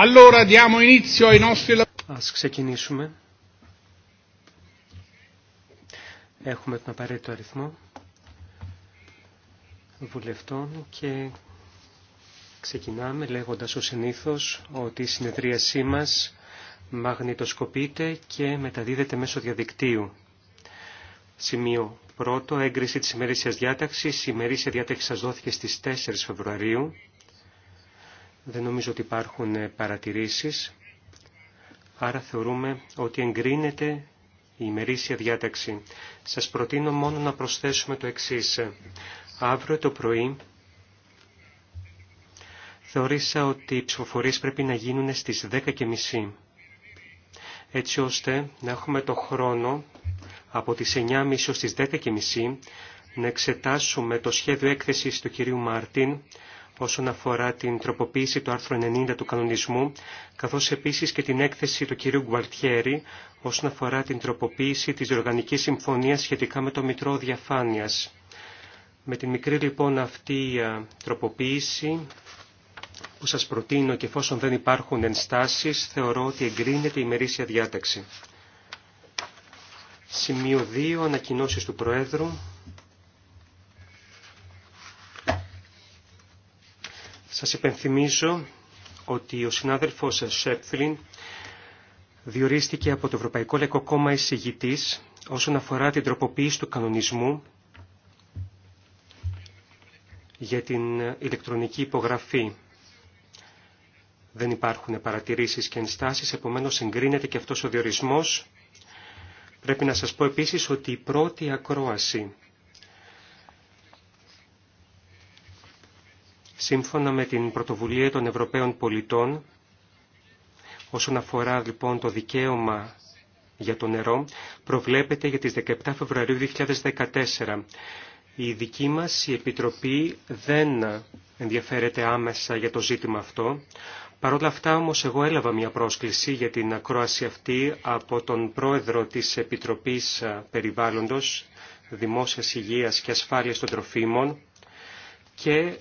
Allora diamo inizio ai nostri ξεκινήσουμε. Έχουμε τον απαραίτητο αριθμό βουλευτών και ξεκινάμε λέγοντας ως συνήθως ότι η συνεδρίασή μας μαγνητοσκοπείται και μεταδίδεται μέσω διαδικτύου. Σημείο πρώτο, έγκριση της ημερήσιας διάταξης. Η ημερήσια διάταξη σας δόθηκε στις 4 Φεβρουαρίου. Δεν νομίζω ότι υπάρχουν ε, παρατηρήσεις, άρα θεωρούμε ότι εγκρίνεται η ημερήσια διάταξη. Σας προτείνω μόνο να προσθέσουμε το εξής. Αύριο το πρωί θεωρήσα ότι οι ψηφοφορίες πρέπει να γίνουν στις 10.30 έτσι ώστε να έχουμε το χρόνο από τις 9.30 στις 10.30 να εξετάσουμε το σχέδιο έκθεσης του κυρίου Μάρτιν όσον αφορά την τροποποίηση του άρθρου 90 του κανονισμού, καθώς επίσης και την έκθεση του κυρίου Γκουαλτιέρη όσον αφορά την τροποποίηση της οργανικής Συμφωνίας σχετικά με το Μητρό Διαφάνειας. Με την μικρή λοιπόν αυτή τροποποίηση που σας προτείνω και εφόσον δεν υπάρχουν ενστάσεις, θεωρώ ότι εγκρίνεται η μερίσια διάταξη. Σημείο 2. Ανακοινώσεις του Προέδρου. Σας υπενθυμίζω ότι ο συνάδελφος Σέπφλιν διορίστηκε από το Ευρωπαϊκό Λαϊκό Κόμμα εισηγητής όσον αφορά την τροποποίηση του κανονισμού για την ηλεκτρονική υπογραφή. Δεν υπάρχουν παρατηρήσεις και ενστάσεις, επομένως συγκρίνεται και αυτός ο διορισμός. Πρέπει να σας πω επίσης ότι η πρώτη ακρόαση Σύμφωνα με την πρωτοβουλία των Ευρωπαίων πολιτών, όσον αφορά λοιπόν το δικαίωμα για το νερό, προβλέπεται για τις 17 Φεβρουαρίου 2014. Η δική μας η Επιτροπή δεν ενδιαφέρεται άμεσα για το ζήτημα αυτό. Παρ' όλα αυτά όμως εγώ έλαβα μια πρόσκληση για την ακρόαση αυτή από τον πρόεδρο της Επιτροπής Περιβάλλοντος, Δημόσιας Υγείας και Ασφάλειας των Τροφίμων και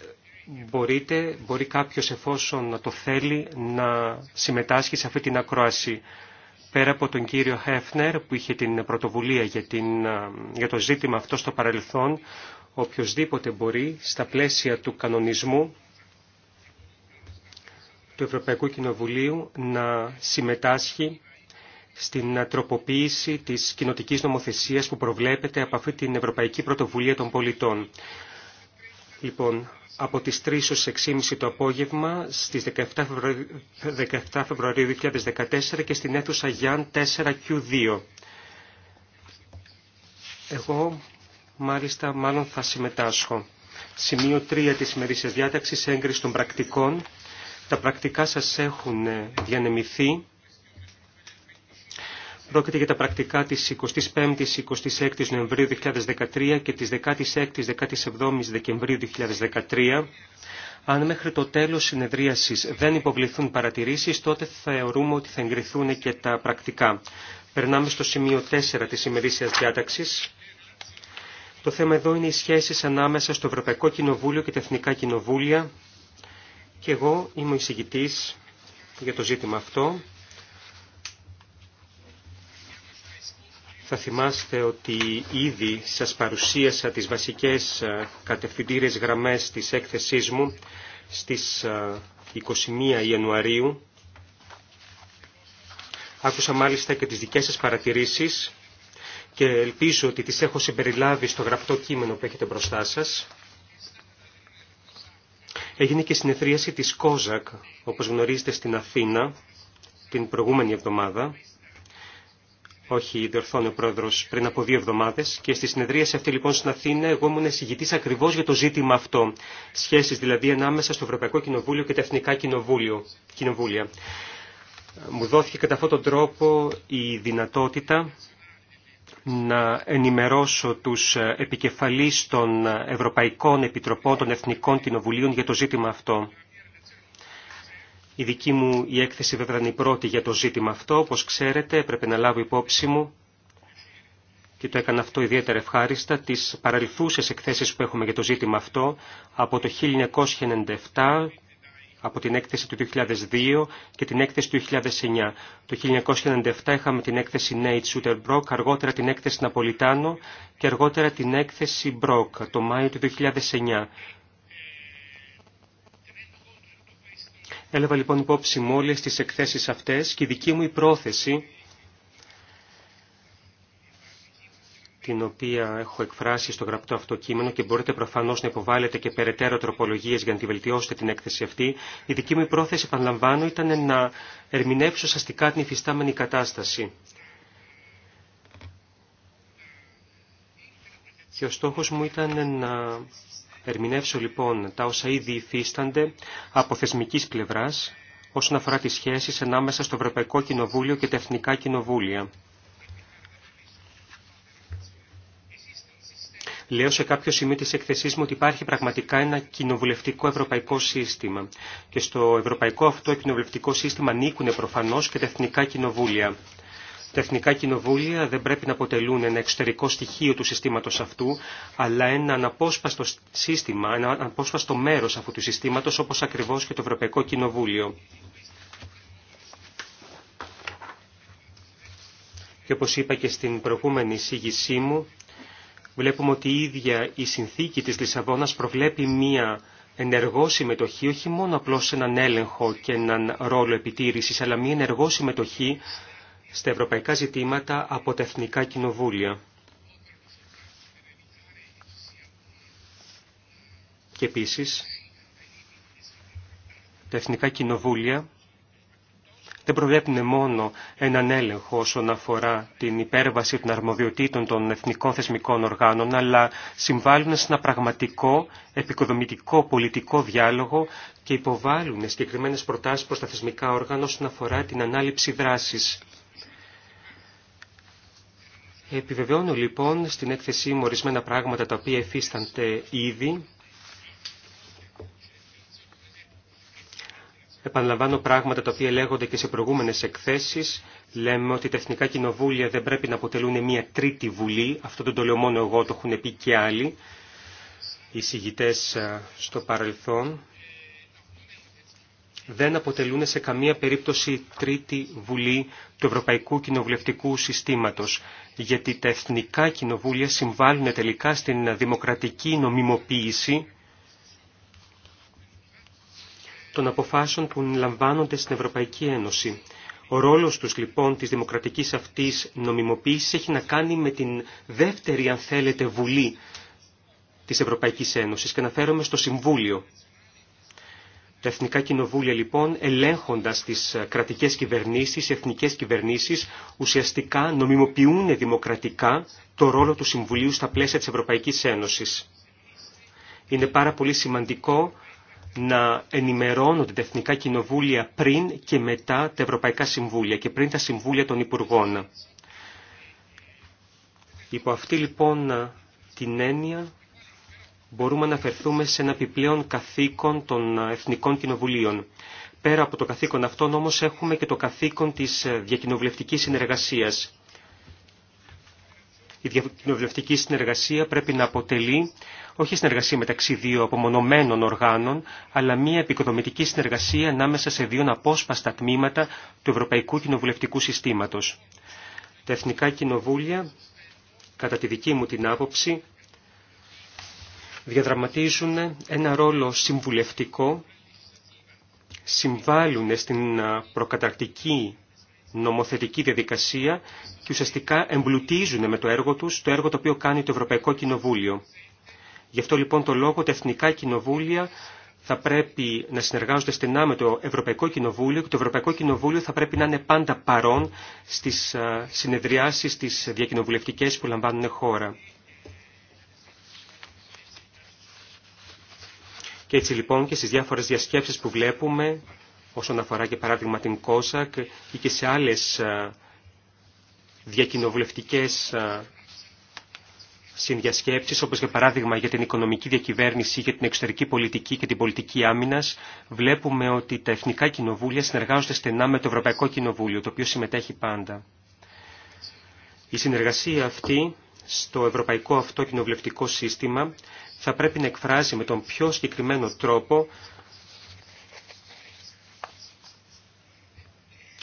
μπορείτε, μπορεί κάποιος εφόσον να το θέλει να συμμετάσχει σε αυτή την ακρόαση. Πέρα από τον κύριο Χέφνερ που είχε την πρωτοβουλία για, την, το ζήτημα αυτό στο παρελθόν, οποιοδήποτε μπορεί στα πλαίσια του κανονισμού του Ευρωπαϊκού Κοινοβουλίου να συμμετάσχει στην τροποποίηση της κοινοτικής νομοθεσίας που προβλέπεται από αυτή την Ευρωπαϊκή Πρωτοβουλία των Πολιτών. Λοιπόν, από τις 3 ως 6.30 το απόγευμα στις 17 Φεβρουαρίου 2014 και στην αίθουσα Γιάν 4Q2. Εγώ μάλιστα μάλλον θα συμμετάσχω. Σημείο 3 της ημερήσιας διάταξης έγκριση των πρακτικών. Τα πρακτικά σας έχουν διανεμηθεί. Πρόκειται για τα πρακτικά της 25ης 26ης Νοεμβρίου 2013 και της 16ης 17ης Δεκεμβρίου 2013. Αν μέχρι το τέλος συνεδρίασης δεν υποβληθούν παρατηρήσεις, τότε θεωρούμε ότι θα εγκριθούν και τα πρακτικά. Περνάμε στο σημείο 4 της ημερήσιας διάταξης. Το θέμα εδώ είναι οι σχέσεις ανάμεσα στο Ευρωπαϊκό Κοινοβούλιο και τα Εθνικά Κοινοβούλια. Και εγώ είμαι ο εισηγητής για το ζήτημα αυτό. Θα θυμάστε ότι ήδη σας παρουσίασα τις βασικές ε, κατευθυντήρες γραμμές της έκθεσής μου στις 21 ε, Ιανουαρίου. Άκουσα μάλιστα και τις δικές σας παρατηρήσεις και ελπίζω ότι τις έχω συμπεριλάβει στο γραπτό κείμενο που έχετε μπροστά σας. Έγινε και συνεθρίαση της ΚΟΖΑΚ, όπως γνωρίζετε στην Αθήνα, την προηγούμενη εβδομάδα. Όχι, διορθώνει ο πρόεδρο πριν από δύο εβδομάδε και στη συνεδρία σε αυτή λοιπόν στην Αθήνα εγώ ήμουν εισηγητή ακριβώ για το ζήτημα αυτό. Σχέσει δηλαδή ανάμεσα στο Ευρωπαϊκό Κοινοβούλιο και τα Εθνικά Κοινοβούλια. Μου δόθηκε κατά αυτόν τον τρόπο η δυνατότητα να ενημερώσω τους επικεφαλείς των Ευρωπαϊκών Επιτροπών των Εθνικών Κοινοβουλίων για το ζήτημα αυτό. Η δική μου η έκθεση βέβαια είναι η πρώτη για το ζήτημα αυτό. Όπως ξέρετε έπρεπε να λάβω υπόψη μου και το έκανα αυτό ιδιαίτερα ευχάριστα, τις παραλυθούσες εκθέσεις που έχουμε για το ζήτημα αυτό από το 1997, από την έκθεση του 2002 και την έκθεση του 2009. Το 1997 είχαμε την έκθεση Nate Shooter Brock, αργότερα την έκθεση Ναπολιτάνο και αργότερα την έκθεση Brock το Μάιο του 2009. Έλαβα λοιπόν υπόψη μου όλες τις εκθέσεις αυτές και η δική μου η πρόθεση, την οποία έχω εκφράσει στο γραπτό αυτό κείμενο και μπορείτε προφανώς να υποβάλλετε και περαιτέρω τροπολογίες για να τη βελτιώσετε την έκθεση αυτή, η δική μου πρόθεση, επαναλαμβάνω, ήταν να ερμηνεύσω σαστικά την υφιστάμενη κατάσταση. Και ο στόχος μου ήταν να ερμηνεύσω λοιπόν τα όσα ήδη υφίστανται από θεσμικής πλευράς όσον αφορά τις σχέσεις ανάμεσα στο Ευρωπαϊκό Κοινοβούλιο και τα Εθνικά Κοινοβούλια. Λέω σε κάποιο σημείο της εκθεσής μου ότι υπάρχει πραγματικά ένα κοινοβουλευτικό ευρωπαϊκό σύστημα και στο ευρωπαϊκό αυτό κοινοβουλευτικό σύστημα ανήκουν προφανώς και τα εθνικά κοινοβούλια. Τα εθνικά κοινοβούλια δεν πρέπει να αποτελούν ένα εξωτερικό στοιχείο του συστήματος αυτού, αλλά ένα αναπόσπαστο σύστημα, ένα αναπόσπαστο μέρος αυτού του συστήματος, όπως ακριβώς και το Ευρωπαϊκό Κοινοβούλιο. Και όπως είπα και στην προηγούμενη εισήγησή μου, βλέπουμε ότι η ίδια η συνθήκη της Λισαβόνας προβλέπει μία ενεργό συμμετοχή, όχι μόνο απλώς έναν έλεγχο και έναν ρόλο επιτήρησης, αλλά μία ενεργό συμμετοχή στα ευρωπαϊκά ζητήματα από τα εθνικά κοινοβούλια. Και επίσης, τα εθνικά κοινοβούλια δεν προβλέπουν μόνο έναν έλεγχο όσον αφορά την υπέρβαση των αρμοδιοτήτων των εθνικών θεσμικών οργάνων, αλλά συμβάλλουν σε ένα πραγματικό, επικοδομητικό, πολιτικό διάλογο και υποβάλλουν συγκεκριμένες προτάσεις προς τα θεσμικά όργανα όσον αφορά την ανάληψη δράσης. Επιβεβαιώνω λοιπόν στην έκθεσή μου ορισμένα πράγματα τα οποία εφίστανται ήδη. Επαναλαμβάνω πράγματα τα οποία λέγονται και σε προηγούμενες εκθέσεις. Λέμε ότι τα εθνικά κοινοβούλια δεν πρέπει να αποτελούν μια τρίτη βουλή. Αυτό δεν το λέω μόνο εγώ, το έχουν πει και άλλοι οι ε, στο παρελθόν δεν αποτελούν σε καμία περίπτωση τρίτη βουλή του Ευρωπαϊκού Κοινοβουλευτικού Συστήματος, γιατί τα εθνικά κοινοβούλια συμβάλλουν τελικά στην δημοκρατική νομιμοποίηση των αποφάσεων που λαμβάνονται στην Ευρωπαϊκή Ένωση. Ο ρόλος τους λοιπόν της δημοκρατικής αυτής νομιμοποίησης έχει να κάνει με την δεύτερη αν θέλετε βουλή της Ευρωπαϊκής Ένωσης και αναφέρομαι στο Συμβούλιο. Τα εθνικά κοινοβούλια λοιπόν ελέγχοντας τις ε, κρατικές κυβερνήσεις, οι εθνικές κυβερνήσεις ουσιαστικά νομιμοποιούν δημοκρατικά το ρόλο του Συμβουλίου στα πλαίσια της Ευρωπαϊκής Ένωσης. Είναι πάρα πολύ σημαντικό να ενημερώνονται τα εθνικά κοινοβούλια πριν και μετά τα Ευρωπαϊκά Συμβούλια και πριν τα Συμβούλια των Υπουργών. Υπό αυτή λοιπόν την έννοια μπορούμε να αναφερθούμε σε ένα επιπλέον καθήκον των Εθνικών Κοινοβουλίων. Πέρα από το καθήκον αυτό όμως έχουμε και το καθήκον της ε, διακοινοβουλευτικής συνεργασίας. Η διακοινοβουλευτική συνεργασία πρέπει να αποτελεί όχι συνεργασία μεταξύ δύο απομονωμένων οργάνων, αλλά μια επικοδομητική συνεργασία ανάμεσα σε δύο απόσπαστα τμήματα του Ευρωπαϊκού Κοινοβουλευτικού Συστήματος. Τα Εθνικά Κοινοβούλια, κατά τη δική μου την άποψη, διαδραματίζουν ένα ρόλο συμβουλευτικό, συμβάλλουν στην προκαταρκτική νομοθετική διαδικασία και ουσιαστικά εμπλουτίζουν με το έργο τους το έργο το οποίο κάνει το Ευρωπαϊκό Κοινοβούλιο. Γι' αυτό λοιπόν το λόγο τα εθνικά κοινοβούλια θα πρέπει να συνεργάζονται στενά με το Ευρωπαϊκό Κοινοβούλιο και το Ευρωπαϊκό Κοινοβούλιο θα πρέπει να είναι πάντα παρόν στις συνεδριάσεις, στις διακοινοβουλευτικές που λαμβάνουν χώρα. Και έτσι λοιπόν και στις διάφορες διασκέψεις που βλέπουμε, όσον αφορά και παράδειγμα την ΚΟΣΑΚ ή και σε άλλες διακοινοβουλευτικές συνδιασκέψεις, όπως για παράδειγμα για την οικονομική διακυβέρνηση, για την εξωτερική πολιτική και την πολιτική άμυνας, βλέπουμε ότι τα εθνικά κοινοβούλια συνεργάζονται στενά με το Ευρωπαϊκό Κοινοβούλιο, το οποίο συμμετέχει πάντα. Η συνεργασία αυτή στο ευρωπαϊκό αυτό κοινοβουλευτικό σύστημα θα πρέπει να εκφράζει με τον πιο συγκεκριμένο τρόπο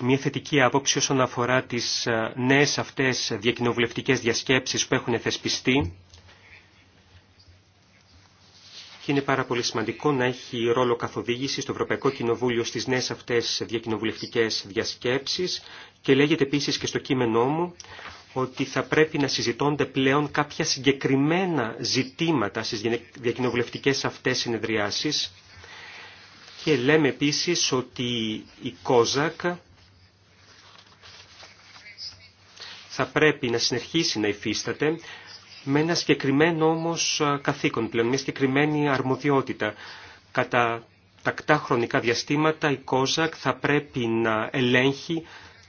μια θετική άποψη όσον αφορά τις ε, νέες αυτές διακοινοβουλευτικές διασκέψεις που έχουν θεσπιστεί και είναι πάρα πολύ σημαντικό να έχει ρόλο καθοδήγηση στο Ευρωπαϊκό Κοινοβούλιο στις νέες αυτές διακοινοβουλευτικές διασκέψεις και λέγεται επίσης και στο κείμενό μου ότι θα πρέπει να συζητώνται πλέον κάποια συγκεκριμένα ζητήματα στις διακοινοβουλευτικές αυτές συνεδριάσεις και λέμε επίσης ότι η ΚΟΖΑΚ θα πρέπει να συνεχίσει να υφίσταται με ένα συγκεκριμένο όμως καθήκον πλέον, μια συγκεκριμένη αρμοδιότητα. Κατά τακτά χρονικά διαστήματα η ΚΟΖΑΚ θα πρέπει να ελέγχει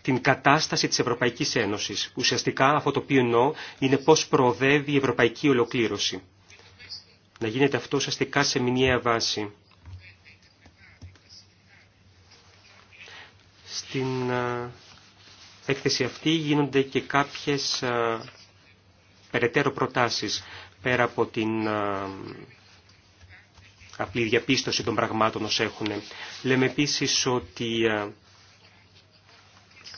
την κατάσταση της Ευρωπαϊκής Ένωσης. Ουσιαστικά αυτό το οποίο εννοώ είναι πώς προοδεύει η ευρωπαϊκή ολοκλήρωση. Να γίνεται αυτό ουσιαστικά σε μηνιαία βάση. Στην έκθεση αυτή γίνονται και κάποιες περαιτέρω προτάσεις πέρα από την απλή διαπίστωση των πραγμάτων ως έχουν. Λέμε επίσης ότι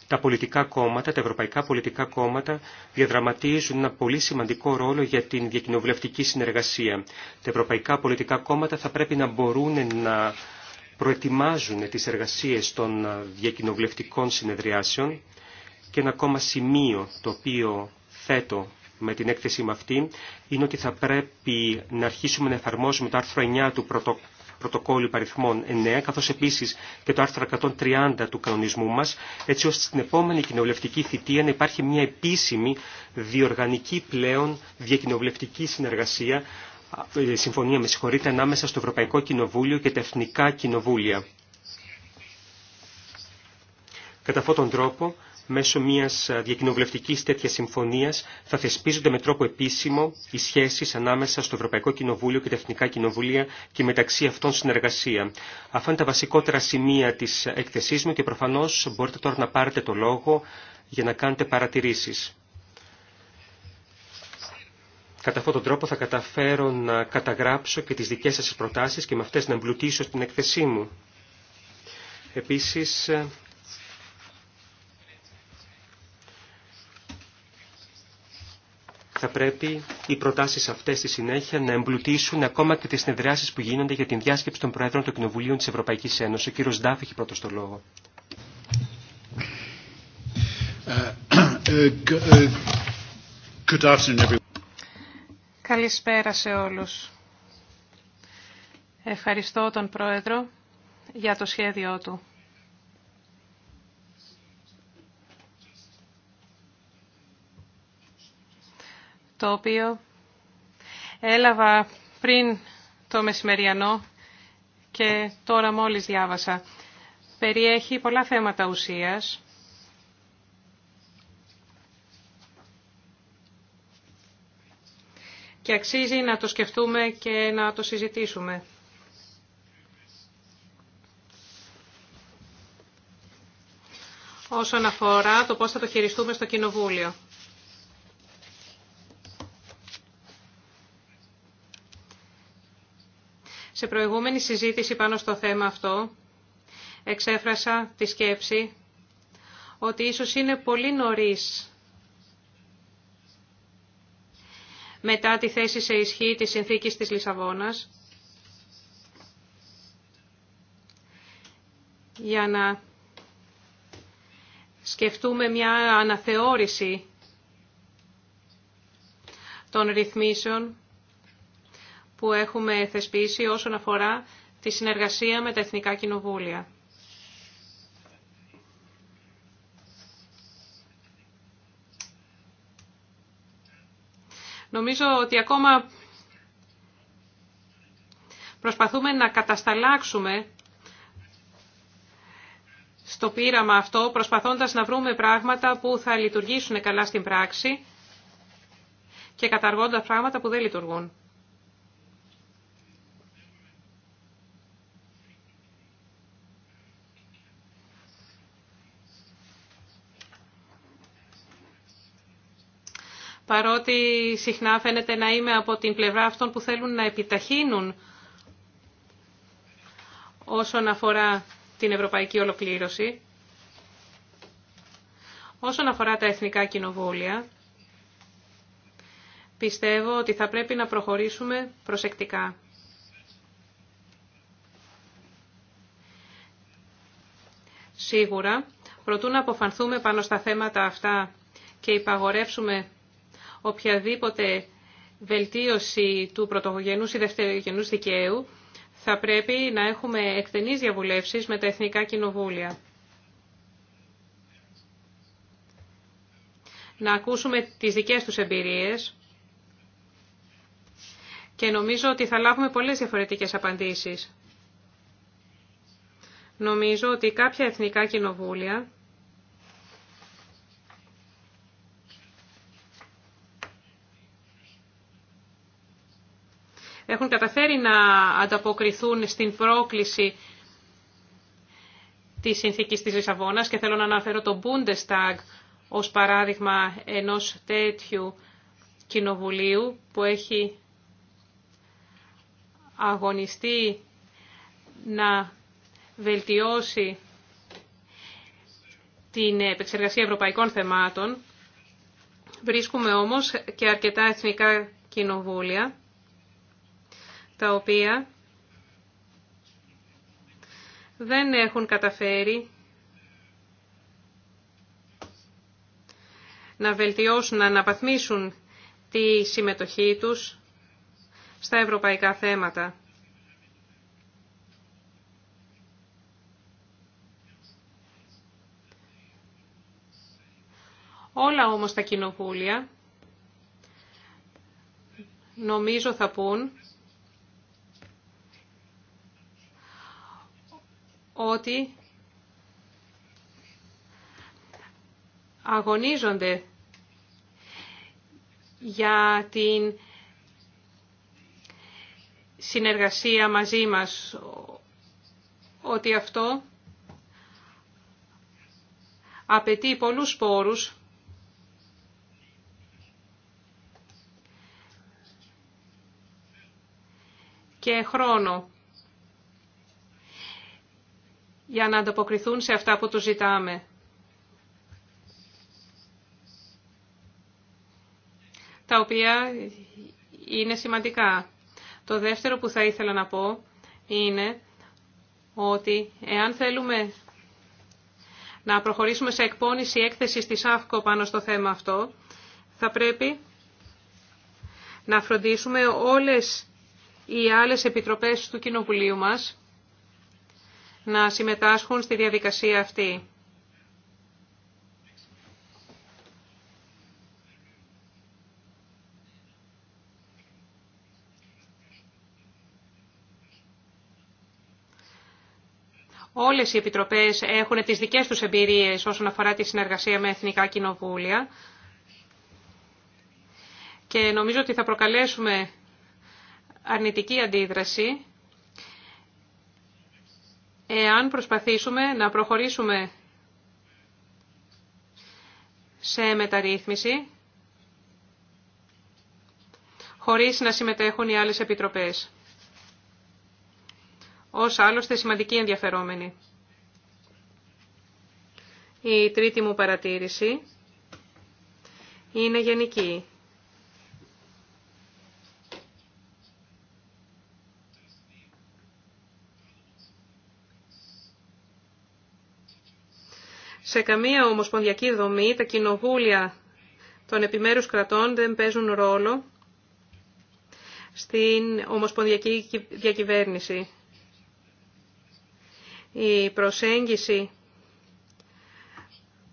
τα πολιτικά κόμματα, τα ευρωπαϊκά πολιτικά κόμματα διαδραματίζουν ένα πολύ σημαντικό ρόλο για την διακοινοβουλευτική συνεργασία. Τα ευρωπαϊκά πολιτικά κόμματα θα πρέπει να μπορούν να προετοιμάζουν τις εργασίες των διακοινοβουλευτικών συνεδριάσεων και ένα ακόμα σημείο το οποίο θέτω με την έκθεση με αυτή είναι ότι θα πρέπει να αρχίσουμε να εφαρμόσουμε το άρθρο 9 του πρωτοκόλλου υπαριθμών 9, καθώς επίσης και το άρθρο 130 του κανονισμού μας, έτσι ώστε στην επόμενη κοινοβουλευτική θητεία να υπάρχει μια επίσημη διοργανική πλέον διακοινοβουλευτική συνεργασία, ε, συμφωνία με συγχωρείτε, ανάμεσα στο Ευρωπαϊκό Κοινοβούλιο και τα Εθνικά Κοινοβούλια. Κατά αυτόν τον τρόπο μέσω μιας ε, διακοινοβουλευτικής τέτοια συμφωνίας θα θεσπίζονται με τρόπο επίσημο οι σχέσεις ανάμεσα στο Ευρωπαϊκό Κοινοβούλιο και τα Εθνικά Κοινοβούλια και μεταξύ αυτών συνεργασία. Αυτά είναι τα βασικότερα σημεία της εκθεσής μου και προφανώς μπορείτε τώρα να πάρετε το λόγο για να κάνετε παρατηρήσεις. Κατά αυτόν τον τρόπο θα καταφέρω να καταγράψω και τις δικές σας προτάσεις και με αυτές να εμπλουτίσω στην εκθεσή μου. Επίσης, θα πρέπει οι προτάσει αυτές στη συνέχεια να εμπλουτίσουν ακόμα και τις συνεδριάσεις που γίνονται για την διάσκεψη των Προέδρων των Κοινοβουλίων τη Ευρωπαϊκή Ένωση. Ο κύριο Ντάφ έχει πρώτος το λόγο. Καλησπέρα σε όλους. Ευχαριστώ τον Πρόεδρο για το σχέδιό του. το οποίο έλαβα πριν το μεσημεριανό και τώρα μόλις διάβασα. Περιέχει πολλά θέματα ουσίας. Και αξίζει να το σκεφτούμε και να το συζητήσουμε. Όσον αφορά το πώς θα το χειριστούμε στο Κοινοβούλιο. Σε προηγούμενη συζήτηση πάνω στο θέμα αυτό εξέφρασα τη σκέψη ότι ίσως είναι πολύ νωρίς μετά τη θέση σε ισχύ της συνθήκης της Λισαβόνας για να σκεφτούμε μια αναθεώρηση των ρυθμίσεων που έχουμε θεσπίσει όσον αφορά τη συνεργασία με τα Εθνικά Κοινοβούλια. Νομίζω ότι ακόμα προσπαθούμε να κατασταλάξουμε στο πείραμα αυτό, προσπαθώντας να βρούμε πράγματα που θα λειτουργήσουν καλά στην πράξη και καταργώντας πράγματα που δεν λειτουργούν. παρότι συχνά φαίνεται να είμαι από την πλευρά αυτών που θέλουν να επιταχύνουν όσον αφορά την ευρωπαϊκή ολοκλήρωση, όσον αφορά τα εθνικά κοινοβούλια, πιστεύω ότι θα πρέπει να προχωρήσουμε προσεκτικά. Σίγουρα, προτού να αποφανθούμε πάνω στα θέματα αυτά και υπαγορεύσουμε οποιαδήποτε βελτίωση του πρωτογενούς ή δευτερογενούς δικαίου θα πρέπει να έχουμε εκτενείς διαβουλεύσεις με τα Εθνικά Κοινοβούλια. Να ακούσουμε τις δικές τους εμπειρίες και νομίζω ότι θα λάβουμε πολλές διαφορετικές απαντήσεις. Νομίζω ότι κάποια Εθνικά Κοινοβούλια έχουν καταφέρει να ανταποκριθούν στην πρόκληση τη συνθήκης της Λισαβόνα και θέλω να αναφέρω το Bundestag ως παράδειγμα ενός τέτοιου κοινοβουλίου που έχει αγωνιστεί να βελτιώσει την επεξεργασία ευρωπαϊκών θεμάτων. Βρίσκουμε όμως και αρκετά εθνικά κοινοβούλια τα οποία δεν έχουν καταφέρει να βελτιώσουν, να αναπαθμίσουν τη συμμετοχή τους στα ευρωπαϊκά θέματα. Όλα όμως τα κοινοβούλια νομίζω θα πούν ότι αγωνίζονται για την συνεργασία μαζί μας, ότι αυτό απαιτεί πολλούς πόρους και χρόνο για να ανταποκριθούν σε αυτά που τους ζητάμε. Τα οποία είναι σημαντικά. Το δεύτερο που θα ήθελα να πω είναι ότι εάν θέλουμε να προχωρήσουμε σε εκπόνηση έκθεσης της ΑΦΚΟ πάνω στο θέμα αυτό, θα πρέπει να φροντίσουμε όλες οι άλλες επιτροπές του Κοινοβουλίου μας να συμμετάσχουν στη διαδικασία αυτή. Όλες οι επιτροπές έχουν τις δικές τους εμπειρίες όσον αφορά τη συνεργασία με εθνικά κοινοβούλια και νομίζω ότι θα προκαλέσουμε αρνητική αντίδραση εάν προσπαθήσουμε να προχωρήσουμε σε μεταρρύθμιση χωρίς να συμμετέχουν οι άλλες επιτροπές, ως άλλωστε σημαντικοί ενδιαφερόμενοι. Η τρίτη μου παρατήρηση είναι γενική. Σε καμία ομοσπονδιακή δομή τα κοινοβούλια των επιμέρους κρατών δεν παίζουν ρόλο στην ομοσπονδιακή διακυβέρνηση. Η προσέγγιση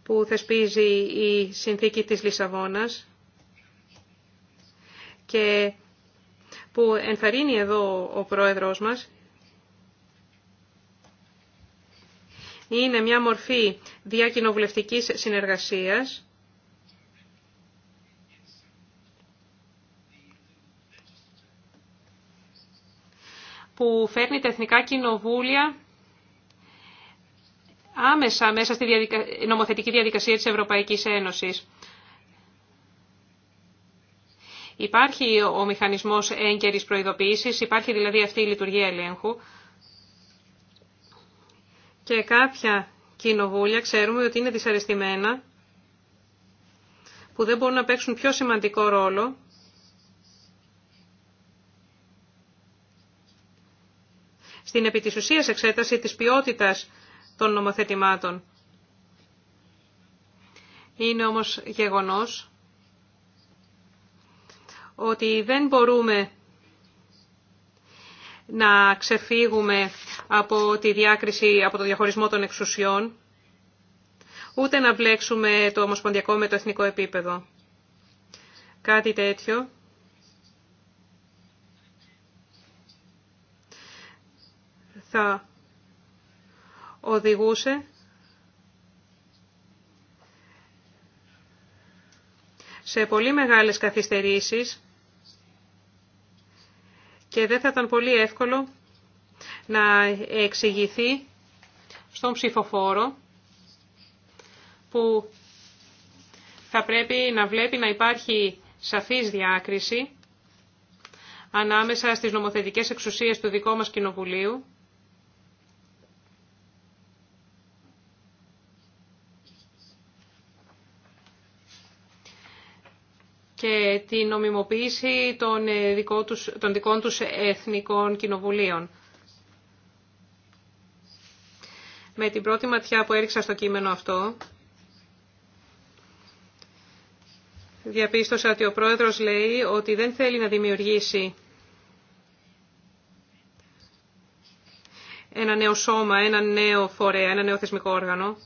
που θεσπίζει η συνθήκη της Λισαβόνας και που ενθαρρύνει εδώ ο πρόεδρος μας είναι μια μορφή διακοινοβουλευτικής συνεργασίας που φέρνει τα εθνικά κοινοβούλια άμεσα μέσα στη νομοθετική διαδικασία της Ευρωπαϊκής Ένωσης. Υπάρχει ο μηχανισμός έγκαιρης προειδοποίησης, υπάρχει δηλαδή αυτή η λειτουργία ελέγχου και κάποια κοινοβούλια ξέρουμε ότι είναι δυσαρεστημένα που δεν μπορούν να παίξουν πιο σημαντικό ρόλο στην επί της εξέταση της ποιότητας των νομοθετημάτων. Είναι όμως γεγονός ότι δεν μπορούμε να ξεφύγουμε από τη διάκριση, από το διαχωρισμό των εξουσιών, ούτε να μπλέξουμε το ομοσπονδιακό με το εθνικό επίπεδο. Κάτι τέτοιο. Θα οδηγούσε σε πολύ μεγάλες καθυστερήσεις και δεν θα ήταν πολύ εύκολο να εξηγηθεί στον ψηφοφόρο που θα πρέπει να βλέπει να υπάρχει σαφής διάκριση ανάμεσα στις νομοθετικές εξουσίες του δικό μας Κοινοβουλίου και την νομιμοποίηση των, ε, δικό των δικών τους εθνικών κοινοβουλίων. με την πρώτη ματιά που έριξα στο κείμενο αυτό, διαπίστωσα ότι ο πρόεδρος λέει ότι δεν θέλει να δημιουργήσει ένα νέο σώμα, ένα νέο φορέα, ένα νέο θεσμικό όργανο.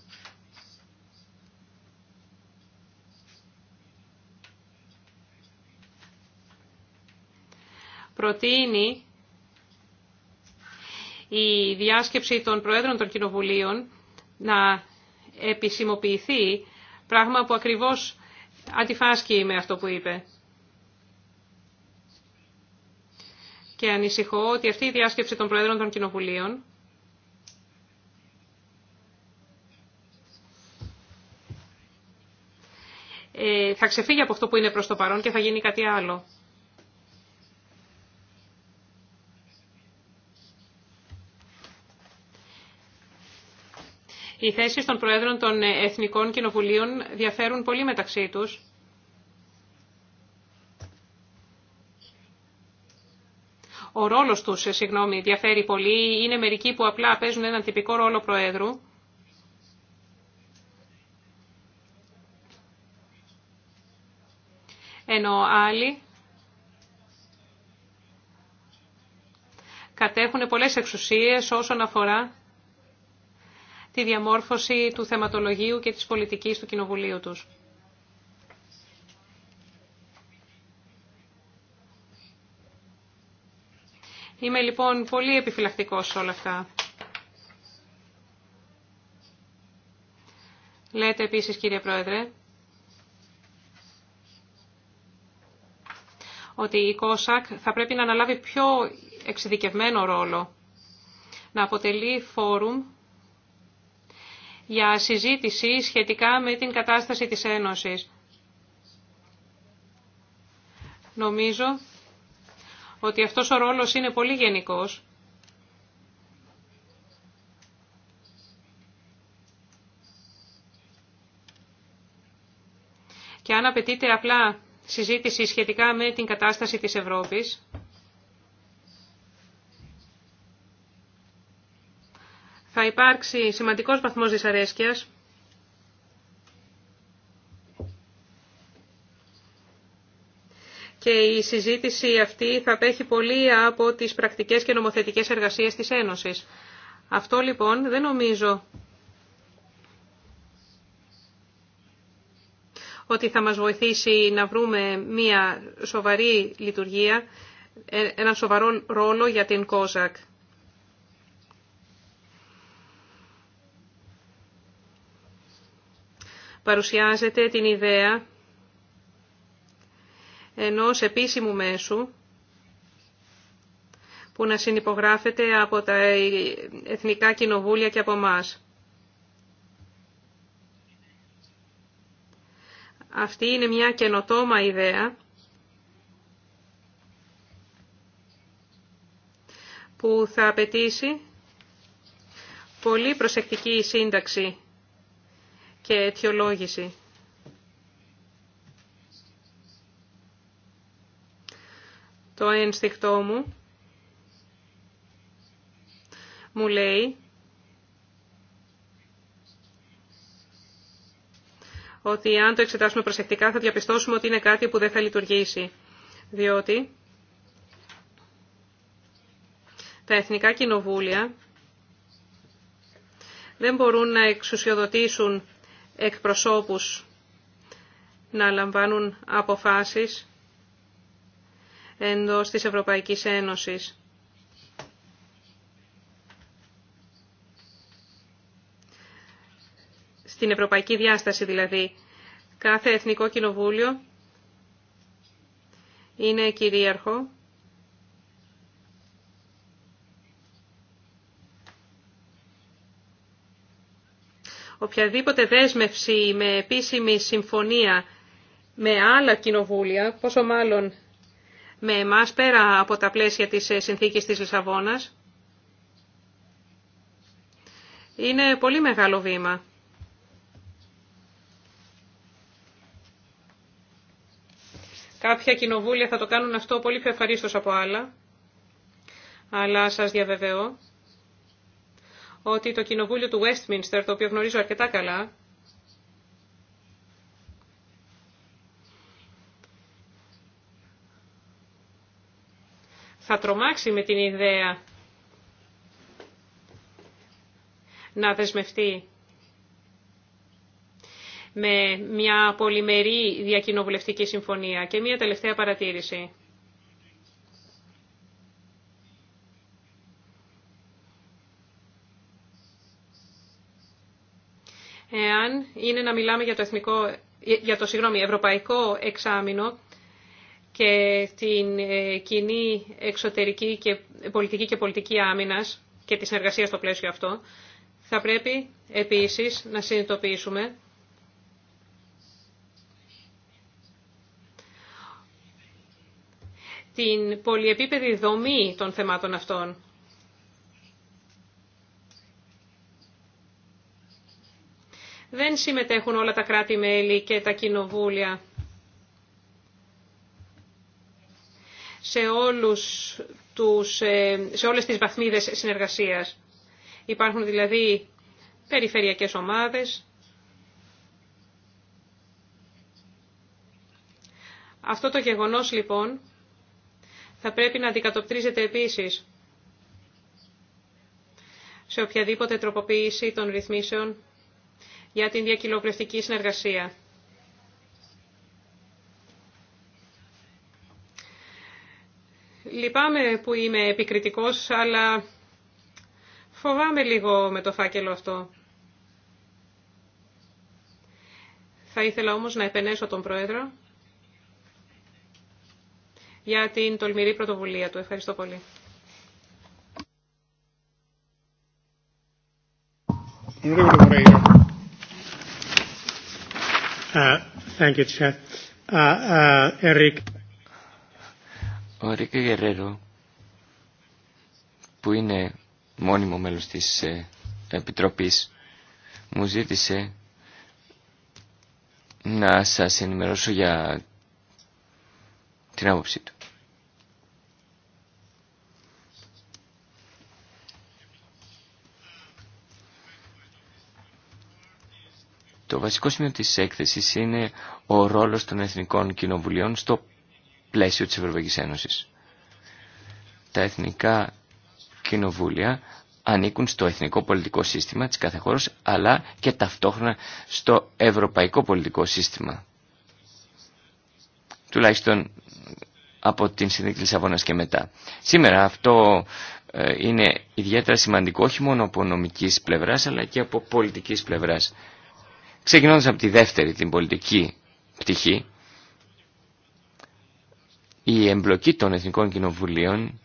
Προτείνει η διάσκεψη των Προέδρων των Κοινοβουλίων να επισημοποιηθεί, πράγμα που ακριβώς αντιφάσκει με αυτό που είπε. Και ανησυχώ ότι αυτή η διάσκεψη των Προέδρων των Κοινοβουλίων ε, θα ξεφύγει από αυτό που είναι προς το παρόν και θα γίνει κάτι άλλο. Οι θέσεις των Προέδρων των Εθνικών Κοινοβουλίων διαφέρουν πολύ μεταξύ τους. Ο ρόλος τους, ε, συγγνώμη, διαφέρει πολύ. Είναι μερικοί που απλά παίζουν έναν τυπικό ρόλο Προέδρου. Ενώ άλλοι κατέχουν πολλές εξουσίες όσον αφορά τη διαμόρφωση του θεματολογίου και της πολιτικής του Κοινοβουλίου τους. Είμαι λοιπόν πολύ επιφυλακτικός σε όλα αυτά. Λέτε επίσης κύριε Πρόεδρε, ότι η ΚΟΣΑΚ θα πρέπει να αναλάβει πιο εξειδικευμένο ρόλο, να αποτελεί φόρουμ για συζήτηση σχετικά με την κατάσταση της Ένωσης. Νομίζω ότι αυτός ο ρόλος είναι πολύ γενικός. Και αν απαιτείται απλά συζήτηση σχετικά με την κατάσταση της Ευρώπης, θα υπάρξει σημαντικός βαθμός δυσαρέσκειας. Και η συζήτηση αυτή θα απέχει πολύ από τις πρακτικές και νομοθετικές εργασίες της Ένωσης. Αυτό λοιπόν δεν νομίζω ότι θα μας βοηθήσει να βρούμε μια σοβαρή λειτουργία, ε, έναν σοβαρό ρόλο για την ΚΟΖΑΚ. παρουσιάζεται την ιδέα ενός επίσημου μέσου που να συνυπογράφεται από τα Εθνικά Κοινοβούλια και από μας. Αυτή είναι μια καινοτόμα ιδέα που θα απαιτήσει πολύ προσεκτική σύνταξη και αιτιολόγηση. Το ένστικτό μου μου λέει ότι αν το εξετάσουμε προσεκτικά θα διαπιστώσουμε ότι είναι κάτι που δεν θα λειτουργήσει. Διότι τα εθνικά κοινοβούλια δεν μπορούν να εξουσιοδοτήσουν εκπροσώπους να λαμβάνουν αποφάσεις εντός της Ευρωπαϊκής Ένωσης. Στην ευρωπαϊκή διάσταση δηλαδή. Κάθε Εθνικό Κοινοβούλιο είναι κυρίαρχο οποιαδήποτε δέσμευση με επίσημη συμφωνία με άλλα κοινοβούλια, πόσο μάλλον με εμάς πέρα από τα πλαίσια της ε, συνθήκης της Λισαβόνας, είναι πολύ μεγάλο βήμα. Κάποια κοινοβούλια θα το κάνουν αυτό πολύ πιο ευχαρίστως από άλλα, αλλά σας διαβεβαιώ ότι το κοινοβούλιο του Westminster, το οποίο γνωρίζω αρκετά καλά, θα τρομάξει με την ιδέα να δεσμευτεί με μια πολυμερή διακοινοβουλευτική συμφωνία. Και μια τελευταία παρατήρηση. εάν είναι να μιλάμε για το, εθνικό, για το ευρωπαϊκό εξάμεινο και την ε, κοινή εξωτερική και πολιτική και πολιτική άμυνας και τη συνεργασία στο πλαίσιο αυτό, θα πρέπει επίσης να συνειδητοποιήσουμε την πολυεπίπεδη δομή των θεμάτων αυτών. δεν συμμετέχουν όλα τα κράτη-μέλη και τα κοινοβούλια σε, όλους τους, ε, σε όλες τις βαθμίδες συνεργασίας. Υπάρχουν δηλαδή περιφερειακές ομάδες. Αυτό το γεγονός λοιπόν θα πρέπει να αντικατοπτρίζεται επίσης σε οποιαδήποτε τροποποίηση των ρυθμίσεων για την διακοιλοβουλευτική συνεργασία. Λυπάμαι που είμαι επικριτικός, αλλά φοβάμαι λίγο με το φάκελο αυτό. Θα ήθελα όμως να επενέσω τον Πρόεδρο για την τολμηρή πρωτοβουλία του. Ευχαριστώ πολύ. Thank you, uh, uh, Ο Ρίκο Γερέρο, που είναι μόνιμο μέλος της ε, Επιτροπής, μου ζήτησε να σας ενημερώσω για την άποψή του. Το βασικό σημείο της έκθεσης είναι ο ρόλος των εθνικών κοινοβουλίων στο πλαίσιο της Ευρωπαϊκής Ένωσης. Τα εθνικά κοινοβούλια ανήκουν στο εθνικό πολιτικό σύστημα της κάθε χώρας, αλλά και ταυτόχρονα στο ευρωπαϊκό πολιτικό σύστημα. Τουλάχιστον από την Συνδίκη Λισαβόνας και μετά. Σήμερα αυτό ε, είναι ιδιαίτερα σημαντικό όχι μόνο από νομικής πλευράς αλλά και από πολιτικής πλευράς. Ξεκινώντας από τη δεύτερη, την πολιτική πτυχή, η εμπλοκή των Εθνικών Κοινοβουλίων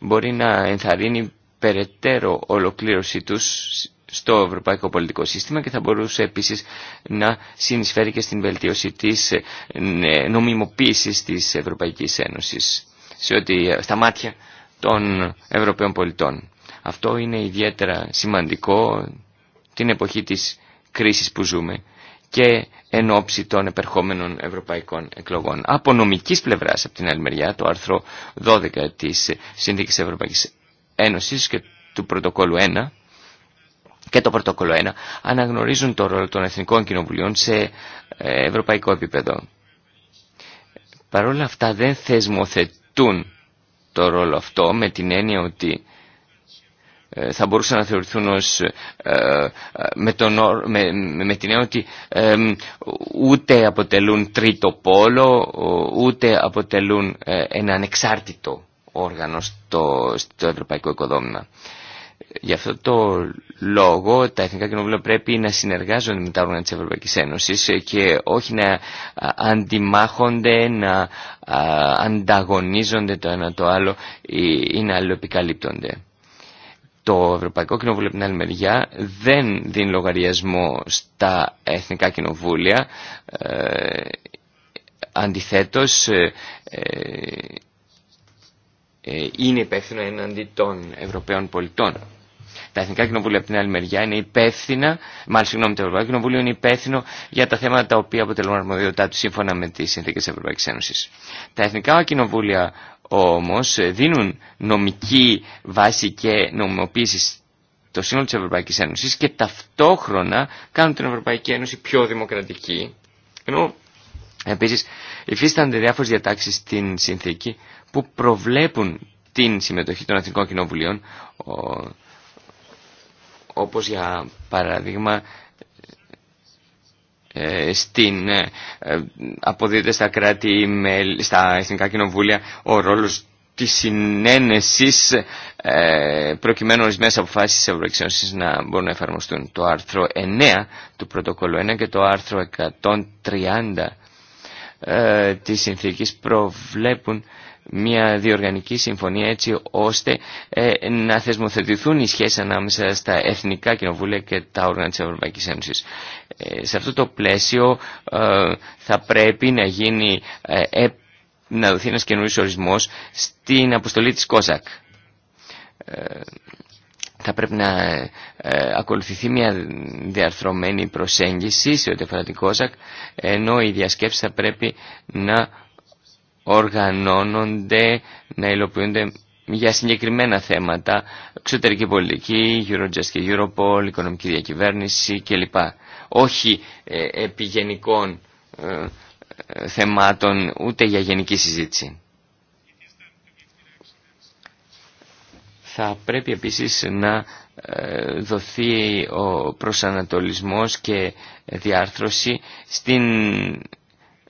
μπορεί να ενθαρρύνει περαιτέρω ολοκλήρωσή τους στο ευρωπαϊκό πολιτικό σύστημα και θα μπορούσε επίσης να συνεισφέρει και στην βελτίωση της ε, νομιμοποίησης της Ευρωπαϊκής Ένωσης σε ότι, στα μάτια των Ευρωπαίων πολιτών. Αυτό είναι ιδιαίτερα σημαντικό την εποχή της κρίσης που ζούμε και εν ώψη των επερχόμενων ευρωπαϊκών εκλογών. Από νομικής πλευράς, από την άλλη μεριά, το άρθρο 12 της Συνδική Ευρωπαϊκής Ένωσης και του Πρωτοκόλου 1 και το πρωτόκολλο 1 αναγνωρίζουν το ρόλο των Εθνικών Κοινοβουλίων σε ε, ευρωπαϊκό επίπεδο. Παρ' όλα αυτά δεν θεσμοθετούν το ρόλο αυτό με την έννοια ότι ε, θα μπορούσαν να θεωρηθούν ως, ε, ε, με, με, την έννοια ότι ούτε αποτελούν τρίτο πόλο, ούτε αποτελούν ένα ανεξάρτητο όργανο στο, στο ευρωπαϊκό οικοδόμημα. Γι' αυτό το λόγο τα Εθνικά Κοινοβούλια πρέπει να συνεργάζονται με τα όργανα της Ευρωπαϊκής Ένωσης και όχι να αντιμάχονται, να ανταγωνίζονται το ένα το άλλο ή να αλληλοπικαλύπτονται. Το Ευρωπαϊκό Κοινοβούλιο από την άλλη μεριά δεν δίνει λογαριασμό στα εθνικά κοινοβούλια. Ε, αντιθέτως, ε, ε, ε, είναι υπεύθυνο εναντί των Ευρωπαίων πολιτών. Τα Εθνικά Κοινοβούλια από την άλλη μεριά είναι υπεύθυνα, μάλλον συγγνώμη, το Ευρωπαϊκό Κοινοβούλιο είναι υπεύθυνο για τα θέματα τα οποία αποτελούν αρμοδιότητά του σύμφωνα με τι συνθήκε τη Ευρωπαϊκή Ένωση. Τα Εθνικά Κοινοβούλια όμως ε, δίνουν νομική βάση και νομιμοποίηση το σύνολο της Ευρωπαϊκής Ένωσης και ταυτόχρονα κάνουν την Ευρωπαϊκή Ένωση πιο δημοκρατική. Ενώ επίσης υφίστανται διάφορες διατάξεις στην συνθήκη που προβλέπουν την συμμετοχή των Αθηνικών Κοινοβουλίων όπως για παράδειγμα ε, στην, ε, ε, αποδίδεται στα κράτη, στα εθνικά κοινοβούλια ο ρόλος της συνένεσης προκειμένου ορισμένε αποφάσεις της Ευρωεξένωσης να μπορούν να εφαρμοστούν. Το άρθρο 9 του πρωτοκόλλου 1 και το άρθρο 130 της συνθήκης προβλέπουν μια διοργανική συμφωνία έτσι ώστε να θεσμοθετηθούν οι σχέσεις ανάμεσα στα εθνικά κοινοβούλια και τα όργανα της Ευρωπαϊκής Ένωσης. Ε, σε αυτό το πλαίσιο ε, θα πρέπει να γίνει ε, να δοθεί ένας καινούριο ορισμός στην αποστολή της ΚΟΖΑΚ. Θα πρέπει να ακολουθηθεί μια διαρθρωμένη προσέγγιση σε ό,τι αφορά την ΚΟΖΑΚ ενώ οι διασκέψεις θα πρέπει να οργανώνονται, να υλοποιούνται για συγκεκριμένα θέματα, εξωτερική πολιτική, Eurojust και Europol, οικονομική διακυβέρνηση κλπ όχι ε, επιγενικών ε, ε, θεμάτων ούτε για γενική συζήτηση. Θα πρέπει επίσης να δοθεί ο προσανατολισμός και διάρθρωση στην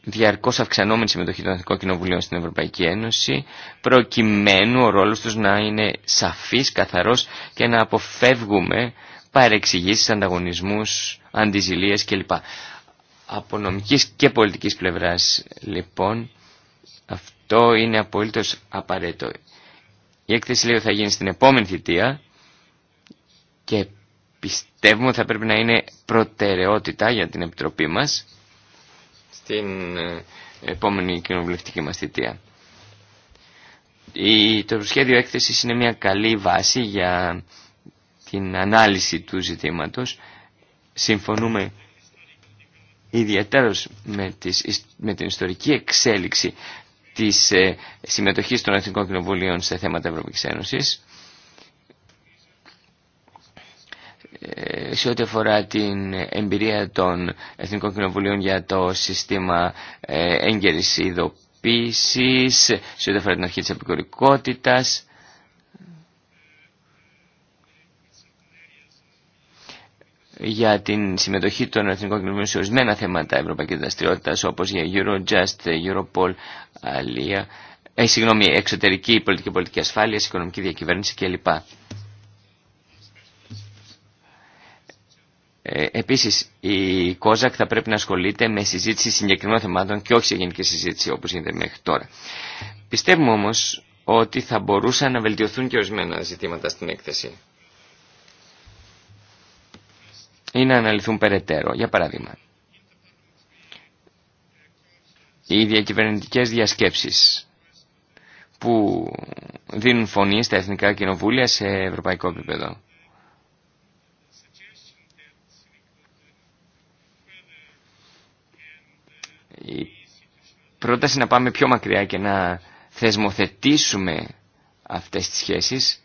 διαρκώς αυξανόμενη συμμετοχή των Εθνικών Κοινοβουλίων στην Ευρωπαϊκή Ένωση, προκειμένου ο ρόλος τους να είναι σαφής, καθαρός και να αποφεύγουμε παρεξηγήσεις, ανταγωνισμούς αντιζηλίες κλπ. Από νομικής και πολιτικής πλευράς λοιπόν αυτό είναι απολύτως απαραίτητο. Η έκθεση λέει θα γίνει στην επόμενη θητεία και πιστεύουμε ότι θα πρέπει να είναι προτεραιότητα για την Επιτροπή μας στην ε, επόμενη κοινοβουλευτική μας θητεία. Το σχέδιο έκθεση είναι μια καλή βάση για την ανάλυση του ζητήματος συμφωνούμε ιδιαίτερως με, με την ιστορική εξέλιξη της ε, συμμετοχής των Εθνικών Κοινοβουλίων σε θέματα Ευρωπαϊκής Ένωσης ε, σε ό,τι αφορά την εμπειρία των Εθνικών Κοινοβουλίων για το σύστημα ε, έγκαιρης ειδοποίησης, σε ό,τι αφορά την αρχή της επικορικότητας, για την συμμετοχή των Εθνικών κοινωνιών σε ορισμένα θέματα ευρωπαϊκή δραστηριότητα, όπω για Eurojust, Europol, Αλία, ε, συγγνώμη, εξωτερική πολιτική, πολιτική ασφάλεια, οικονομική διακυβέρνηση κλπ. Ε, επίσης, η COSAC θα πρέπει να ασχολείται με συζήτηση συγκεκριμένων θεμάτων και όχι σε γενική συζήτηση όπω γίνεται μέχρι τώρα. Πιστεύουμε όμω ότι θα μπορούσαν να βελτιωθούν και ορισμένα ζητήματα στην έκθεση ή να αναλυθούν περαιτέρω. Για παράδειγμα, οι διακυβερνητικές διασκέψεις που δίνουν φωνή στα εθνικά κοινοβούλια σε ευρωπαϊκό επίπεδο. Η πρόταση να αναλυθουν περαιτερω για παραδειγμα οι διακυβερνητικέ διασκεψεις που δινουν φωνη στα εθνικα κοινοβουλια σε ευρωπαικο επιπεδο η προταση να παμε πιο μακριά και να θεσμοθετήσουμε αυτές τις σχέσεις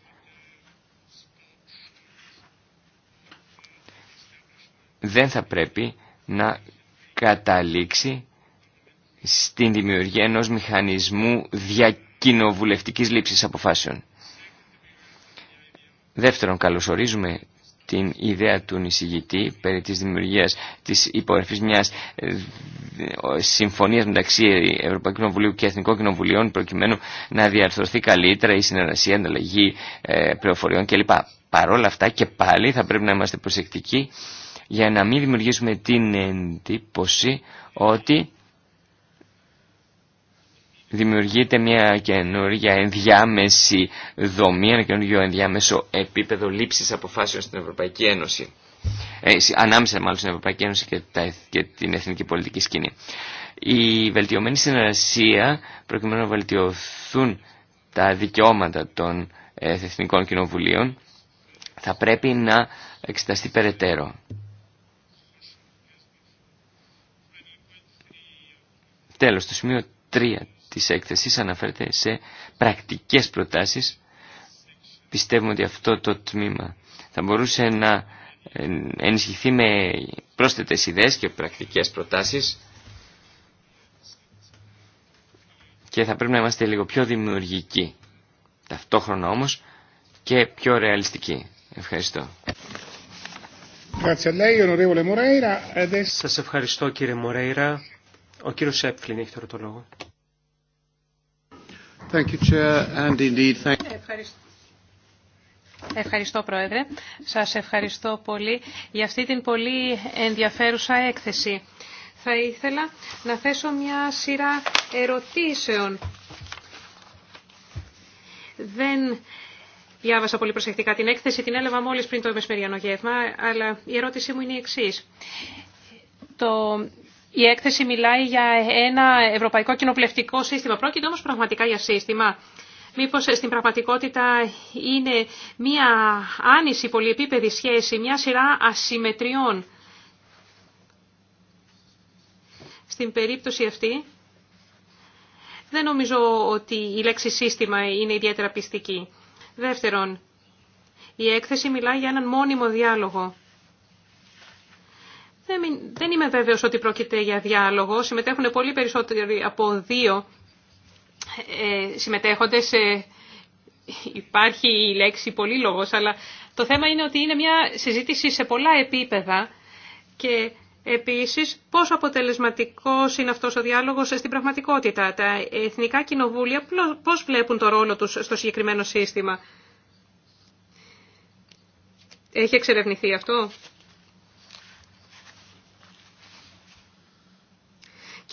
δεν θα πρέπει να καταλήξει στην δημιουργία ενός μηχανισμού διακοινοβουλευτικής λήψης αποφάσεων. Δεύτερον, καλωσορίζουμε την ιδέα του νησιγητή περί της δημιουργίας της υπογραφής μιας ε, συμφωνίας μεταξύ Ευρωπαϊκού Κοινοβουλίου και Εθνικών Κοινοβουλίων προκειμένου να διαρθρωθεί καλύτερα η συνεργασία, ανταλλαγή ε, πληροφοριών κλπ. Παρ' όλα αυτά και πάλι θα πρέπει να είμαστε προσεκτικοί για να μην δημιουργήσουμε την εντύπωση ότι δημιουργείται μια καινούργια ενδιάμεση δομή, ένα καινούργιο ενδιάμεσο επίπεδο λήψης αποφάσεων στην Ευρωπαϊκή Ένωση. Ε, ανάμεσα μάλλον στην Ευρωπαϊκή Ένωση και, τα, και την εθνική πολιτική σκηνή. Η βελτιωμένη συνεργασία, προκειμένου να βελτιωθούν τα δικαιώματα των ε, εθνικών κοινοβουλίων, θα πρέπει να εξεταστεί περαιτέρω. Τέλος, το σημείο 3 της έκθεσης αναφέρεται σε πρακτικές προτάσεις. Πιστεύουμε ότι αυτό το τμήμα θα μπορούσε να ε, ενισχυθεί με πρόσθετες ιδέες και πρακτικές προτάσεις και θα πρέπει να είμαστε λίγο πιο δημιουργικοί ταυτόχρονα όμως και πιο ρεαλιστικοί. Ευχαριστώ. Σας ευχαριστώ κύριε Μορέιρα. Ο κύριος Σέπφλιν έχει τώρα το λόγο. Thank you, Chair, and indeed, thank Ευχαριστώ. Πρόεδρε. Σας ευχαριστώ πολύ για αυτή την πολύ ενδιαφέρουσα έκθεση. Θα ήθελα να θέσω μια σειρά ερωτήσεων. Δεν διάβασα πολύ προσεκτικά την έκθεση, την έλαβα μόλις πριν το μεσημεριανό γεύμα, αλλά η ερώτησή μου είναι η εξής. Το η έκθεση μιλάει για ένα ευρωπαϊκό κοινοπλευτικό σύστημα. Πρόκειται όμως πραγματικά για σύστημα. Μήπως στην πραγματικότητα είναι μία άνηση πολυεπίπεδη σχέση, μία σειρά ασυμμετριών. Στην περίπτωση αυτή δεν νομίζω ότι η λέξη σύστημα είναι ιδιαίτερα πιστική. Δεύτερον, η έκθεση μιλάει για έναν μόνιμο διάλογο. Δεν είμαι βέβαιος ότι πρόκειται για διάλογο. Συμμετέχουν πολύ περισσότεροι από δύο ε, συμμετέχοντες. Ε, υπάρχει η λέξη πολύ λόγος, αλλά το θέμα είναι ότι είναι μια συζήτηση σε πολλά επίπεδα και Επίσης, πόσο αποτελεσματικός είναι αυτός ο διάλογος στην πραγματικότητα. Τα εθνικά κοινοβούλια πώς βλέπουν το ρόλο τους στο συγκεκριμένο σύστημα. Έχει εξερευνηθεί αυτό.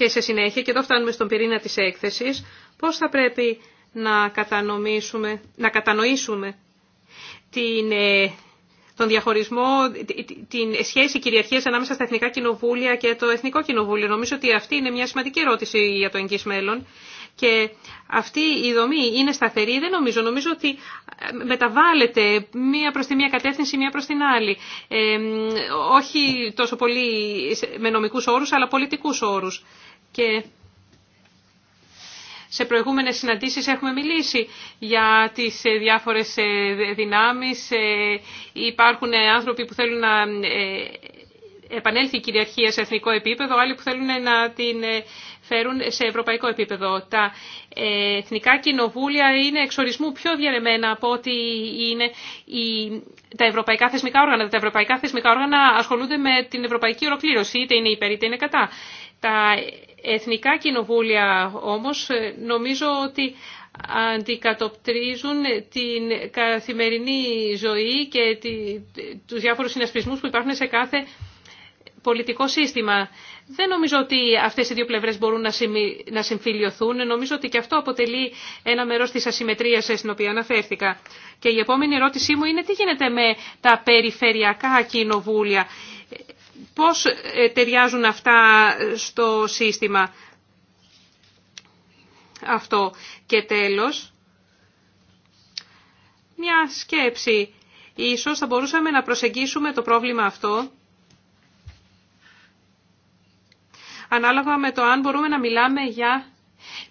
Και σε συνέχεια, και εδώ φτάνουμε στον πυρήνα της έκθεσης, πώς θα πρέπει να, κατανοήσουμε την, ε, τον διαχωρισμό, την σχέση κυριαρχίας ανάμεσα στα Εθνικά Κοινοβούλια και το Εθνικό Κοινοβούλιο. Νομίζω ότι αυτή είναι μια σημαντική ερώτηση για το εγγύς μέλλον. Και αυτή η δομή είναι σταθερή, δεν νομίζω. Νομίζω ότι ε, μεταβάλλεται μία προς τη μία κατεύθυνση, μία προς την άλλη. Ε, όχι τόσο πολύ με νομικούς όρους, αλλά πολιτικούς όρους. Και σε προηγούμενες συναντήσεις έχουμε μιλήσει για τις ε, διάφορες ε, δυνάμεις. Ε, υπάρχουν άνθρωποι που θέλουν να επανέλθει η κυριαρχία σε εθνικό επίπεδο, άλλοι που θέλουν να την φέρουν σε ευρωπαϊκό επίπεδο. Τα εθνικά κοινοβούλια είναι εξορισμού πιο διαρρεμένα από ότι είναι η, τα ευρωπαϊκά θεσμικά όργανα. Τα ευρωπαϊκά θεσμικά όργανα ασχολούνται με την ευρωπαϊκή ολοκλήρωση, είτε είναι υπέρ είτε είναι κατά. Τα εθνικά κοινοβούλια όμως ε, νομίζω ότι αντικατοπτρίζουν την καθημερινή ζωή και τους διάφορους συνασπισμούς που υπάρχουν σε κάθε πολιτικό σύστημα. Δεν νομίζω ότι αυτές οι δύο πλευρές μπορούν να συμφιλειωθούν. Νομίζω ότι και αυτό αποτελεί ένα μέρος της ασυμμετρίας στην οποία αναφέρθηκα. Και η επόμενη ερώτησή μου είναι τι γίνεται με τα περιφερειακά κοινοβούλια πώς ε, ταιριάζουν αυτά στο σύστημα αυτό. Και τέλος, μια σκέψη. Ίσως θα μπορούσαμε να προσεγγίσουμε το πρόβλημα αυτό ανάλογα με το αν μπορούμε να μιλάμε για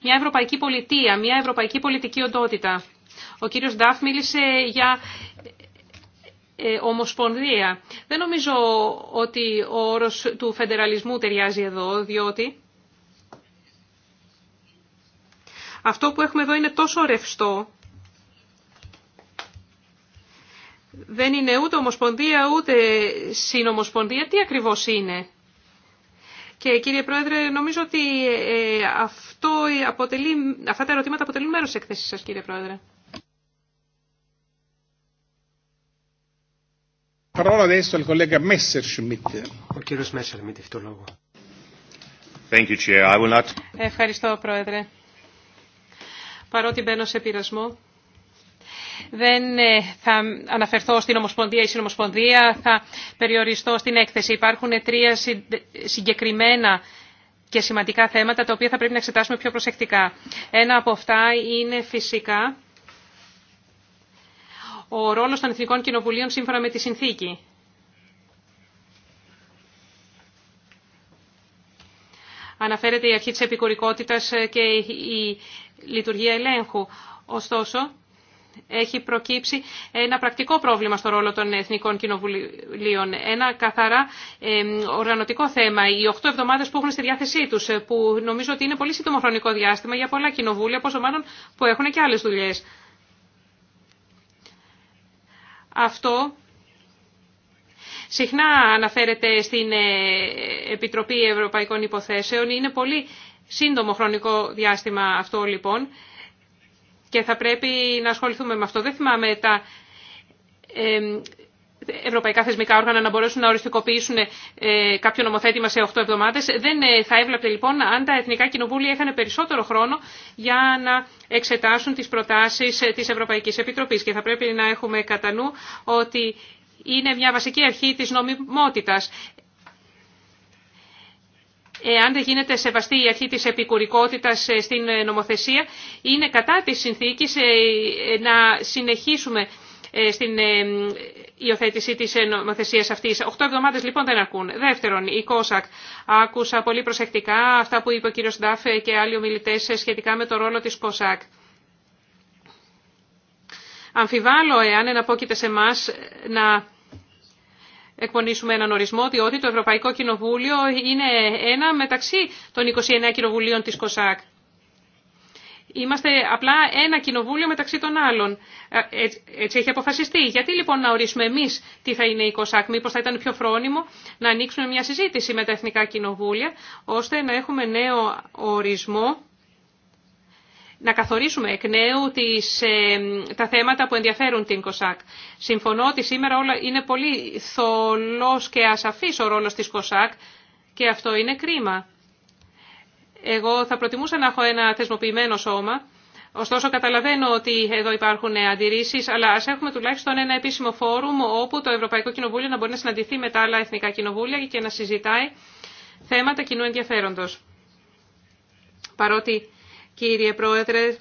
μια ευρωπαϊκή πολιτεία, μια ευρωπαϊκή πολιτική οντότητα. Ο κύριος Νταφ μίλησε για ε, ομοσπονδία. Δεν νομίζω ότι ο όρος του φεντεραλισμού ταιριάζει εδώ, διότι αυτό που έχουμε εδώ είναι τόσο ρευστό. Δεν είναι ούτε ομοσπονδία ούτε συνομοσπονδία. Τι ακριβώς είναι. Και κύριε Πρόεδρε, νομίζω ότι ε, αυτό αποτελεί, αυτά τα ερωτήματα αποτελούν μέρος της εκθέσης σας, κύριε Πρόεδρε. Parola adesso al Messerschmidt Thank you, Chair. I will not... Ευχαριστώ, Πρόεδρε. Παρότι μπαίνω σε πειρασμό, δεν ε, θα αναφερθώ στην Ομοσπονδία ή στην Ομοσπονδία, θα περιοριστώ στην έκθεση. Υπάρχουν τρία συγκεκριμένα και σημαντικά θέματα, τα οποία θα πρέπει να εξετάσουμε πιο προσεκτικά. Ένα από αυτά είναι φυσικά ο ρόλος των Εθνικών Κοινοβουλίων σύμφωνα με τη συνθήκη. Αναφέρεται η αρχή της επικουρικότητας και η λειτουργία ελέγχου. Ωστόσο, έχει προκύψει ένα πρακτικό πρόβλημα στο ρόλο των Εθνικών Κοινοβουλίων. Ένα καθαρά οργανωτικό θέμα. Οι 8 εβδομάδε που έχουν στη διάθεσή του, που νομίζω ότι είναι πολύ σύντομο χρονικό διάστημα για πολλά κοινοβούλια, πόσο μάλλον που έχουν και άλλε δουλειέ. Αυτό συχνά αναφέρεται στην ε, Επιτροπή Ευρωπαϊκών Υποθέσεων. Είναι πολύ σύντομο χρονικό διάστημα αυτό λοιπόν και θα πρέπει να ασχοληθούμε με αυτό. Δεν θυμάμαι τα ε, ευρωπαϊκά θεσμικά όργανα να μπορέσουν να οριστικοποιήσουν ε, κάποιο νομοθέτημα σε 8 εβδομάδες. Δεν ε, θα έβλεπε λοιπόν αν τα εθνικά κοινοβούλια είχαν περισσότερο χρόνο για να εξετάσουν τις προτάσεις ε, της Ευρωπαϊκής Επιτροπής. Και θα πρέπει να έχουμε κατά νου ότι είναι μια βασική αρχή της νομιμότητας. Εάν δεν γίνεται σεβαστή η αρχή της επικουρικότητας στην νομοθεσία, είναι κατά της συνθήκης να συνεχίσουμε ε, στην ε, υιοθέτηση της ε, νομοθεσίας αυτής. Οχτώ εβδομάδες λοιπόν δεν αρκούν. Δεύτερον, η ΚΟΣΑΚ. Άκουσα πολύ προσεκτικά αυτά που είπε ο κύριος Ντάφε και άλλοι ομιλητές σχετικά με το ρόλο της ΚΟΣΑΚ. Αμφιβάλλω εάν εναπόκειται σε εμά να εκπονήσουμε έναν ορισμό ότι το Ευρωπαϊκό Κοινοβούλιο είναι ένα μεταξύ των 29 κοινοβουλίων της ΚΟΣΑΚ. Είμαστε απλά ένα κοινοβούλιο μεταξύ των άλλων. Ε, έτσι έχει αποφασιστεί. Γιατί λοιπόν να ορίσουμε εμεί τι θα είναι η ΚΟΣΑΚ, μήπω θα ήταν πιο φρόνιμο να ανοίξουμε μια συζήτηση με τα εθνικά κοινοβούλια, ώστε να έχουμε νέο ορισμό, να καθορίσουμε εκ νέου τις, ε, τα θέματα που ενδιαφέρουν την ΚΟΣΑΚ. Συμφωνώ ότι σήμερα όλα είναι πολύ θολός και ασαφής ο ρόλος της ΚΟΣΑΚ και αυτό είναι κρίμα. Εγώ θα προτιμούσα να έχω ένα θεσμοποιημένο σώμα, ωστόσο καταλαβαίνω ότι εδώ υπάρχουν αντιρρήσεις, αλλά ας έχουμε τουλάχιστον ένα επίσημο φόρουμ όπου το Ευρωπαϊκό Κοινοβούλιο να μπορεί να συναντηθεί με τα άλλα εθνικά κοινοβούλια και να συζητάει θέματα κοινού ενδιαφέροντος. Παρότι, κύριε Πρόεδρε,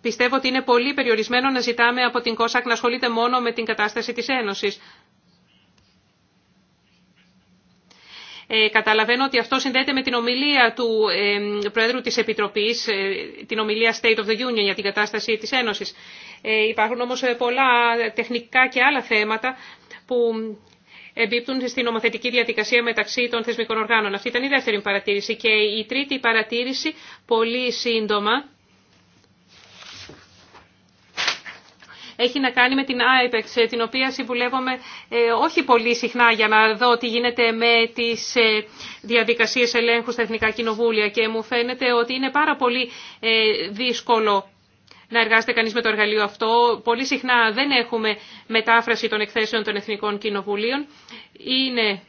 Πιστεύω ότι είναι πολύ περιορισμένο να ζητάμε από την ΚΟΣΑΚ να ασχολείται μόνο με την κατάσταση της Ένωσης. Ε, καταλαβαίνω ότι αυτό συνδέεται με την ομιλία του ε, Πρόεδρου της Επιτροπής, ε, την ομιλία State of the Union για την κατάσταση της Ένωσης. Υπάρχουν όμως πολλά τεχνικά και άλλα θέματα που εμπίπτουν στην νομοθετική διαδικασία μεταξύ των θεσμικών οργάνων. Αυτή ήταν η δεύτερη παρατήρηση. Και η τρίτη παρατήρηση, πολύ σύντομα, έχει να κάνει με την IPEX, ε, την οποία συμβουλεύομαι ε, όχι πολύ συχνά για να δω τι γίνεται με τις ε, διαδικασίες ελέγχου στα Εθνικά Κοινοβούλια και μου φαίνεται ότι είναι πάρα πολύ δύσκολο να εργάζεται κανεί με το εργαλείο αυτό. Πολύ συχνά δεν έχουμε μετάφραση των εκθέσεων των Εθνικών Κοινοβουλίων. Είναι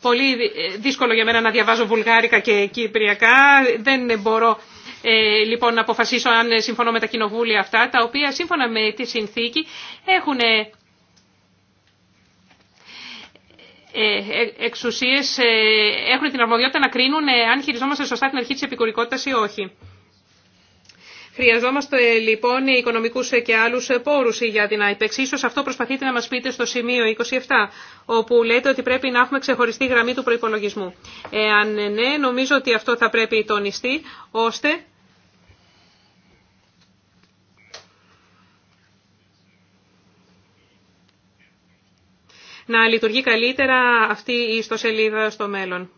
πολύ δύσκολο για μένα να διαβάζω βουλγάρικα και κυπριακά. Δεν μπορώ ε, λοιπόν να αποφασίσω αν συμφωνώ με τα κοινοβούλια αυτά, τα οποία σύμφωνα με τη συνθήκη έχουν ε, ε, εξουσίες, έχουν την αρμοδιότητα να κρίνουν αν χειριζόμαστε σωστά την αρχή της επικουρικότητας ή όχι. Χρειαζόμαστε λοιπόν οικονομικού και άλλου πόρου για την ΑΕΠΕΞ. σω αυτό προσπαθείτε να μα πείτε στο σημείο 27, όπου λέτε ότι πρέπει να έχουμε ξεχωριστή γραμμή του προπολογισμού. Εάν ναι, νομίζω ότι αυτό θα πρέπει τονιστεί, ώστε να λειτουργεί καλύτερα αυτή η ιστοσελίδα στο μέλλον.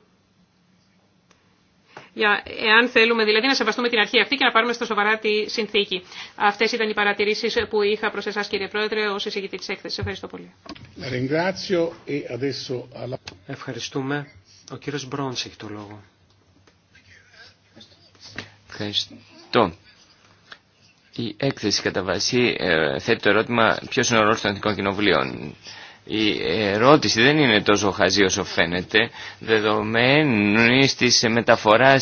Για, εάν θέλουμε δηλαδή να σεβαστούμε την αρχή αυτή και να πάρουμε στο σοβαρά τη συνθήκη. Αυτέ ήταν οι παρατηρήσει που είχα προ εσά, κύριε Πρόεδρε ως εισηγητή τη έκθεση. Ευχαριστώ πολύ. E Ευχαριστούμε. Ο κύριο Μπρόν έχει το λόγο. Ευχαριστώ. Η έκθεση κατά βάση ε, θέτει το ερώτημα ποιο είναι ο ρόλο των Εθνικών Κοινοβουλίων. Η ερώτηση δεν είναι τόσο χαζή όσο φαίνεται, δεδομένη τη μεταφορά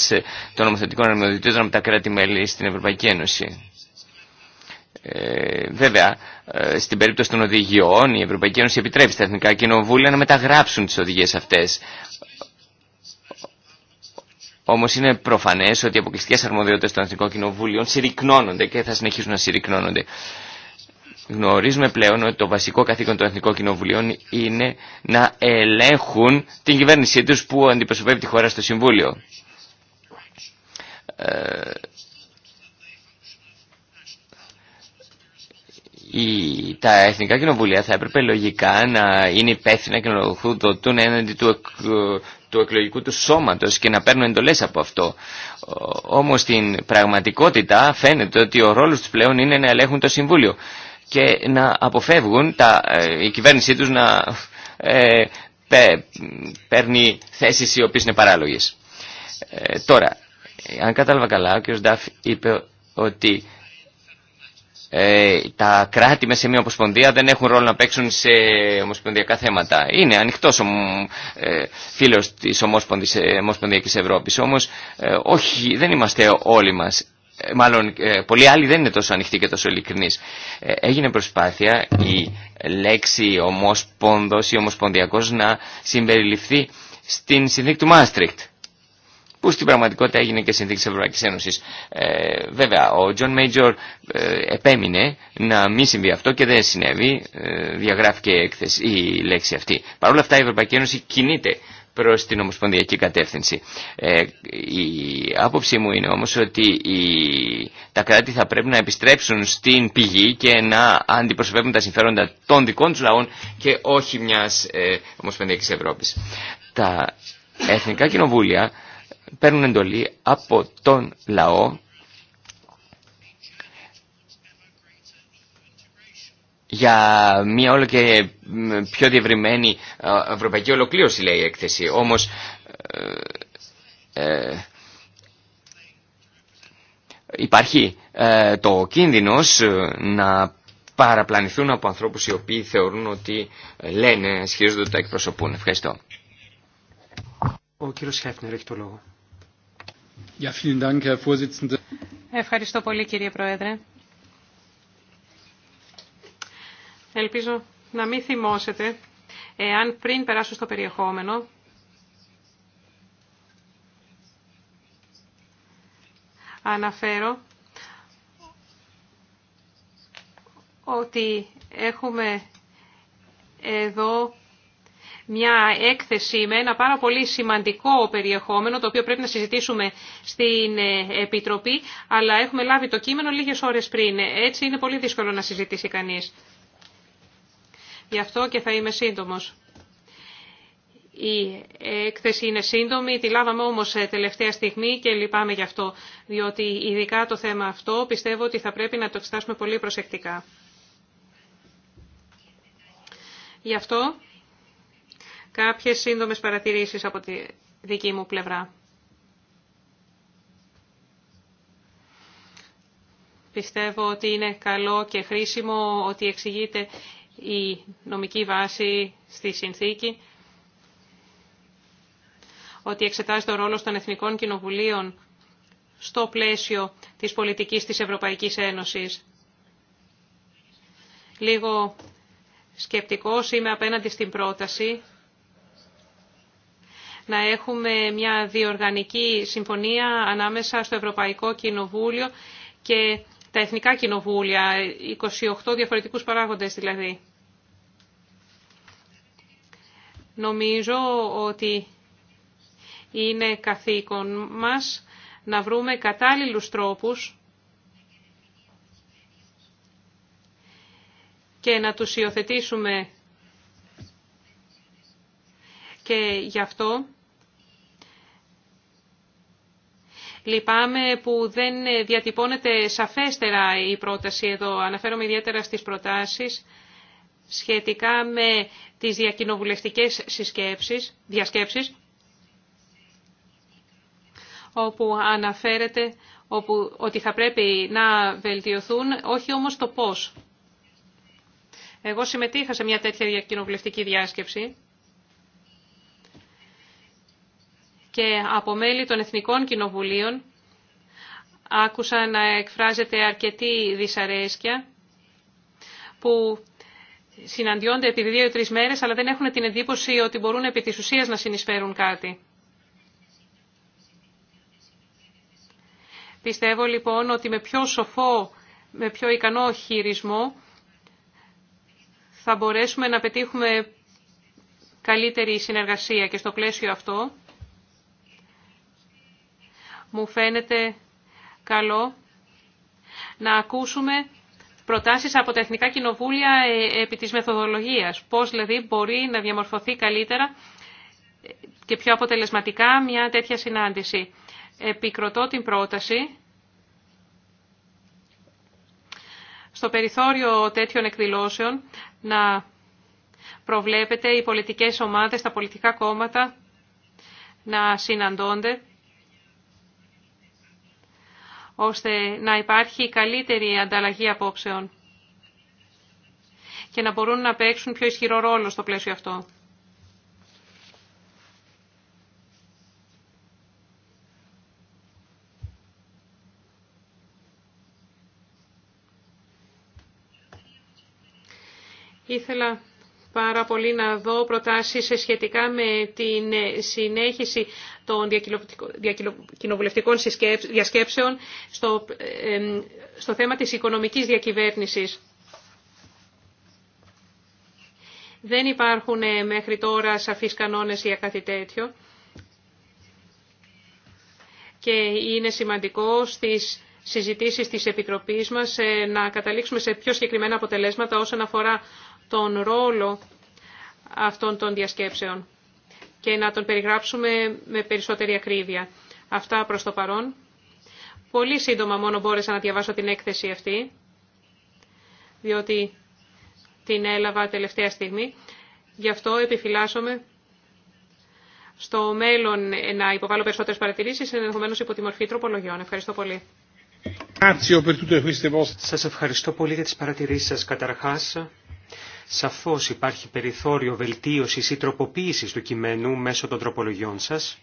των νομοθετικών αρμοδιοτήτων από τα κράτη-μέλη στην Ευρωπαϊκή Ένωση. Ε, βέβαια, ε, στην περίπτωση των οδηγιών, η Ευρωπαϊκή Ένωση επιτρέπει στα εθνικά κοινοβούλια να μεταγράψουν τι οδηγίε αυτέ. Όμω είναι προφανέ ότι οι αποκλειστικέ αρμοδιότητες των εθνικών κοινοβούλιων συρρυκνώνονται και θα συνεχίσουν να συρρυκνώνονται γνωρίζουμε πλέον ότι το βασικό καθήκον των Εθνικών Κοινοβουλίων είναι να ελέγχουν την κυβέρνησή τους που αντιπροσωπεύει τη χώρα στο Συμβούλιο. Ε, τα Εθνικά Κοινοβουλία θα έπρεπε λογικά να είναι υπεύθυνα και να δοτούν έναντι του, του εκλογικού του σώματος και να παίρνουν εντολές από αυτό. Όμως στην πραγματικότητα φαίνεται ότι ο ρόλος του πλέον είναι να ελέγχουν το Συμβούλιο και να αποφεύγουν τα, ε, η κυβέρνησή τους να ε, παίρνει θέσεις οι οποίες είναι παράλογες. Ε, τώρα, αν κατάλαβα καλά, ο κ. Νταφ είπε ότι τα κράτη μέσα σε μια ομοσπονδία δεν έχουν ρόλο να παίξουν σε ομοσπονδιακά θέματα. Είναι ανοιχτό ε, φίλο τη ομοσπονδιακή Ευρώπη. Όμω, όχι, δεν είμαστε όλοι μα ε, μάλλον ε, πολλοί άλλοι δεν είναι τόσο ανοιχτοί και τόσο ειλικρινείς. Ε, έγινε προσπάθεια η λέξη ομόσπονδος ή ομοσπονδιακός να συμπεριληφθεί στην συνθήκη του Μάστρικτ που στην πραγματικότητα έγινε και συνθήκη της Ευρωπαϊκής Ένωσης. βέβαια, ο Τζον Μέιτζορ επέμεινε να μην συμβεί αυτό και δεν συνέβη, ε, διαγράφηκε η λέξη αυτή. Παρ' όλα αυτά η Ευρωπαϊκή Ένωση κινείται προς την ομοσπονδιακή κατεύθυνση. Ε, η άποψή μου είναι όμως ότι η, τα κράτη θα πρέπει να επιστρέψουν στην πηγή και να αντιπροσωπεύουν τα συμφέροντα των δικών τους λαών και όχι μιας ε, ομοσπονδιακής Ευρώπης. Τα εθνικά κοινοβούλια παίρνουν εντολή από τον λαό για μια όλο και πιο διευρυμένη ε, ευρωπαϊκή ολοκλήρωση λέει η έκθεση. Όμως ε, ε, υπάρχει το κίνδυνος να παραπλανηθούν από ανθρώπους οι οποίοι θεωρούν ότι λένε, σχεδόν ότι τα εκπροσωπούν. Ευχαριστώ. Ο κύριος Χέφνερ έχει το λόγο. Ευχαριστώ πολύ κύριε Πρόεδρε. Ελπίζω να μην θυμώσετε, εάν πριν περάσω στο περιεχόμενο, αναφέρω ότι έχουμε εδώ μια έκθεση με ένα πάρα πολύ σημαντικό περιεχόμενο, το οποίο πρέπει να συζητήσουμε στην ε, Επιτροπή, αλλά έχουμε λάβει το κείμενο λίγες ώρες πριν. Έτσι είναι πολύ δύσκολο να συζητήσει κανείς γι' αυτό και θα είμαι σύντομος. Η έκθεση είναι σύντομη, τη λάβαμε όμως ε, τελευταία στιγμή και λυπάμαι γι' αυτό, διότι ειδικά το θέμα αυτό πιστεύω ότι θα πρέπει να το εξετάσουμε πολύ προσεκτικά. Γι' αυτό κάποιες σύντομες παρατηρήσεις από τη δική μου πλευρά. Πιστεύω ότι είναι καλό και χρήσιμο ότι εξηγείται η νομική βάση στη συνθήκη ότι εξετάζει τον ρόλο των Εθνικών Κοινοβουλίων στο πλαίσιο της πολιτικής της Ευρωπαϊκής Ένωσης. Λίγο σκεπτικός είμαι απέναντι στην πρόταση να έχουμε μια διοργανική συμφωνία ανάμεσα στο Ευρωπαϊκό Κοινοβούλιο και τα εθνικά κοινοβούλια, 28 διαφορετικούς παράγοντες δηλαδή. Νομίζω ότι είναι καθήκον μας να βρούμε κατάλληλους τρόπους και να τους υιοθετήσουμε και γι' αυτό Λυπάμαι που δεν διατυπώνεται σαφέστερα η πρόταση εδώ. Αναφέρομαι ιδιαίτερα στις προτάσεις σχετικά με τις διακοινοβουλευτικές συσκέψεις, διασκέψεις, όπου αναφέρεται όπου, ότι θα πρέπει να βελτιωθούν, όχι όμως το πώς. Εγώ συμμετείχα σε μια τέτοια διακοινοβουλευτική διάσκεψη και από μέλη των Εθνικών Κοινοβουλίων άκουσα να εκφράζεται αρκετή δυσαρέσκεια που συναντιόνται επί δύο-τρεις μέρες αλλά δεν έχουν την εντύπωση ότι μπορούν επί της ουσίας να συνεισφέρουν κάτι. Πιστεύω λοιπόν ότι με πιο σοφό, με πιο ικανό χειρισμό θα μπορέσουμε να πετύχουμε καλύτερη συνεργασία και στο πλαίσιο αυτό μου φαίνεται καλό να ακούσουμε προτάσεις από τα Εθνικά Κοινοβούλια ε, επί της μεθοδολογίας. Πώς δηλαδή μπορεί να διαμορφωθεί καλύτερα και πιο αποτελεσματικά μια τέτοια συνάντηση. Επικροτώ την πρόταση στο περιθώριο τέτοιων εκδηλώσεων να προβλέπεται οι πολιτικές ομάδες, τα πολιτικά κόμματα να συναντώνται ώστε να υπάρχει καλύτερη ανταλλαγή απόψεων και να μπορούν να παίξουν πιο ισχυρό ρόλο στο πλαίσιο αυτό. Ήθελα πάρα πολύ να δω προτάσεις σχετικά με την συνέχιση των διακοινοβουλευτικών διασκέψεων στο, στο θέμα της οικονομικής διακυβέρνησης. Δεν υπάρχουν ε, μέχρι τώρα σαφείς κανόνες για κάτι τέτοιο και είναι σημαντικό στις συζητήσεις της Επιτροπής μας ε, να καταλήξουμε σε πιο συγκεκριμένα αποτελέσματα όσον αφορά τον ρόλο αυτών των διασκέψεων και να τον περιγράψουμε με περισσότερη ακρίβεια. Αυτά προς το παρόν. Πολύ σύντομα μόνο μπόρεσα να διαβάσω την έκθεση αυτή, διότι την έλαβα τελευταία στιγμή. Γι' αυτό επιφυλάσσομαι στο μέλλον να υποβάλω περισσότερες παρατηρήσεις, ενδεχομένως υπό τη μορφή τροπολογιών. Ευχαριστώ πολύ. Σας ευχαριστώ πολύ για τις παρατηρήσεις σας καταρχάς. Σαφώς υπάρχει περιθώριο βελτίωσης ή τροποποίησης του κειμένου μέσω των τροπολογιών σας.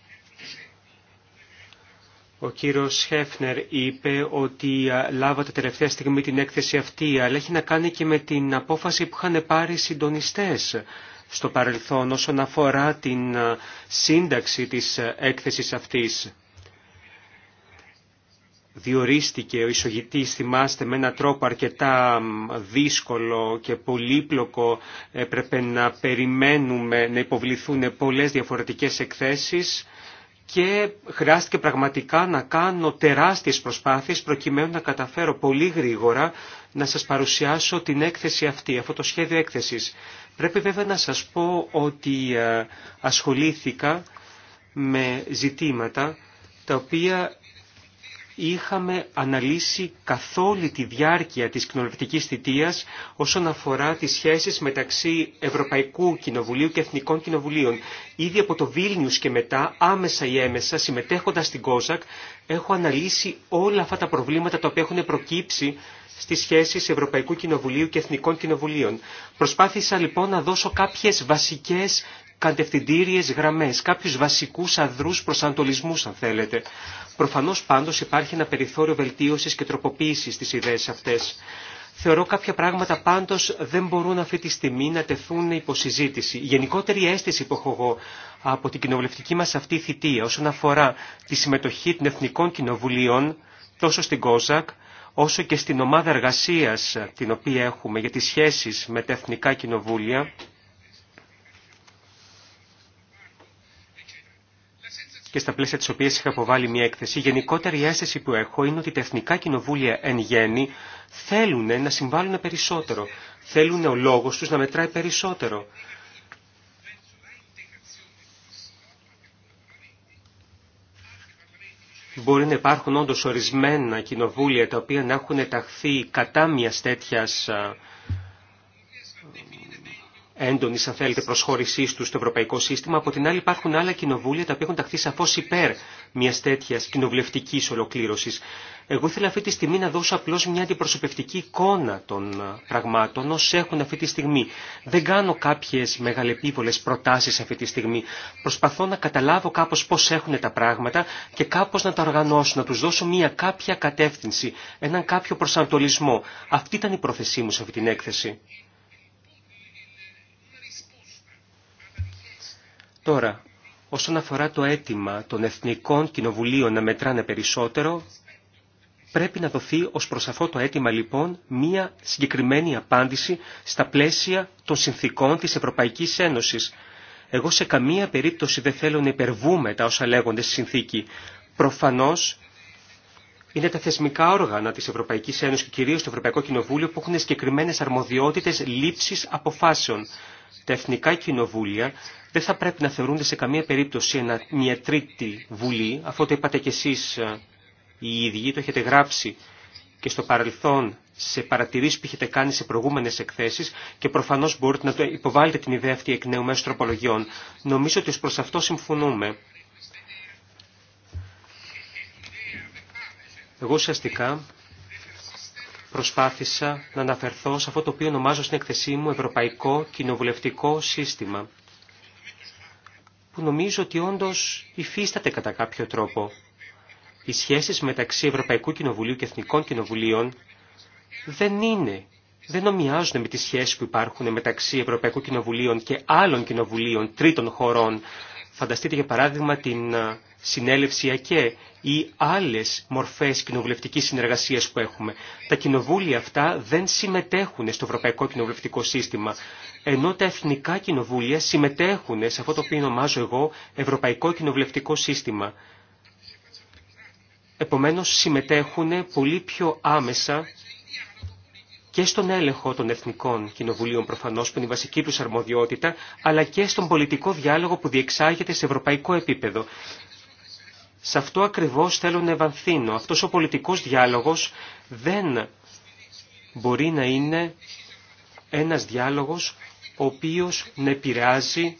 Ο κύριος Χέφνερ είπε ότι λάβατε τελευταία στιγμή την έκθεση αυτή, αλλά έχει να κάνει και με την απόφαση που είχαν πάρει οι συντονιστές στο παρελθόν όσον αφορά την σύνταξη της έκθεσης αυτής διορίστηκε ο εισογητής, θυμάστε, με έναν τρόπο αρκετά δύσκολο και πολύπλοκο. Έπρεπε να περιμένουμε να υποβληθούν πολλές διαφορετικές εκθέσεις και χρειάστηκε πραγματικά να κάνω τεράστιες προσπάθειες προκειμένου να καταφέρω πολύ γρήγορα να σας παρουσιάσω την έκθεση αυτή, αυτό το σχέδιο έκθεσης. Πρέπει βέβαια να σας πω ότι ε, ασχολήθηκα με ζητήματα τα οποία είχαμε αναλύσει καθόλου τη διάρκεια της κοινοβουλευτικής θητείας όσον αφορά τις σχέσεις μεταξύ Ευρωπαϊκού Κοινοβουλίου και Εθνικών Κοινοβουλίων. Ήδη από το Βίλνιους και μετά, άμεσα ή έμεσα, συμμετέχοντας στην ΚΟΖΑΚ, έχω αναλύσει όλα αυτά τα προβλήματα τα οποία έχουν προκύψει στις σχέσεις Ευρωπαϊκού Κοινοβουλίου και Εθνικών Κοινοβουλίων. Προσπάθησα λοιπόν να δώσω κάποιες βασικές κατευθυντήριες γραμμές, κάποιους βασικούς αδρούς προσανατολισμούς αν θέλετε. Προφανώς πάντως υπάρχει ένα περιθώριο βελτίωσης και τροποποίησης στις ιδέες αυτές. Θεωρώ κάποια πράγματα πάντως δεν μπορούν αυτή τη στιγμή να τεθούν συζήτηση. Η γενικότερη αίσθηση που έχω εγώ από την κοινοβουλευτική μας αυτή θητεία όσον αφορά τη συμμετοχή των εθνικών κοινοβουλίων τόσο στην ΚΟΖΑΚ όσο και στην ομάδα εργασίας την οποία έχουμε για τις σχέσεις με τα εθνικά κοινοβούλια και στα πλαίσια τη οποία είχα αποβάλει μια έκθεση, η γενικότερη αίσθηση που έχω είναι ότι τα εθνικά κοινοβούλια εν γέννη θέλουν να συμβάλλουν περισσότερο. Θέλουν ο λόγο του να μετράει περισσότερο. Μπορεί να υπάρχουν όντω ορισμένα κοινοβούλια τα οποία να έχουν ταχθεί κατά μια τέτοιας έντονη, αν θέλετε, προσχώρησή του στο ευρωπαϊκό σύστημα. Από την άλλη, υπάρχουν άλλα κοινοβούλια τα οποία έχουν ταχθεί σαφώ υπέρ μια τέτοια κοινοβουλευτική ολοκλήρωση. Εγώ ήθελα αυτή τη στιγμή να δώσω απλώ μια αντιπροσωπευτική εικόνα των ε, πραγμάτων ω έχουν αυτή τη στιγμή. Δεν κάνω κάποιε μεγαλεπίβολε προτάσει αυτή τη στιγμή. Προσπαθώ να καταλάβω κάπω πώ έχουν τα πράγματα και κάπω να τα οργανώσω, να του δώσω μια κάποια κατεύθυνση, έναν κάποιο προσανατολισμό. Αυτή ήταν η πρόθεσή μου σε αυτή την έκθεση. Τώρα, όσον αφορά το αίτημα των εθνικών κοινοβουλίων να μετράνε περισσότερο, πρέπει να δοθεί ως προς αυτό το αίτημα λοιπόν μία συγκεκριμένη απάντηση στα πλαίσια των συνθήκων της Ευρωπαϊκής Ένωσης. Εγώ σε καμία περίπτωση δεν θέλω να υπερβούμε τα όσα λέγονται στη συνθήκη. Προφανώς είναι τα θεσμικά όργανα της Ευρωπαϊκής Ένωσης και κυρίως το Ευρωπαϊκό Κοινοβούλιο που έχουν συγκεκριμένες αρμοδιότητες λήψης αποφάσεων τα εθνικά κοινοβούλια δεν θα πρέπει να θεωρούνται σε καμία περίπτωση μια τρίτη βουλή, αφού το είπατε κι εσείς ε, οι ίδιοι, το έχετε γράψει και στο παρελθόν σε παρατηρήσεις που έχετε κάνει σε προηγούμενες εκθέσεις και προφανώς μπορείτε να το υποβάλλετε την ιδέα αυτή εκ νέου μέσω τροπολογιών. Νομίζω ότι ω προς αυτό συμφωνούμε. Εγώ ουσιαστικά προσπάθησα να αναφερθώ σε αυτό το οποίο ονομάζω στην εκθεσή μου Ευρωπαϊκό Κοινοβουλευτικό Σύστημα, που νομίζω ότι όντως υφίσταται κατά κάποιο τρόπο. Οι σχέσεις μεταξύ Ευρωπαϊκού Κοινοβουλίου και Εθνικών Κοινοβουλίων δεν είναι, δεν ομοιάζουν με τις σχέσεις που υπάρχουν μεταξύ Ευρωπαϊκού Κοινοβουλίων και άλλων κοινοβουλίων τρίτων χωρών. Φανταστείτε για παράδειγμα την συνέλευση ΑΚΕ ή άλλες μορφές κοινοβουλευτικής συνεργασίας που έχουμε. Τα κοινοβούλια αυτά δεν συμμετέχουν στο Ευρωπαϊκό Κοινοβουλευτικό Σύστημα, ενώ τα εθνικά κοινοβούλια συμμετέχουν σε αυτό το οποίο ονομάζω εγώ Ευρωπαϊκό Κοινοβουλευτικό Σύστημα. Επομένως συμμετέχουν πολύ πιο άμεσα και στον έλεγχο των Εθνικών Κοινοβουλίων προφανώς που είναι η βασική τους αρμοδιότητα, αλλά και στον πολιτικό διάλογο που διεξάγεται σε ευρωπαϊκό επίπεδο. Σε αυτό ακριβώς θέλω να ευανθύνω. Αυτός ο πολιτικός διάλογος δεν μπορεί να είναι ένας διάλογος ο οποίος να επηρεάζει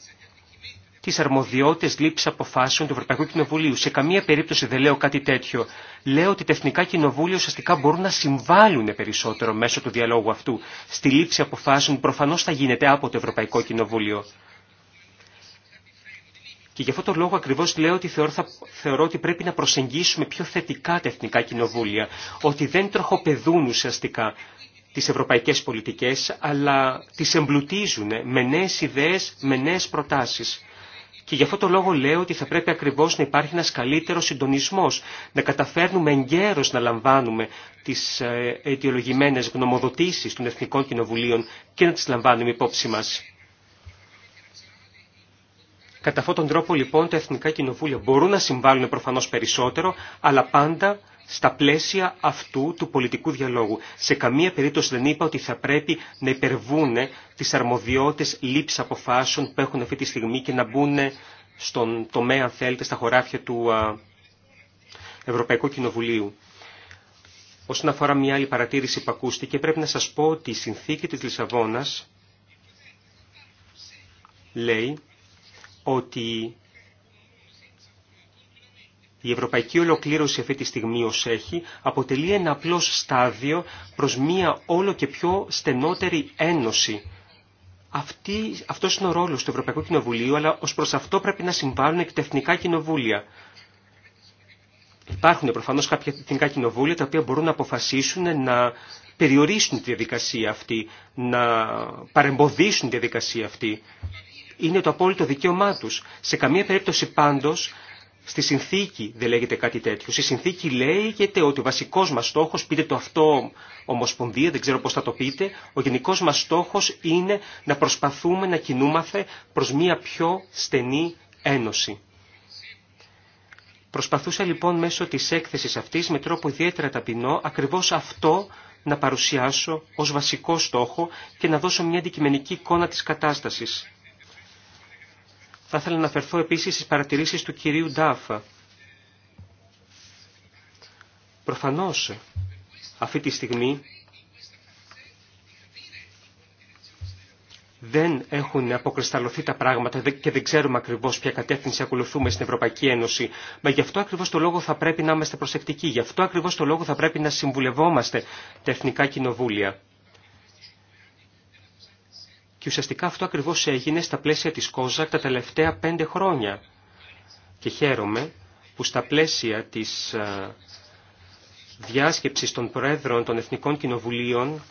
τι αρμοδιότητε λήψη αποφάσεων του Ευρωπαϊκού Κοινοβουλίου. Σε καμία περίπτωση δεν λέω κάτι τέτοιο. Λέω ότι τα εθνικά κοινοβούλια ουσιαστικά μπορούν να συμβάλλουν περισσότερο μέσω του διαλόγου αυτού στη λήψη αποφάσεων που προφανώ θα γίνεται από το Ευρωπαϊκό Κοινοβούλιο. Και γι' αυτό το λόγο ακριβώς λέω ότι θεωρώ, θα, θεωρώ ότι πρέπει να προσεγγίσουμε πιο θετικά τα εθνικά κοινοβούλια, ότι δεν τροχοπεδούν ουσιαστικά τις ευρωπαϊκές πολιτικές, αλλά τις εμπλουτίζουν με νέες ιδέες, με νέες προτάσεις. Και γι' αυτό το λόγο λέω ότι θα πρέπει ακριβώς να υπάρχει ένας καλύτερος συντονισμός, να καταφέρνουμε εγκαίρως να λαμβάνουμε τις ε, αιτιολογημένες γνωμοδοτήσεις των Εθνικών Κοινοβουλίων και να τις λαμβάνουμε υπόψη μας. Κατά αυτόν τον τρόπο λοιπόν τα εθνικά κοινοβούλια μπορούν να συμβάλλουν προφανώς περισσότερο, αλλά πάντα στα πλαίσια αυτού του πολιτικού διαλόγου. Σε καμία περίπτωση δεν είπα ότι θα πρέπει να υπερβούν τις αρμοδιότητες λήψη αποφάσεων που έχουν αυτή τη στιγμή και να μπουν στον τομέα, αν θέλετε, στα χωράφια του Ευρωπαϊκού Κοινοβουλίου. Όσον αφορά μια άλλη παρατήρηση που ακούστηκε, πρέπει να σας πω ότι η συνθήκη της Λισαβόνας λέει ότι η ευρωπαϊκή ολοκλήρωση αυτή τη στιγμή ως έχει αποτελεί ένα απλό στάδιο προς μία όλο και πιο στενότερη ένωση. Αυτή, αυτός είναι ο ρόλος του Ευρωπαϊκού Κοινοβουλίου, αλλά ως προς αυτό πρέπει να συμβάλλουν και τα εθνικά κοινοβούλια. Υπάρχουν προφανώς κάποια εθνικά κοινοβούλια τα οποία μπορούν να αποφασίσουν να περιορίσουν τη διαδικασία αυτή, να παρεμποδίσουν τη διαδικασία αυτή. Είναι το απόλυτο δικαίωμά του. Σε καμία περίπτωση πάντω, Στη συνθήκη δεν λέγεται κάτι τέτοιο. Στη συνθήκη λέγεται ότι ο βασικό μα στόχο, πείτε το αυτό Ομοσπονδία, δεν ξέρω πώ θα το πείτε, ο γενικό μα στόχο είναι να προσπαθούμε να κινούμαστε προ μια πιο στενή ένωση. Προσπαθούσα λοιπόν μέσω της έκθεσης αυτής με τρόπο ιδιαίτερα ταπεινό ακριβώς αυτό να παρουσιάσω ως βασικό στόχο και να δώσω μια αντικειμενική εικόνα της κατάστασης. Θα ήθελα να αναφερθώ επίση στι παρατηρήσεις του κυρίου Ντάφα. Προφανώς, αυτή τη στιγμή δεν έχουν αποκρισταλωθεί τα πράγματα και δεν ξέρουμε ακριβώ ποια κατεύθυνση ακολουθούμε στην Ευρωπαϊκή Ένωση. Μα γι' αυτό ακριβώ το λόγο θα πρέπει να είμαστε προσεκτικοί. Γι' αυτό ακριβώ το λόγο θα πρέπει να συμβουλευόμαστε τα εθνικά κοινοβούλια. Και ουσιαστικά αυτό ακριβώς έγινε στα πλαίσια της Κόζακ τα τελευταία πέντε χρόνια. Και χαίρομαι που στα πλαίσια της ε, διάσκεψης των Προέδρων των Εθνικών Κοινοβουλίων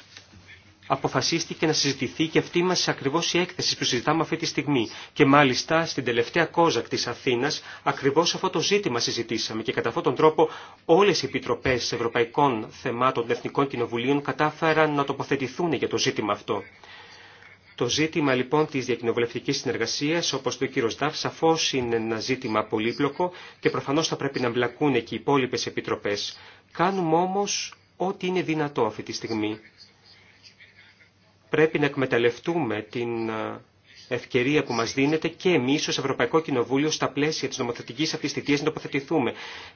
αποφασίστηκε να συζητηθεί και αυτή μας ακριβώς η έκθεση που συζητάμε αυτή τη στιγμή. Και μάλιστα στην τελευταία κόζακ της Αθήνας ακριβώς αυτό το ζήτημα συζητήσαμε και κατά αυτόν τον τρόπο όλες οι επιτροπές ευρωπαϊκών θεμάτων των Εθνικών Κοινοβουλίων κατάφεραν να τοποθετηθούν για το ζήτημα αυτό. Το ζήτημα λοιπόν της διακοινοβουλευτικής συνεργασίας, όπως το κύριο Σταφ, σαφώς είναι ένα ζήτημα πολύπλοκο και προφανώς θα πρέπει να μπλακούν και οι υπόλοιπε επιτροπές. Κάνουμε όμως ό,τι είναι δυνατό αυτή τη στιγμή. Πρέπει να εκμεταλλευτούμε την ευκαιρία που μας δίνεται και εμείς ως Ευρωπαϊκό Κοινοβούλιο στα πλαίσια της νομοθετικής αυτής θητείας να τοποθετηθούμε.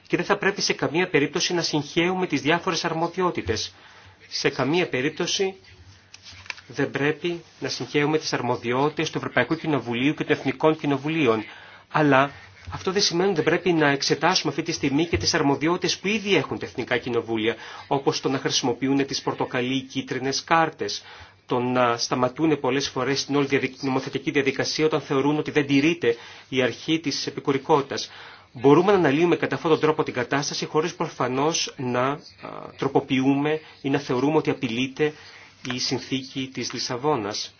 Και δεν θα πρέπει σε καμία περίπτωση να συγχαίουμε τις διάφορες αρμοδιότητες. Σε καμία περίπτωση δεν πρέπει να συγχαίουμε τις αρμοδιότητες του Ευρωπαϊκού Κοινοβουλίου και των Εθνικών Κοινοβουλίων. Αλλά αυτό δεν σημαίνει ότι δεν πρέπει να εξετάσουμε αυτή τη στιγμή και τις αρμοδιότητες που ήδη έχουν τα Εθνικά Κοινοβούλια, όπως το να χρησιμοποιούν τις πορτοκαλί-κίτρινες κάρτες, το να σταματούν πολλές φορές την όλη νομοθετική διαδικασία όταν θεωρούν ότι δεν τηρείται η αρχή της επικουρικότητας. Μπορούμε να αναλύουμε κατά αυτόν τον τρόπο την κατάσταση χωρίς προφανώς να τροποποιούμε ή να θεωρούμε ότι απειλείται η συνθήκη της Λισαβόνας.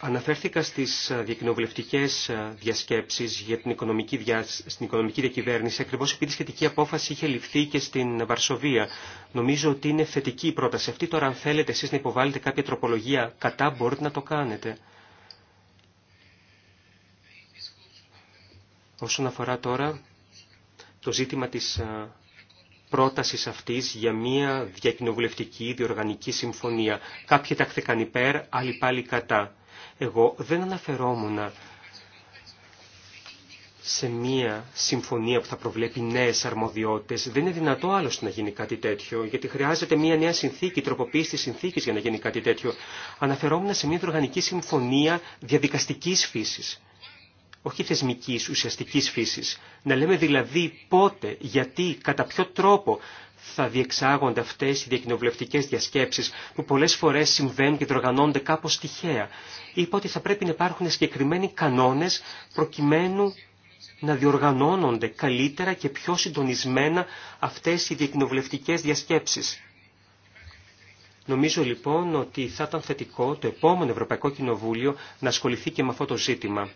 Αναφέρθηκα στις ε, διακοινοβουλευτικές ε, διασκέψεις για την οικονομική, δια... στην οικονομική διακυβέρνηση ακριβώς επειδή σχετική απόφαση είχε ληφθεί και στην Βαρσοβία. Νομίζω ότι είναι θετική η πρόταση αυτή. Τώρα αν θέλετε εσείς να υποβάλλετε κάποια τροπολογία κατά μπορείτε να το κάνετε. Όσον αφορά τώρα το ζήτημα της ε, πρότασης αυτής για μια διακοινοβουλευτική διοργανική συμφωνία. Κάποιοι τάχθηκαν υπέρ, άλλοι πάλι κατά. Εγώ δεν αναφερόμουν σε μια συμφωνία που θα προβλέπει νέες αρμοδιότητες. Δεν είναι δυνατό άλλωστε να γίνει κάτι τέτοιο, γιατί χρειάζεται μια νέα συνθήκη, τροποποίηση τη συνθήκης για να γίνει κάτι τέτοιο. Αναφερόμουν σε μια διοργανική συμφωνία διαδικαστικής φύσης όχι θεσμικής, ουσιαστικής φύσης. Να λέμε δηλαδή πότε, γιατί, κατά ποιο τρόπο θα διεξάγονται αυτές οι διακοινοβουλευτικές διασκέψεις που πολλές φορές συμβαίνουν και διοργανώνονται κάπως τυχαία. Είπα ότι θα πρέπει να υπάρχουν συγκεκριμένοι κανόνες προκειμένου να διοργανώνονται καλύτερα και πιο συντονισμένα αυτές οι διακοινοβουλευτικές διασκέψεις. Νομίζω λοιπόν ότι θα ήταν θετικό το επόμενο Ευρωπαϊκό Κοινοβούλιο να ασχοληθεί και με αυτό το ζήτημα.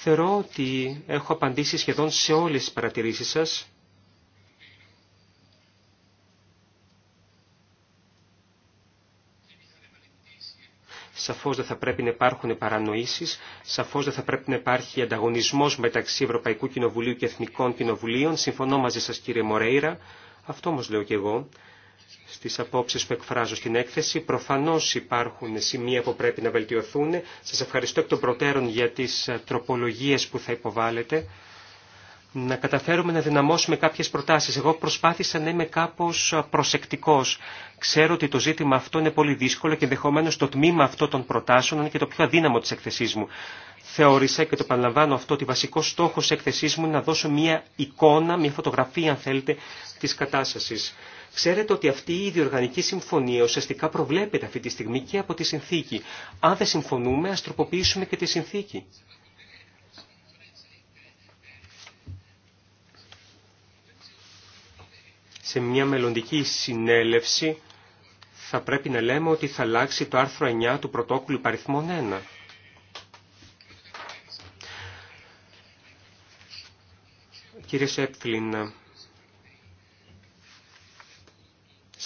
Θεωρώ ότι έχω απαντήσει σχεδόν σε όλες τις παρατηρήσεις σας. Σαφώς δεν θα πρέπει να υπάρχουν παρανοήσεις, σαφώς δεν θα πρέπει να υπάρχει ανταγωνισμός μεταξύ Ευρωπαϊκού Κοινοβουλίου και Εθνικών Κοινοβουλίων. Συμφωνώ μαζί σας κύριε Μορέιρα, αυτό όμως λέω και εγώ στις απόψεις που εκφράζω στην έκθεση. Προφανώς υπάρχουν σημεία που πρέπει να βελτιωθούν. Σας ευχαριστώ εκ των προτέρων για τις ε, τροπολογίες που θα υποβάλλετε. Να καταφέρουμε να δυναμώσουμε κάποιες προτάσεις. Εγώ προσπάθησα να είμαι κάπως ε, προσεκτικός. Ξέρω ότι το ζήτημα αυτό είναι πολύ δύσκολο και ενδεχομένω το τμήμα αυτό των προτάσεων είναι και το πιο αδύναμο της εκθεσής μου. Θεώρησα και το παραλαμβάνω αυτό ότι βασικός στόχος της εκθεσής μου είναι να δώσω μια εικόνα, μια φωτογραφία αν θέλετε, της κατάστασης. Ξέρετε ότι αυτή η διοργανική συμφωνία ουσιαστικά προβλέπεται αυτή τη στιγμή και από τη συνθήκη. Αν δεν συμφωνούμε, ας τροποποιήσουμε και τη συνθήκη. Σε μια μελλοντική συνέλευση θα πρέπει να λέμε ότι θα αλλάξει το άρθρο 9 του πρωτόκολλου παριθμών 1. Κύριε Σέπφλιν,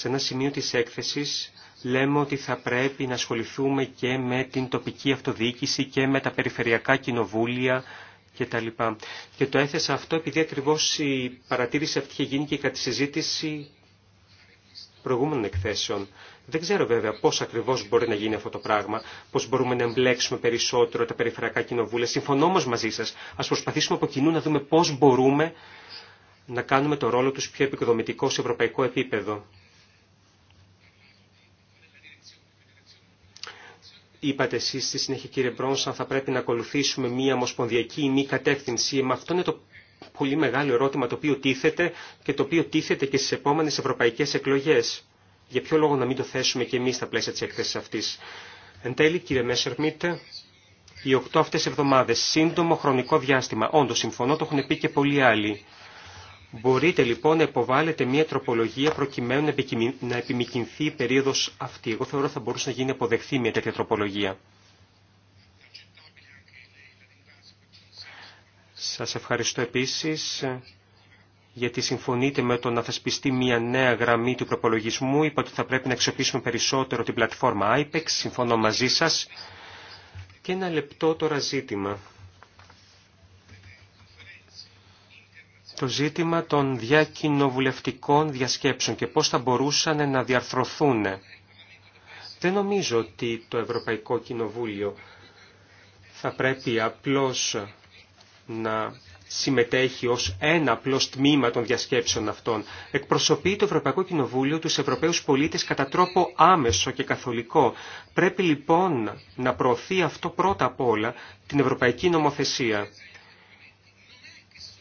Σε ένα σημείο της έκθεσης λέμε ότι θα πρέπει να ασχοληθούμε και με την τοπική αυτοδιοίκηση και με τα περιφερειακά κοινοβούλια και τα λοιπά. Και το έθεσα αυτό επειδή ακριβώ η παρατήρηση αυτή είχε γίνει και κατά τη συζήτηση προηγούμενων εκθέσεων. Δεν ξέρω βέβαια πώς ακριβώς μπορεί να γίνει αυτό το πράγμα, πώς μπορούμε να εμπλέξουμε περισσότερο τα περιφερειακά κοινοβούλια. Συμφωνώ όμως μαζί σας, ας προσπαθήσουμε από κοινού να δούμε πώς μπορούμε να κάνουμε το ρόλο τους πιο επικοδομητικό σε ευρωπαϊκό επίπεδο. Είπατε εσεί στη συνέχεια, κύριε Μπρόνς, αν θα πρέπει να ακολουθήσουμε μία ομοσπονδιακή ή μη κατεύθυνση. Μα αυτό είναι το πολύ μεγάλο ερώτημα το οποίο τίθεται και το οποίο τίθεται και στι επόμενε ευρωπαϊκέ εκλογέ. Για ποιο λόγο να μην το θέσουμε και εμεί στα πλαίσια τη έκθεση αυτή. Εν τέλει, κύριε Μέσσερμιτ, οι οκτώ αυτέ εβδομάδε, σύντομο χρονικό διάστημα, όντω συμφωνώ, το έχουν πει και πολλοί άλλοι. Μπορείτε λοιπόν να υποβάλλετε μια τροπολογία προκειμένου να επιμηκυνθεί η περίοδος αυτή. Εγώ θεωρώ θα μπορούσε να γίνει αποδεχθή μια τέτοια τροπολογία. Σας ευχαριστώ επίσης ε, γιατί συμφωνείτε με το να θεσπιστεί μια νέα γραμμή του προπολογισμού. Είπα ότι θα πρέπει να αξιοποιήσουμε περισσότερο την πλατφόρμα IPEX. Συμφωνώ μαζί σα, Και ένα λεπτό τώρα ζήτημα. το ζήτημα των διακοινοβουλευτικών διασκέψεων και πώς θα μπορούσαν να διαρθρωθούν. Δεν νομίζω ότι το Ευρωπαϊκό Κοινοβούλιο θα πρέπει απλώς να συμμετέχει ως ένα απλό τμήμα των διασκέψεων αυτών. Εκπροσωπεί το Ευρωπαϊκό Κοινοβούλιο τους Ευρωπαίους πολίτες κατά τρόπο άμεσο και καθολικό. Πρέπει λοιπόν να προωθεί αυτό πρώτα απ' όλα την Ευρωπαϊκή Νομοθεσία.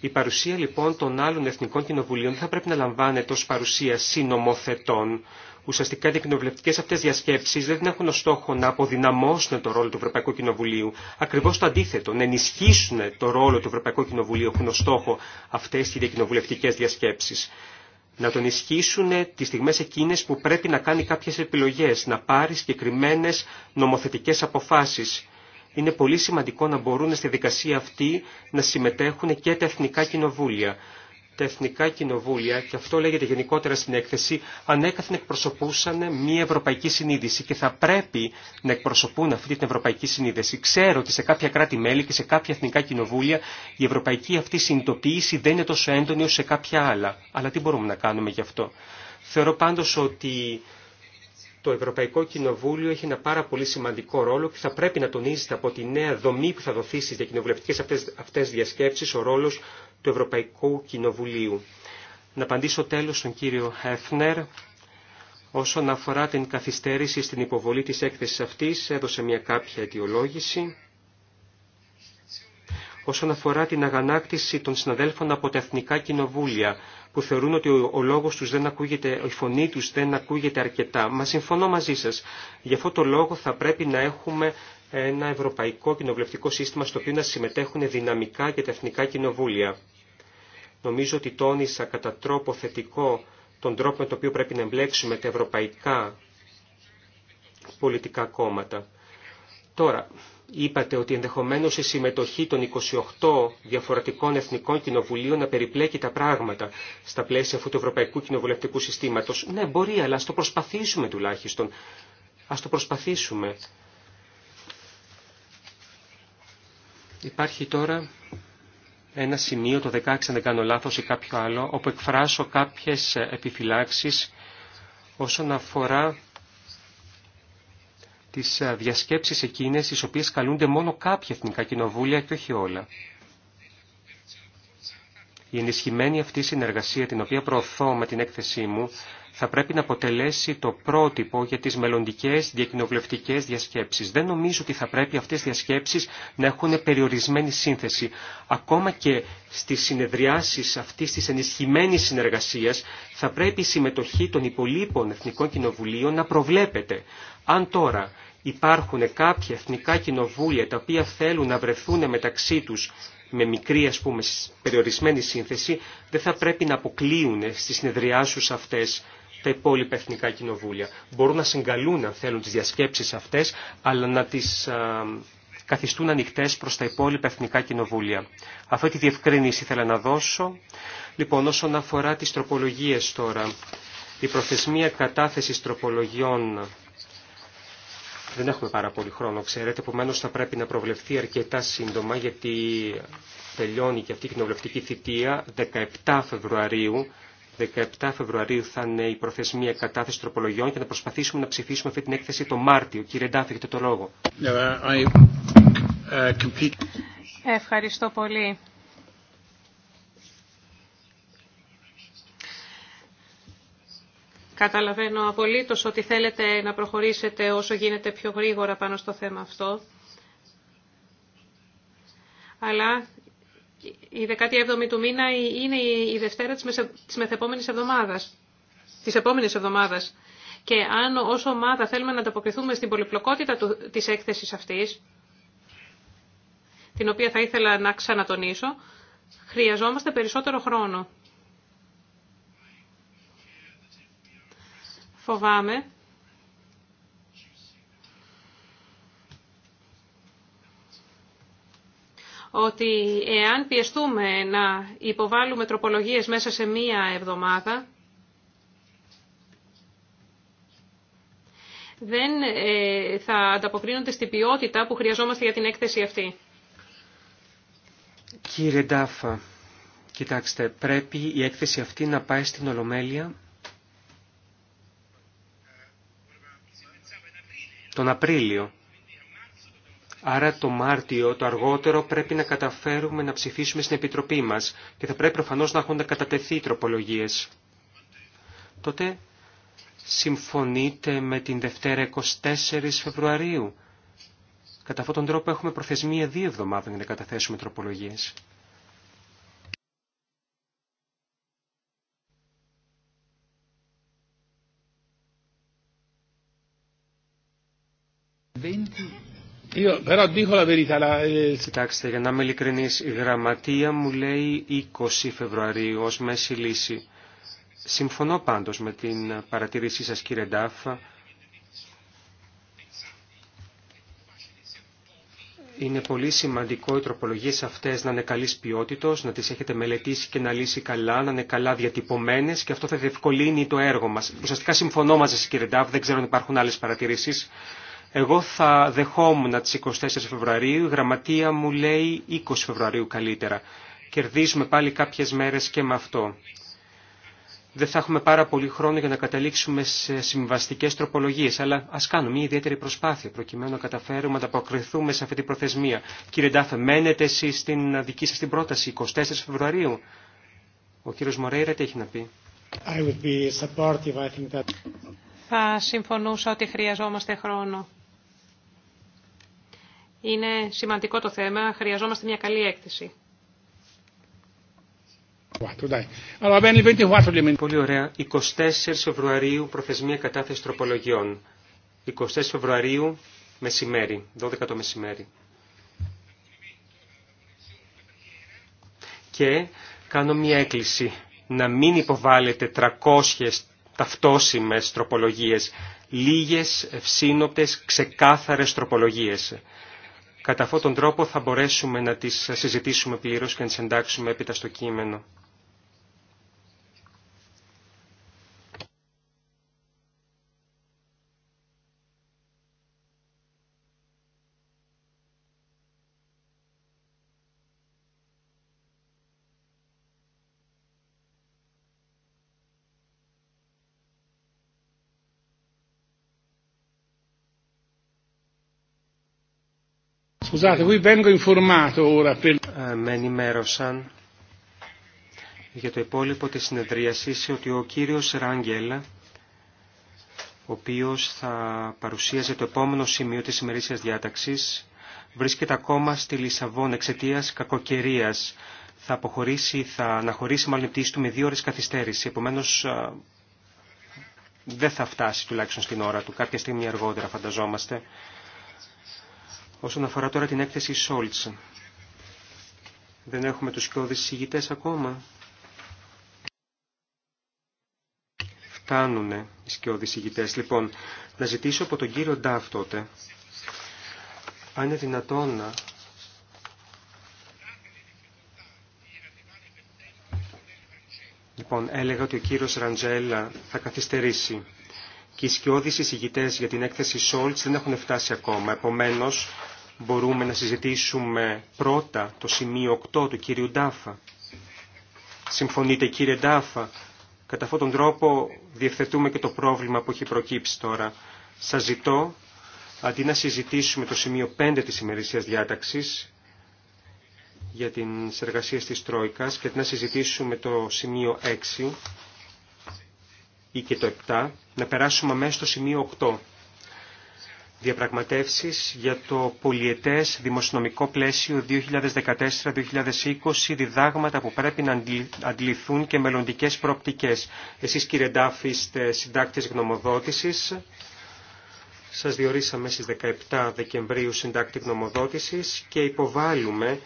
Η παρουσία λοιπόν των άλλων εθνικών κοινοβουλίων δεν θα πρέπει να λαμβάνεται ως παρουσία συνομοθετών. Ουσιαστικά οι κοινοβουλευτικέ αυτέ διασκέψει δεν έχουν ως στόχο να αποδυναμώσουν το ρόλο του Ευρωπαϊκού Κοινοβουλίου. Ακριβώ το αντίθετο, να ενισχύσουν το ρόλο του Ευρωπαϊκού Κοινοβουλίου έχουν ως στόχο αυτέ οι διακοινοβουλευτικέ διασκέψει. Να τον ισχύσουν τι στιγμέ εκείνε που πρέπει να κάνει κάποιε επιλογέ, να πάρει συγκεκριμένε νομοθετικέ αποφάσει είναι πολύ σημαντικό να μπορούν στη δικασία αυτή να συμμετέχουν και τα εθνικά κοινοβούλια. Τα εθνικά κοινοβούλια, και αυτό λέγεται γενικότερα στην έκθεση, ανέκαθεν εκπροσωπούσαν μια ευρωπαϊκή συνείδηση και θα πρέπει να εκπροσωπούν αυτή την ευρωπαϊκή συνείδηση. Ξέρω ότι σε κάποια κράτη-μέλη και σε κάποια εθνικά κοινοβούλια η ευρωπαϊκή αυτή συνειδητοποίηση δεν είναι τόσο έντονη όσο σε κάποια άλλα. Αλλά τι μπορούμε να κάνουμε γι' αυτό. Θεωρώ πάντως ότι το Ευρωπαϊκό Κοινοβούλιο έχει ένα πάρα πολύ σημαντικό ρόλο και θα πρέπει να τονίζεται από τη νέα δομή που θα δοθεί στις διακοινοβουλευτικές αυτές, αυτές διασκέψεις ο ρόλος του Ευρωπαϊκού Κοινοβουλίου. Να απαντήσω τέλος στον κύριο Χέφνερ. Όσον αφορά την καθυστέρηση στην υποβολή της έκθεσης αυτής, έδωσε μια κάποια αιτιολόγηση όσον αφορά την αγανάκτηση των συναδέλφων από τα εθνικά κοινοβούλια που θεωρούν ότι ο λόγος τους δεν ακούγεται, η φωνή τους δεν ακούγεται αρκετά. Μα συμφωνώ μαζί σας. Γι' αυτό το λόγο θα πρέπει να έχουμε ένα ευρωπαϊκό κοινοβουλευτικό σύστημα στο οποίο να συμμετέχουν δυναμικά και τα εθνικά κοινοβούλια. Νομίζω ότι τόνισα κατά τρόπο θετικό τον τρόπο με τον οποίο πρέπει να εμπλέξουμε τα ευρωπαϊκά πολιτικά κόμματα. Τώρα, Είπατε ότι ενδεχομένως η συμμετοχή των 28 διαφορετικών εθνικών κοινοβουλίων να περιπλέκει τα πράγματα στα πλαίσια αυτού του Ευρωπαϊκού Κοινοβουλευτικού Συστήματος. Ναι, μπορεί, αλλά ας το προσπαθήσουμε τουλάχιστον. Ας το προσπαθήσουμε. Υπάρχει τώρα ένα σημείο, το 16 αν δεν κάνω λάθος ή κάποιο άλλο, όπου εκφράσω κάποιες επιφυλάξεις όσον αφορά τις ε, διασκέψεις εκείνες τις οποίες καλούνται μόνο κάποια εθνικά κοινοβούλια και όχι όλα. Η ενισχυμένη αυτή συνεργασία την οποία προωθώ με την έκθεσή μου θα πρέπει να αποτελέσει το πρότυπο για τις μελλοντικές διακοινοβουλευτικές διασκέψεις. Δεν νομίζω ότι θα πρέπει αυτές οι διασκέψεις να έχουν περιορισμένη σύνθεση. Ακόμα και στις συνεδριάσεις αυτής της ενισχυμένης συνεργασίας θα πρέπει η συμμετοχή των υπολείπων εθνικών κοινοβουλίων να προβλέπεται. Αν τώρα υπάρχουν κάποια εθνικά κοινοβούλια τα οποία θέλουν να βρεθούν μεταξύ τους με μικρή ας πούμε περιορισμένη σύνθεση δεν θα πρέπει να αποκλείουν στις συνεδριάσεις αυτές τα υπόλοιπα εθνικά κοινοβούλια. Μπορούν να συγκαλούν αν θέλουν τις διασκέψεις αυτές, αλλά να τις καθιστούν ανοιχτέ προς τα υπόλοιπα εθνικά κοινοβούλια. Αυτή τη διευκρίνηση ήθελα να δώσω. Λοιπόν, όσον αφορά τις τροπολογίες τώρα, η προθεσμία κατάθεσης τροπολογιών δεν έχουμε πάρα πολύ χρόνο, ξέρετε, επομένω θα πρέπει να προβλεφθεί αρκετά σύντομα, γιατί τελειώνει και αυτή η κοινοβουλευτική θητεία 17 Φεβρουαρίου 17 Φεβρουαρίου θα είναι η προθεσμία κατάθεση τροπολογιών και να προσπαθήσουμε να ψηφίσουμε αυτή την έκθεση το Μάρτιο. Κύριε Ντάφη, έχετε το λόγο. Uh, Ευχαριστώ πολύ. Καταλαβαίνω απολύτως ότι θέλετε να προχωρήσετε όσο γίνεται πιο γρήγορα πάνω στο θέμα αυτό. Αλλά η 17η του μήνα είναι η Δευτέρα της μεθεπόμενης εβδομάδας. Της επόμενης εβδομάδας. Και αν ως ομάδα θέλουμε να ανταποκριθούμε στην πολυπλοκότητα της έκθεσης αυτής, την οποία θα ήθελα να ξανατονίσω, χρειαζόμαστε περισσότερο χρόνο. Φοβάμαι ότι εάν πιεστούμε να υποβάλουμε τροπολογίες μέσα σε μία εβδομάδα, δεν ε, θα ανταποκρίνονται στην ποιότητα που χρειαζόμαστε για την έκθεση αυτή. Κύριε Ντάφα, κοιτάξτε, πρέπει η έκθεση αυτή να πάει στην Ολομέλεια τον Απρίλιο. Άρα το Μάρτιο, το αργότερο, πρέπει να καταφέρουμε να ψηφίσουμε στην Επιτροπή μας και θα πρέπει προφανώς να έχουν κατατεθεί οι τροπολογίες. Τότε συμφωνείτε με την Δευτέρα 24 Φεβρουαρίου. Κατά αυτόν τον τρόπο έχουμε προθεσμία δύο εβδομάδων για να καταθέσουμε τροπολογίες. Io, però eh, Κοιτάξτε, για να είμαι ειλικρινή, η γραμματεία μου λέει 20 Φεβρουαρίου ω μέση λύση. Συμφωνώ πάντως με την παρατήρησή σας κύριε Ντάφα. Είναι πολύ σημαντικό οι τροπολογίες αυτές να είναι καλής ποιότητος, να τις έχετε μελετήσει και να λύσει καλά, να είναι καλά διατυπωμένες και αυτό θα διευκολύνει το έργο μας. Ουσιαστικά συμφωνώ μαζί σας κύριε Ντάφ, δεν ξέρω αν υπάρχουν άλλες παρατηρήσεις. Εγώ θα δεχόμουν τις 24 Φεβρουαρίου, η γραμματεία μου λέει 20 Φεβρουαρίου καλύτερα. Κερδίζουμε πάλι κάποιες μέρες και με αυτό. Δεν θα έχουμε πάρα πολύ χρόνο για να καταλήξουμε σε συμβαστικέ τροπολογίε, αλλά α κάνουμε μια ιδιαίτερη προσπάθεια προκειμένου να καταφέρουμε να αποκριθούμε σε αυτή την προθεσμία. Κύριε Ντάφε, μένετε εσεί στην δική σα την πρόταση 24 Φεβρουαρίου. Ο κύριο Μορέιρα τι έχει να πει. Θα συμφωνούσα ότι χρειαζόμαστε χρόνο. Είναι σημαντικό το θέμα, χρειαζόμαστε μια καλή έκθεση. Πολύ ωραία. 24 Φεβρουαρίου προθεσμία κατάθεση τροπολογιών. 24 Φεβρουαρίου μεσημέρι, 12 το μεσημέρι. Και κάνω μια έκκληση να μην υποβάλλετε 300 ταυτόσιμες τροπολογίες, λίγες ευσύνοπτες ξεκάθαρες τροπολογίες. Κατά αυτόν τον τρόπο θα μπορέσουμε να τις συζητήσουμε πλήρως και να τις εντάξουμε έπειτα στο κείμενο. Ε, με ενημέρωσαν για το υπόλοιπο της συνεδρίασης ότι ο κύριος Ράγγελ, ο οποίος θα παρουσίαζε το επόμενο σημείο της ημερήσιας διάταξης, βρίσκεται ακόμα στη Λισαβόν εξαιτία κακοκαιρία. Θα αποχωρήσει, θα αναχωρήσει μάλλον του με δύο ώρες καθυστέρηση. Επομένως, ε, δεν θα φτάσει τουλάχιστον στην ώρα του, κάποια στιγμή αργότερα φανταζόμαστε. Όσον αφορά τώρα την έκθεση Σόλτς. Δεν έχουμε τους κοιόδης συγητές ακόμα. Φτάνουνε οι σκιώδεις ηγητές. Λοιπόν, να ζητήσω από τον κύριο Ντάφ τότε, αν είναι δυνατόν να... Λοιπόν, έλεγα ότι ο κύριος Ραντζέλα θα καθυστερήσει και οι σκιώδεις ηγητές για την έκθεση Σόλτς δεν έχουν φτάσει ακόμα. Επομένως, Μπορούμε να συζητήσουμε πρώτα το σημείο 8 του κύριου Ντάφα. Συμφωνείτε κύριε Ντάφα. Κατά αυτόν τον τρόπο διευθετούμε και το πρόβλημα που έχει προκύψει τώρα. Σας ζητώ, αντί να συζητήσουμε το σημείο 5 της ημερησίας διάταξης, για την εργασία της Τρόικας και να συζητήσουμε το σημείο 6 ή και το 7, να περάσουμε μέσα στο σημείο 8 διαπραγματεύσεις για το πολιετές δημοσιονομικό πλαίσιο 2014-2020, διδάγματα που πρέπει να αντιληφθούν και μελλοντικές προοπτικές. Εσείς κύριε Ντάφη είστε συντάκτης γνωμοδότησης. Σας διορίσαμε στις 17 Δεκεμβρίου συντάκτη γνωμοδότησης και υποβάλλουμε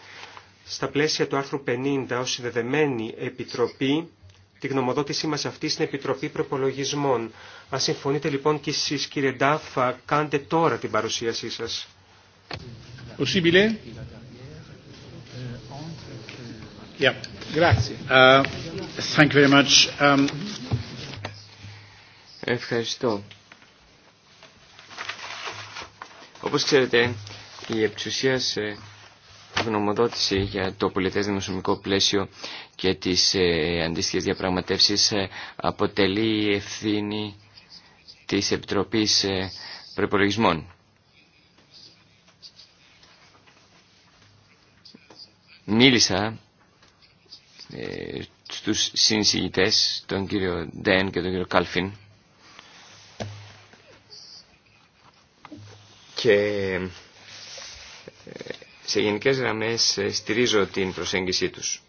στα πλαίσια του άρθρου 50 ως συνδεδεμένη επιτροπή τη γνωμοδότησή μας αυτή στην Επιτροπή Προπολογισμών. Αν συμφωνείτε λοιπόν και εσείς κύριε Ντάφα, κάντε τώρα την παρουσίασή σας. Ε, ε, um, Ευχαριστώ. Όπως ξέρετε, η σε γνωμοδότηση για το πολιτές δημοσιομικό πλαίσιο και τις αντίστοιχε αντίστοιχες διαπραγματεύσεις ε, αποτελεί ευθύνη της Επιτροπής ε, Προπολογισμών. Μίλησα ε, στους συνεισηγητές, τον κύριο Ντέν και τον κύριο Κάλφιν και σε γενικές γραμμές ε, στηρίζω την προσέγγιση τους.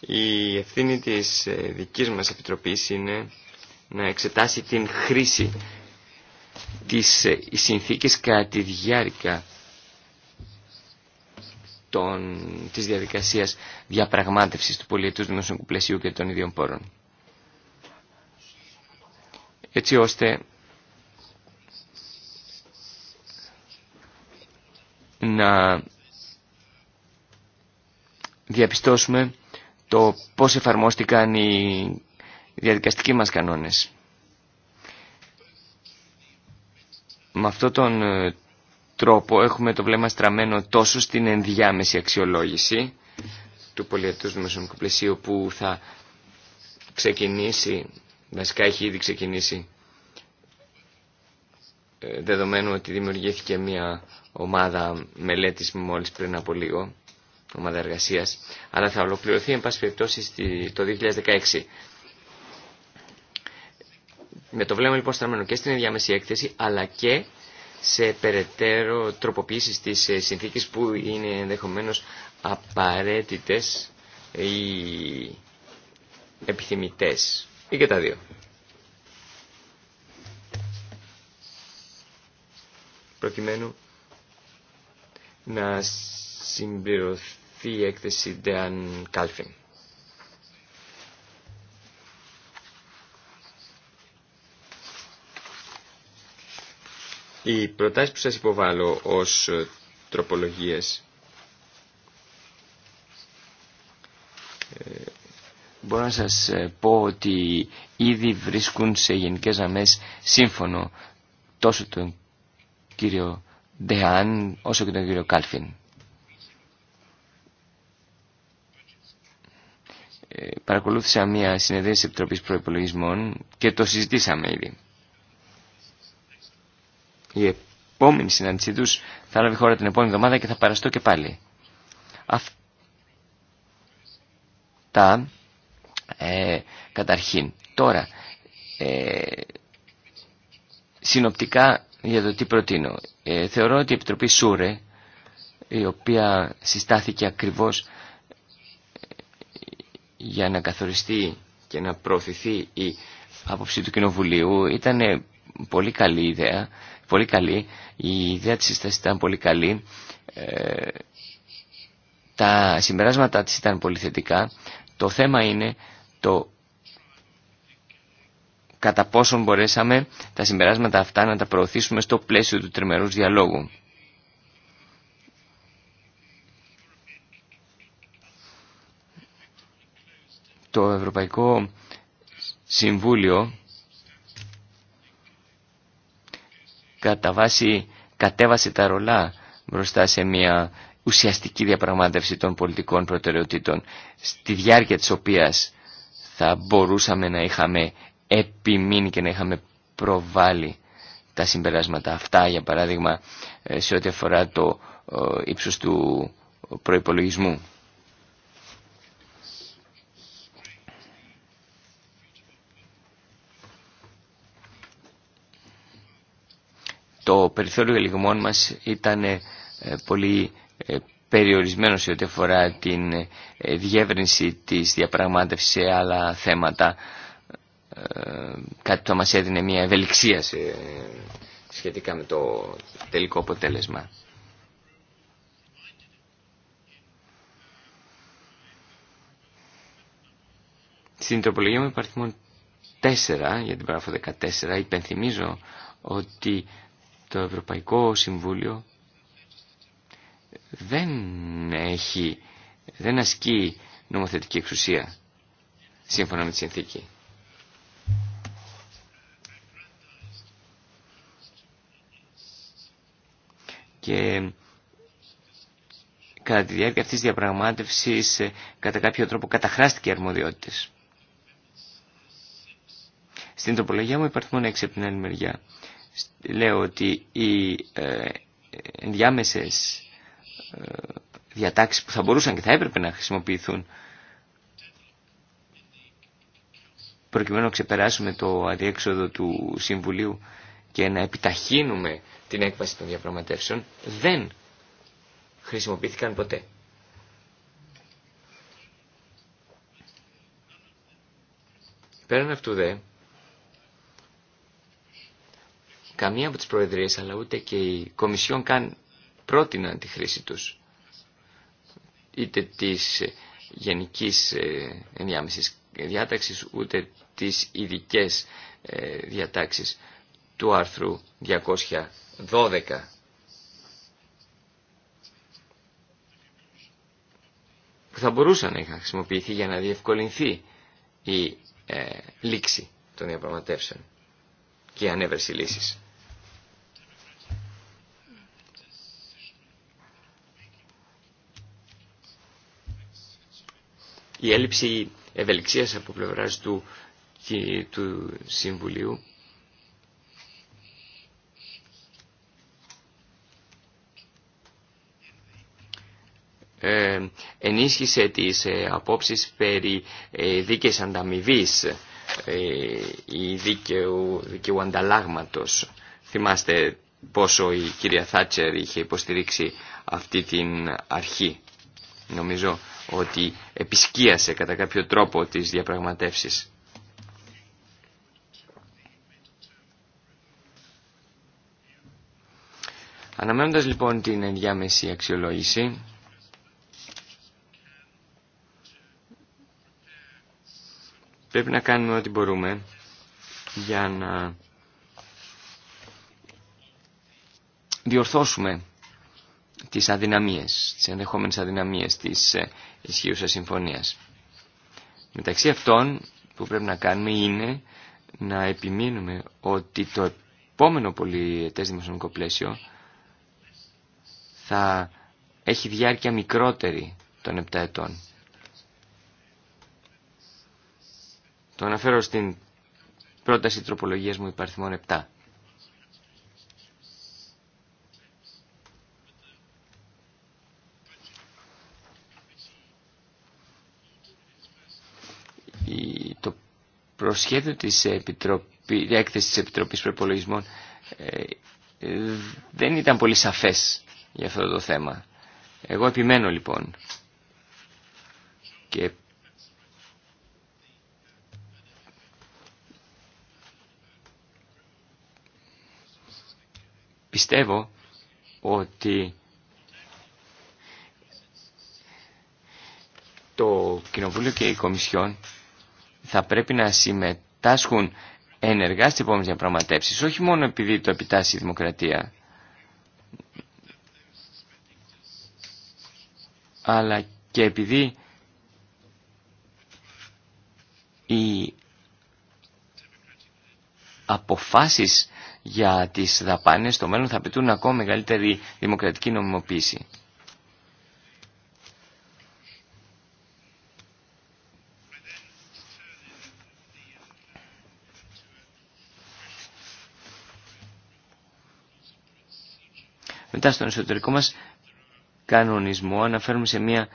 Η ευθύνη της ε, δικής μας επιτροπή είναι να εξετάσει την χρήση της ε, συνθήκης κατά τη διάρκεια των, της διαδικασίας διαπραγμάτευσης του πολιτικού δημοσιονομικού πλαισίου και των ίδιων πόρων. Έτσι ώστε να διαπιστώσουμε το πώς εφαρμόστηκαν οι διαδικαστικοί μας κανόνες. Με αυτόν τον ε, τρόπο έχουμε το βλέμμα στραμμένο τόσο στην ενδιάμεση αξιολόγηση του πολιετούς δημοσιονομικού πλαισίου που θα ξεκινήσει, βασικά έχει ήδη ξεκινήσει ε, δεδομένου ότι δημιουργήθηκε μια ομάδα μελέτης μόλις πριν από λίγο, ομάδα εργασίας, αλλά θα ολοκληρωθεί εν πάση περιπτώσει το 2016. Με το βλέμμα λοιπόν στραμμένο και στην ενδιάμεση έκθεση, αλλά και σε περαιτέρω τροποποίηση της ε, συνθήκης που είναι ενδεχομένως απαραίτητες ή επιθυμητές ή και τα δύο. προκειμένου να συμπληρωθεί η έκθεση Dean Calvin. Οι προτάσεις που σας υποβάλλω ως τροπολογίες ε, μπορώ να σας ε, πω ότι ήδη βρίσκουν σε γενικές γραμμές σύμφωνο τόσο των κύριο Ντεάν όσο και τον κύριο Κάλφιν. Ε, παρακολούθησα μια συνεδρία της Επιτροπής Προϋπολογισμών και το συζητήσαμε ήδη. Η επόμενη συνάντησή τους θα λάβει χώρα την επόμενη εβδομάδα και θα παραστώ και πάλι. Αυτά ε, καταρχήν. Τώρα, ε, συνοπτικά για το τι προτείνω. Ε, θεωρώ ότι η Επιτροπή Σούρε, η οποία συστάθηκε ακριβώς ε, για να καθοριστεί και να προωθηθεί η άποψη του Κοινοβουλίου, ήταν ε, πολύ καλή ιδέα, πολύ καλή. Η ιδέα της σύστασης ήταν πολύ καλή. τα συμπεράσματά της ήταν πολύ θετικά. Το θέμα είναι το κατά πόσον μπορέσαμε τα συμπεράσματα αυτά να τα προωθήσουμε στο πλαίσιο του τριμερούς διαλόγου. Το Ευρωπαϊκό Συμβούλιο κατά βάση κατέβασε τα ρολά μπροστά σε μια ουσιαστική διαπραγμάτευση των πολιτικών προτεραιοτήτων στη διάρκεια της οποίας θα μπορούσαμε να είχαμε επιμείνει και να είχαμε προβάλλει τα συμπεράσματα αυτά, για παράδειγμα, ε, σε ό,τι αφορά το ε, ύψος του προϋπολογισμού. Το περιθώριο ελιγμών μας ήταν ε, πολύ περιορισμένο σε ό,τι αφορά την διεύρυνση της διαπραγμάτευσης σε άλλα θέματα ε, κάτι που θα μας έδινε μια ευελιξία σχετικά με το τελικό αποτέλεσμα. Στην τροπολογία μου μόνο 4 για την παράφορα 14 υπενθυμίζω ότι το Ευρωπαϊκό Συμβούλιο δεν έχει δεν ασκεί νομοθετική εξουσία σύμφωνα με τη συνθήκη. και κατά τη διάρκεια αυτής της διαπραγμάτευσης κατά κάποιο τρόπο καταχράστηκε αρμοδιότητες. Στην τροπολογία μου μόνο έξι από την άλλη μεριά. Λέω ότι οι ε, ενδιάμεσες ε, διατάξεις που θα μπορούσαν και θα έπρεπε να χρησιμοποιηθούν προκειμένου να ξεπεράσουμε το αδιέξοδο του Συμβουλίου και να επιταχύνουμε την έκβαση των διαπραγματεύσεων δεν χρησιμοποιήθηκαν ποτέ. Πέραν αυτού δε, καμία από τις προεδρίες αλλά ούτε και η Κομισιόν καν πρότειναν τη χρήση τους. Είτε της ε, γενικής ε, ενδιάμεσης διάταξης ούτε τις ειδικές ε, διατάξεις του άρθρου 212. που θα μπορούσαν να είχαν χρησιμοποιηθεί για να διευκολυνθεί η ε, λήξη των διαπραγματεύσεων και η ανέβρεση λύσης. Η έλλειψη ευελιξίας από πλευράς του, του Συμβουλίου Ε, ενίσχυσε τις ε, απόψεις περί ε, δίκαιης ανταμοιβής ή δίκαιου, δίκαιου ανταλλάγματος. Θυμάστε πόσο η κυρία Θάτσερ είχε υποστηρίξει αυτή την αρχή. Νομίζω ότι επισκίασε κατά κάποιο τρόπο τις διαπραγματεύσεις. Αναμένοντας λοιπόν την ενδιάμεση αξιολόγηση, Πρέπει να κάνουμε ό,τι μπορούμε για να διορθώσουμε τις αδυναμίες, τις ενδεχόμενες αδυναμίες της ε, ισχύουσας συμφωνίας. Μεταξύ αυτών που πρέπει να κάνουμε είναι να επιμείνουμε ότι το επόμενο πολυετές δημοσιονομικό πλαίσιο θα έχει διάρκεια μικρότερη των 7 ετών. Το αναφέρω στην πρόταση τροπολογίας μου υπαριθμών 7. Το προσχέδιο της Επιτροπή, έκθεσης της Επιτροπής Προπολογισμών ε, ε, δεν ήταν πολύ σαφές για αυτό το θέμα. Εγώ επιμένω λοιπόν και Πιστεύω ότι το Κοινοβούλιο και η Κομισιόν θα πρέπει να συμμετάσχουν ενεργά στις επόμενες διαπραγματεύσεις, όχι μόνο επειδή το επιτάσσει η δημοκρατία, αλλά και επειδή οι αποφάσεις για τις δαπάνες στο μέλλον θα απαιτούν ακόμα μεγαλύτερη δημοκρατική νομιμοποίηση. Μετά στον εσωτερικό μας κανονισμό αναφέρουμε σε μια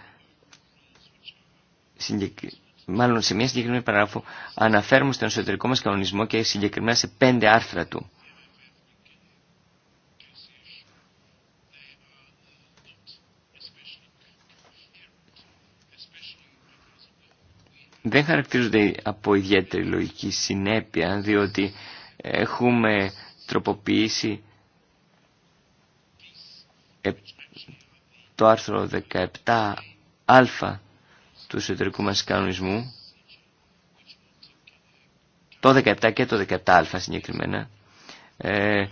μάλλον σε μια συγκεκριμένη παράγραφο αναφέρουμε στον εσωτερικό μας κανονισμό και συγκεκριμένα σε πέντε άρθρα του. δεν χαρακτηρίζονται από ιδιαίτερη λογική συνέπεια, διότι έχουμε τροποποιήσει ε, το άρθρο 17α του εσωτερικού μας κανονισμού, το 17 και το 17α συγκεκριμένα, ε,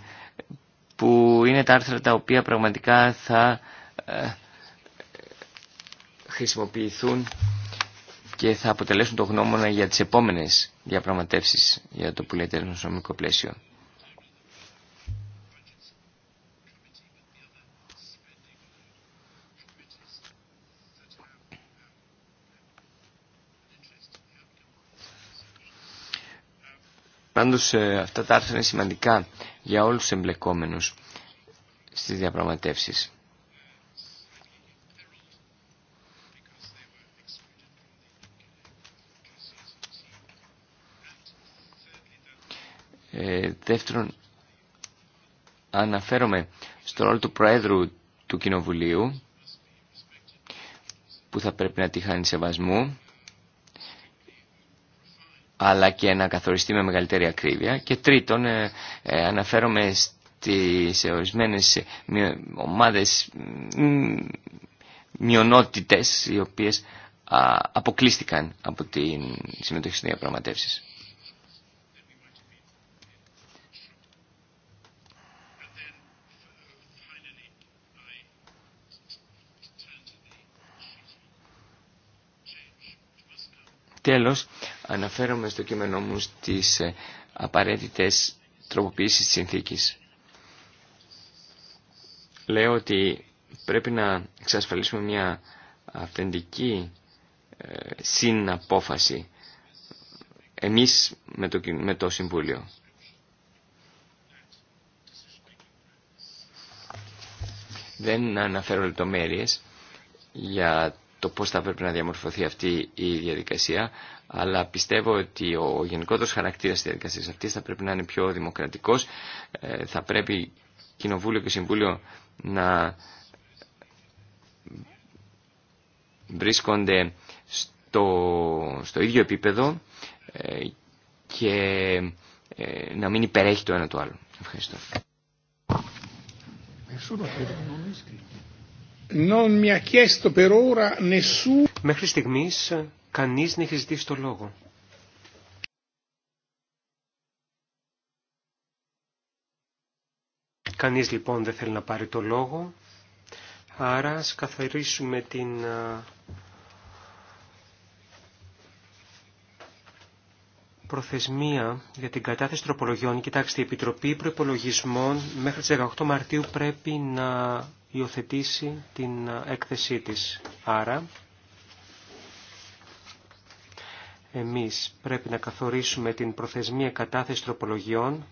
που είναι τα άρθρα τα οποία πραγματικά θα ε, χρησιμοποιηθούν και θα αποτελέσουν το γνώμονα για τις επόμενες διαπραγματεύσεις για το λέτε νομικό πλαίσιο. Πάντως ε, αυτά τα άρθρα είναι σημαντικά για όλους τους εμπλεκόμενους στις διαπραγματεύσεις. Ε, δεύτερον, αναφέρομαι στον ρόλο του Προέδρου του Κοινοβουλίου που θα πρέπει να τη σεβασμού αλλά και να καθοριστεί με μεγαλύτερη ακρίβεια. Και τρίτον, ε, ε, αναφέρομαι στις σε ορισμένες ομάδες μειονότητες οι οποίες αποκλείστηκαν από την συμμετοχή στις διαπραγματεύσεις. Τέλος, αναφέρομαι στο κείμενό μου στις ε, απαραίτητες τροποποίησεις της συνθήκης. Λέω ότι πρέπει να εξασφαλίσουμε μια αυθεντική ε, συναπόφαση εμείς με το, με το Συμβούλιο. Δεν αναφέρω λεπτομέρειε για το πώς θα πρέπει να διαμορφωθεί αυτή η διαδικασία, αλλά πιστεύω ότι ο γενικότερος χαρακτήρας της διαδικασίας αυτής θα πρέπει να είναι πιο δημοκρατικός, ε, θα πρέπει Κοινοβούλιο και Συμβούλιο να βρίσκονται στο, στο ίδιο επίπεδο ε, και ε, να μην υπερέχει το ένα το άλλο. Ευχαριστώ. Μέχρι στιγμής κανείς δεν έχει ζητήσει το λόγο. Κανείς λοιπόν δεν θέλει να πάρει το λόγο. Άρα ας καθαρίσουμε την... Προθεσμία για την κατάθεση τροπολογιών. Κοιτάξτε, η Επιτροπή Προπολογισμών μέχρι τις 18 Μαρτίου πρέπει να υιοθετήσει την έκθεσή της. Άρα, εμείς πρέπει να καθορίσουμε την προθεσμία κατάθεση τροπολογιών,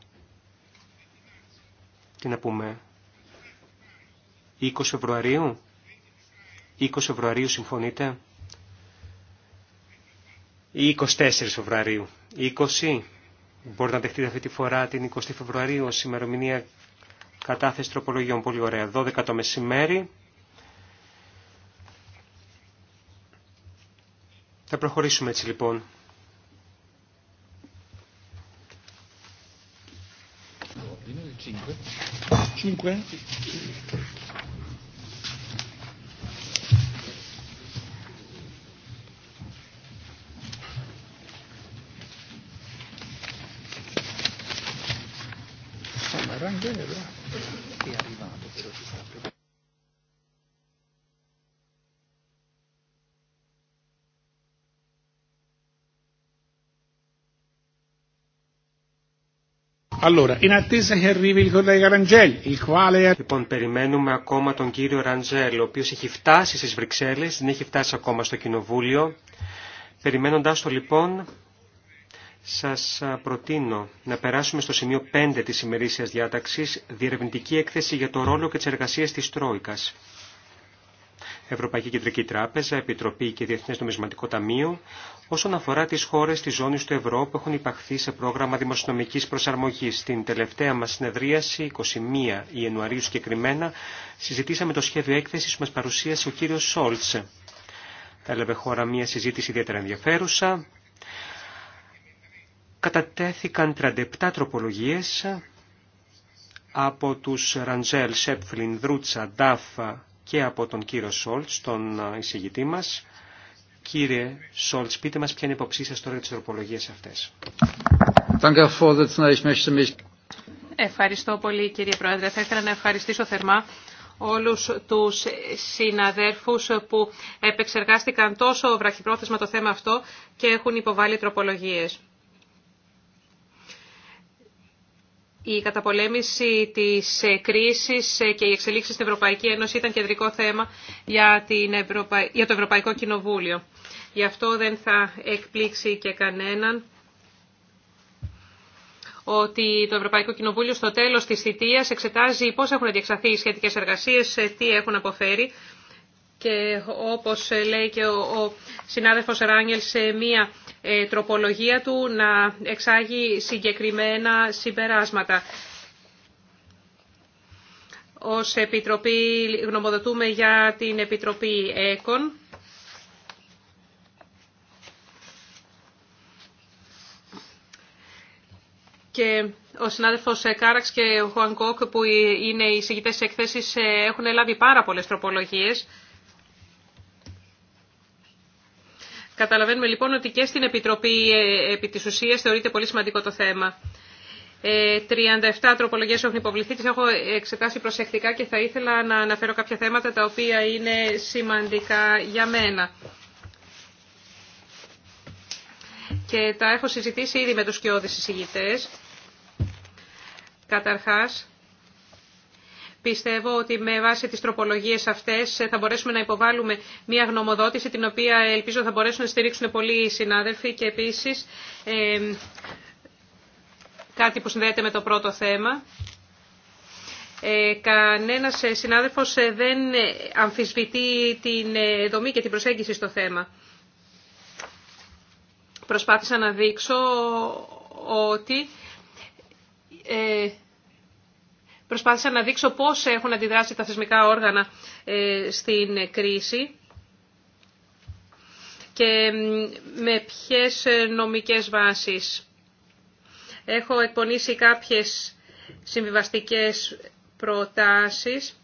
τι να πούμε, 20 Φεβρουαρίου, 20 Φεβρουαρίου συμφωνείτε, ή 24 Φεβρουαρίου, 20 Μπορείτε να δεχτείτε αυτή τη φορά την 20 Φεβρουαρίου ως ημερομηνία Κατάθεση τροπολογιών, πολύ ωραία. 12 το μεσημέρι. Θα προχωρήσουμε έτσι λοιπόν. 5. Allora, in attesa che arrivi il collega Rangel, il quale... Λοιπόν, περιμένουμε ακόμα τον κύριο Ραντζέλ, ο οποίος έχει φτάσει στις Βρυξέλλες, δεν έχει φτάσει ακόμα στο Κοινοβούλιο. Περιμένοντάς το λοιπόν, σας προτείνω να περάσουμε στο σημείο 5 της ημερήσιας διάταξης, διερευνητική έκθεση για το ρόλο και τις εργασίες της Τρόικας. Ευρωπαϊκή Κεντρική Τράπεζα, Επιτροπή και Διεθνές Νομισματικό Ταμείο όσον αφορά τις χώρες της ζώνης του ευρώ που έχουν υπαχθεί σε πρόγραμμα δημοσιονομικής προσαρμογής. Στην τελευταία μας συνεδρίαση, 21 Ιανουαρίου συγκεκριμένα, συζητήσαμε το σχέδιο έκθεσης που μας παρουσίασε ο κύριος Σόλτς. Έλαβε χώρα μια συζήτηση ιδιαίτερα ενδιαφέρουσα. Κατατέθηκαν 37 τροπολογίε από τους Ραντζέλ, Σέπφλιν, Δρούτσα, Ντάφα, και από τον κύριο Σόλτ τον εισηγητή μας. Κύριε Σόλτ, πείτε μα ποια είναι η υποψή σα τώρα για τι τροπολογίε αυτέ. Ευχαριστώ πολύ κύριε Πρόεδρε. Θα ήθελα να ευχαριστήσω θερμά όλους τους συναδέρφους που επεξεργάστηκαν τόσο βραχυπρόθεσμα το θέμα αυτό και έχουν υποβάλει τροπολογίες. Η καταπολέμηση της ε, κρίσης ε, και η εξελίξη στην Ευρωπαϊκή Ένωση ήταν κεντρικό θέμα για, την για το Ευρωπαϊκό Κοινοβούλιο. Γι' αυτό δεν θα εκπλήξει και κανέναν ότι το Ευρωπαϊκό Κοινοβούλιο στο τέλος της θητείας εξετάζει πώς έχουν διεξαθεί οι σχετικές εργασίες, ε, τι έχουν αποφέρει και όπως λέει και ο συνάδελφος Ράγγελ σε μία ε, τροπολογία του να εξάγει συγκεκριμένα συμπεράσματα. Ως Επιτροπή γνωμοδοτούμε για την Επιτροπή ΕΚΟΝ. Και ο συνάδελφο Κάραξ και ο Χουαν Κόκ, που είναι οι συγκητέ εκθέσεις, έχουν λάβει πάρα πολλέ τροπολογίε. Καταλαβαίνουμε λοιπόν ότι και στην Επιτροπή ε, επί της ουσίας θεωρείται πολύ σημαντικό το θέμα. 37 ε, τροπολογίες έχουν υποβληθεί, τις έχω εξετάσει προσεκτικά και θα ήθελα να αναφέρω κάποια θέματα τα οποία είναι σημαντικά για μένα. Και τα έχω συζητήσει ήδη με τους κοιόδης εισηγητές. Καταρχάς, Πιστεύω ότι με βάση τις τροπολογίες αυτές θα μπορέσουμε να υποβάλουμε μια γνωμοδότηση την οποία ελπίζω θα μπορέσουν να στηρίξουν πολλοί συνάδελφοι και επίσης ε, κάτι που συνδέεται με το πρώτο θέμα. Ε, κανένας συνάδελφος δεν αμφισβητεί την ε, δομή και την προσέγγιση στο θέμα. Προσπάθησα να δείξω ότι... Ε, Προσπάθησα να δείξω πώς έχουν αντιδράσει τα θεσμικά όργανα ε, στην κρίση και με ποιες ε, νομικές βάσεις. Έχω εκπονήσει κάποιες συμβιβαστικές προτάσεις,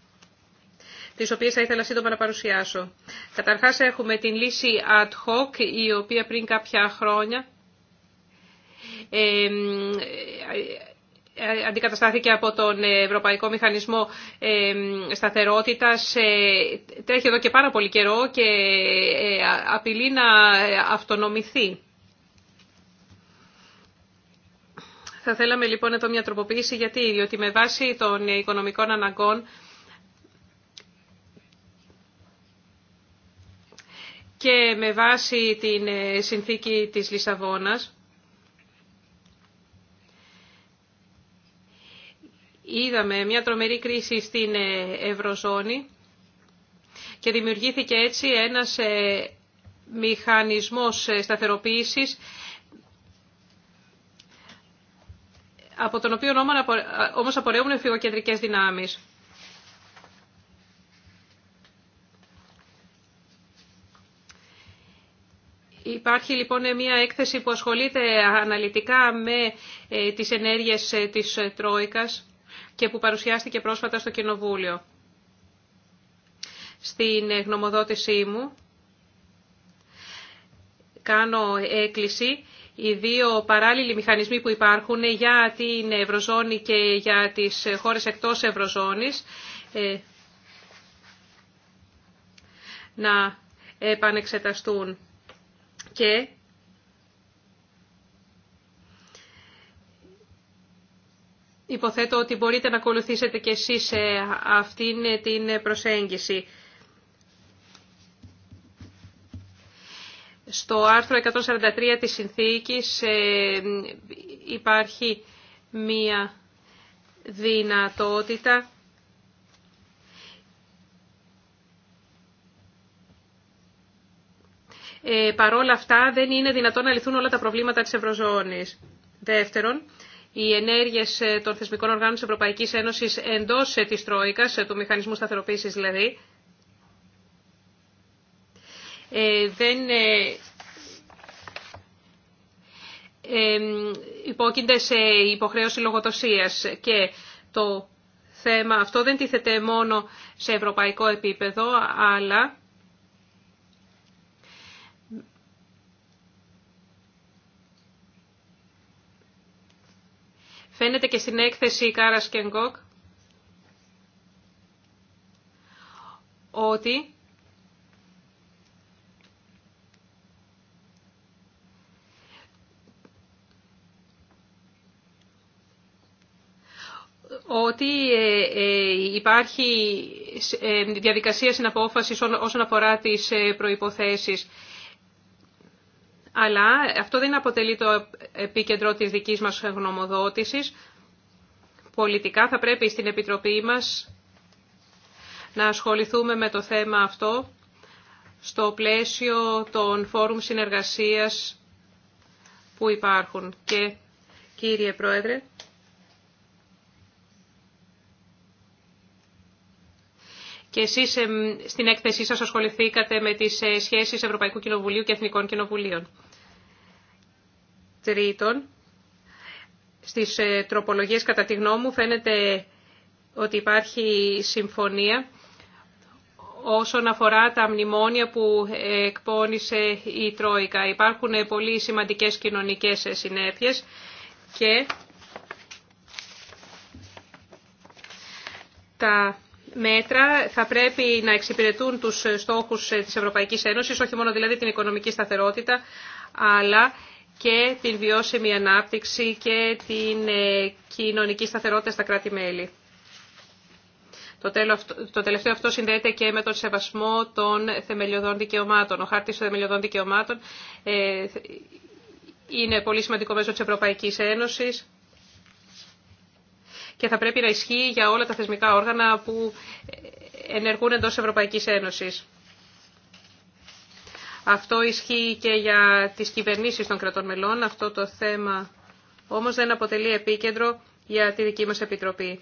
τις οποίες θα ήθελα σύντομα να παρουσιάσω. Καταρχάς έχουμε την λύση ad hoc, η οποία πριν κάποια χρόνια ε, αντικαταστάθηκε από τον Ευρωπαϊκό Μηχανισμό ε, Σταθερότητας. Ε, τρέχει εδώ και πάρα πολύ καιρό και ε, απειλεί να αυτονομηθεί. Θα θέλαμε λοιπόν εδώ μια τροποποίηση γιατί, διότι με βάση των οικονομικών αναγκών και με βάση την συνθήκη της Λισαβόνας είδαμε μια τρομερή κρίση στην ε, Ευρωζώνη και δημιουργήθηκε έτσι ένας ε, μηχανισμός ε, σταθεροποίησης από τον οποίο όμως απορρέουν φυγοκεντρικές δυνάμεις. Υπάρχει λοιπόν μια έκθεση που ασχολείται αναλυτικά με τις ενέργειες της Τρόικας και που παρουσιάστηκε πρόσφατα στο Κοινοβούλιο. Στην γνωμοδότησή μου κάνω έκκληση οι δύο παράλληλοι μηχανισμοί που υπάρχουν για την Ευρωζώνη και για τις χώρες εκτός Ευρωζώνης ε, να επανεξεταστούν και Υποθέτω ότι μπορείτε να ακολουθήσετε κι εσείς ε, αυτήν ε, την προσέγγιση. Στο άρθρο 143 της συνθήκης ε, υπάρχει μία δυνατότητα Ε, παρόλα αυτά δεν είναι δυνατόν να λυθούν όλα τα προβλήματα της Ευρωζώνης. Δεύτερον, οι ενέργειες ε, των θεσμικών οργάνων τη Ευρωπαϊκής Ένωσης εντός ε, τη Τρόικα, ε, του μηχανισμού σταθεροποίησης δηλαδή, δεν υπόκεινται σε υποχρέωση λογοδοσίας και το θέμα αυτό δεν τίθεται μόνο σε ευρωπαϊκό επίπεδο, αλλά Φαίνεται και στην έκθεση κάρα Κενγκόκ ότι ότι ε, ε, υπάρχει ε, διαδικασία συναπόφασης όσον αφορά τις προϋποθέσεις αλλά αυτό δεν αποτελεί το επίκεντρο της δικής μας γνωμοδότησης. Πολιτικά θα πρέπει στην Επιτροπή μας να ασχοληθούμε με το θέμα αυτό στο πλαίσιο των φόρουμ συνεργασίας που υπάρχουν. Και κύριε Πρόεδρε, και εσείς στην έκθεσή σας ασχοληθήκατε με τις ε, σχέσεις Ευρωπαϊκού Κοινοβουλίου και Εθνικών Κοινοβουλίων. Τρίτον, στις ε, τροπολογίες κατά τη γνώμη μου φαίνεται ότι υπάρχει συμφωνία όσον αφορά τα μνημόνια που ε, εκπώνησε η Τρόικα. Υπάρχουν πολύ σημαντικές κοινωνικές συνέπειες και τα μέτρα θα πρέπει να εξυπηρετούν τους στόχους ε, της Ευρωπαϊκής Ένωσης, όχι μόνο δηλαδή την οικονομική σταθερότητα, αλλά και την βιώσιμη ανάπτυξη και την ε, κοινωνική σταθερότητα στα κράτη-μέλη. Το τελευταίο αυτό συνδέεται και με τον σεβασμό των θεμελιωδών δικαιωμάτων. Ο χάρτης των θεμελιωδών δικαιωμάτων ε, είναι πολύ σημαντικό μέσο της Ευρωπαϊκής Ένωσης και θα πρέπει να ισχύει για όλα τα θεσμικά όργανα που ενεργούν εντός Ευρωπαϊκής Ένωσης. Αυτό ισχύει και για τις κυβερνήσεις των κρατών μελών. Αυτό το θέμα όμως δεν αποτελεί επίκεντρο για τη δική μας Επιτροπή.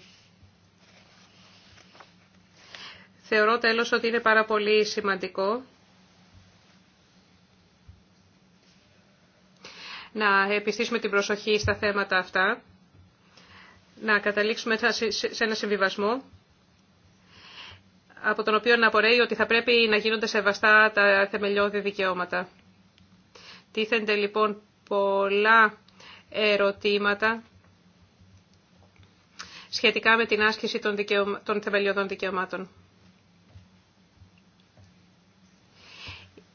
Θεωρώ τέλος ότι είναι πάρα πολύ σημαντικό να επιστήσουμε την προσοχή στα θέματα αυτά να καταλήξουμε σε ένα συμβιβασμό από τον οποίο να απορρέει ότι θα πρέπει να γίνονται σεβαστά τα θεμελιώδη δικαιώματα. Τίθενται λοιπόν πολλά ερωτήματα σχετικά με την άσκηση των, των θεμελιωδών δικαιωμάτων.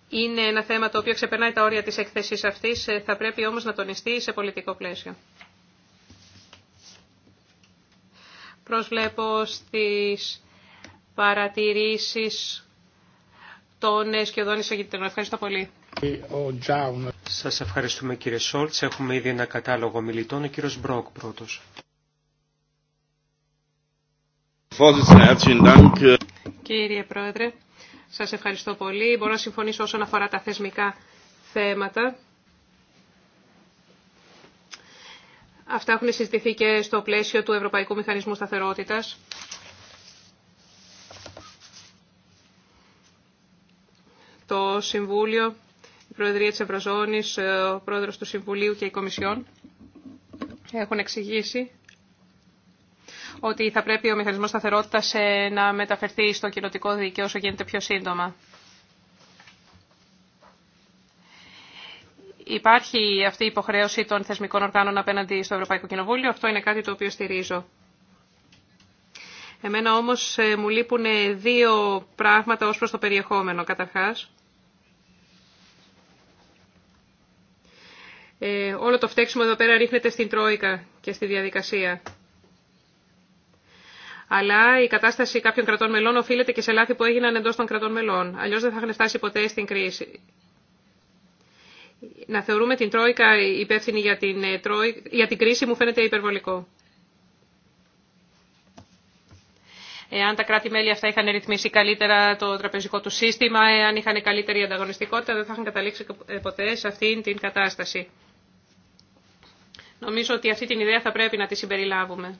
Είναι ένα θέμα το οποίο ξεπερνάει τα όρια της εκθέσης αυτής, θα πρέπει όμως να τονιστεί σε πολιτικό πλαίσιο. Προσβλέπω στις παρατηρήσεις των σχεδόν εισαγητητών. Ευχαριστώ πολύ. Σας ευχαριστούμε κύριε Σόλτ, Έχουμε ήδη ένα κατάλογο μιλητών. Ο κύριος Μπρόκ πρώτος. Κύριε Πρόεδρε, σας ευχαριστώ πολύ. Μπορώ να συμφωνήσω όσον αφορά τα θεσμικά θέματα. Αυτά έχουν συζητηθεί και στο πλαίσιο του Ευρωπαϊκού Μηχανισμού Σταθερότητας. Το Συμβούλιο, η Προεδρία της Ευρωζώνης, ο Πρόεδρος του Συμβουλίου και η Κομισιόν έχουν εξηγήσει ότι θα πρέπει ο μηχανισμός σταθερότητας ε, να μεταφερθεί στο κοινοτικό δίκαιο όσο γίνεται πιο σύντομα. υπάρχει αυτή η υποχρέωση των θεσμικών οργάνων απέναντι στο Ευρωπαϊκό Κοινοβούλιο. Αυτό είναι κάτι το οποίο στηρίζω. Εμένα όμως ε, μου λείπουν δύο πράγματα ως προς το περιεχόμενο καταρχάς. Ε, όλο το φταίξιμο εδώ πέρα ρίχνεται στην Τρόικα και στη διαδικασία. Αλλά η κατάσταση κάποιων κρατών μελών οφείλεται και σε λάθη που έγιναν εντός των κρατών μελών. Αλλιώς δεν θα είχαν φτάσει ποτέ στην κρίση να θεωρούμε την Τρόικα υπεύθυνη για την, ε, για την κρίση μου φαίνεται υπερβολικό. Εάν τα κράτη-μέλη αυτά είχαν ρυθμίσει καλύτερα το τραπεζικό του σύστημα, εάν είχαν καλύτερη ανταγωνιστικότητα, δεν θα είχαν καταλήξει ε, ποτέ σε αυτήν την κατάσταση. Νομίζω ότι αυτή την ιδέα θα πρέπει να τη συμπεριλάβουμε.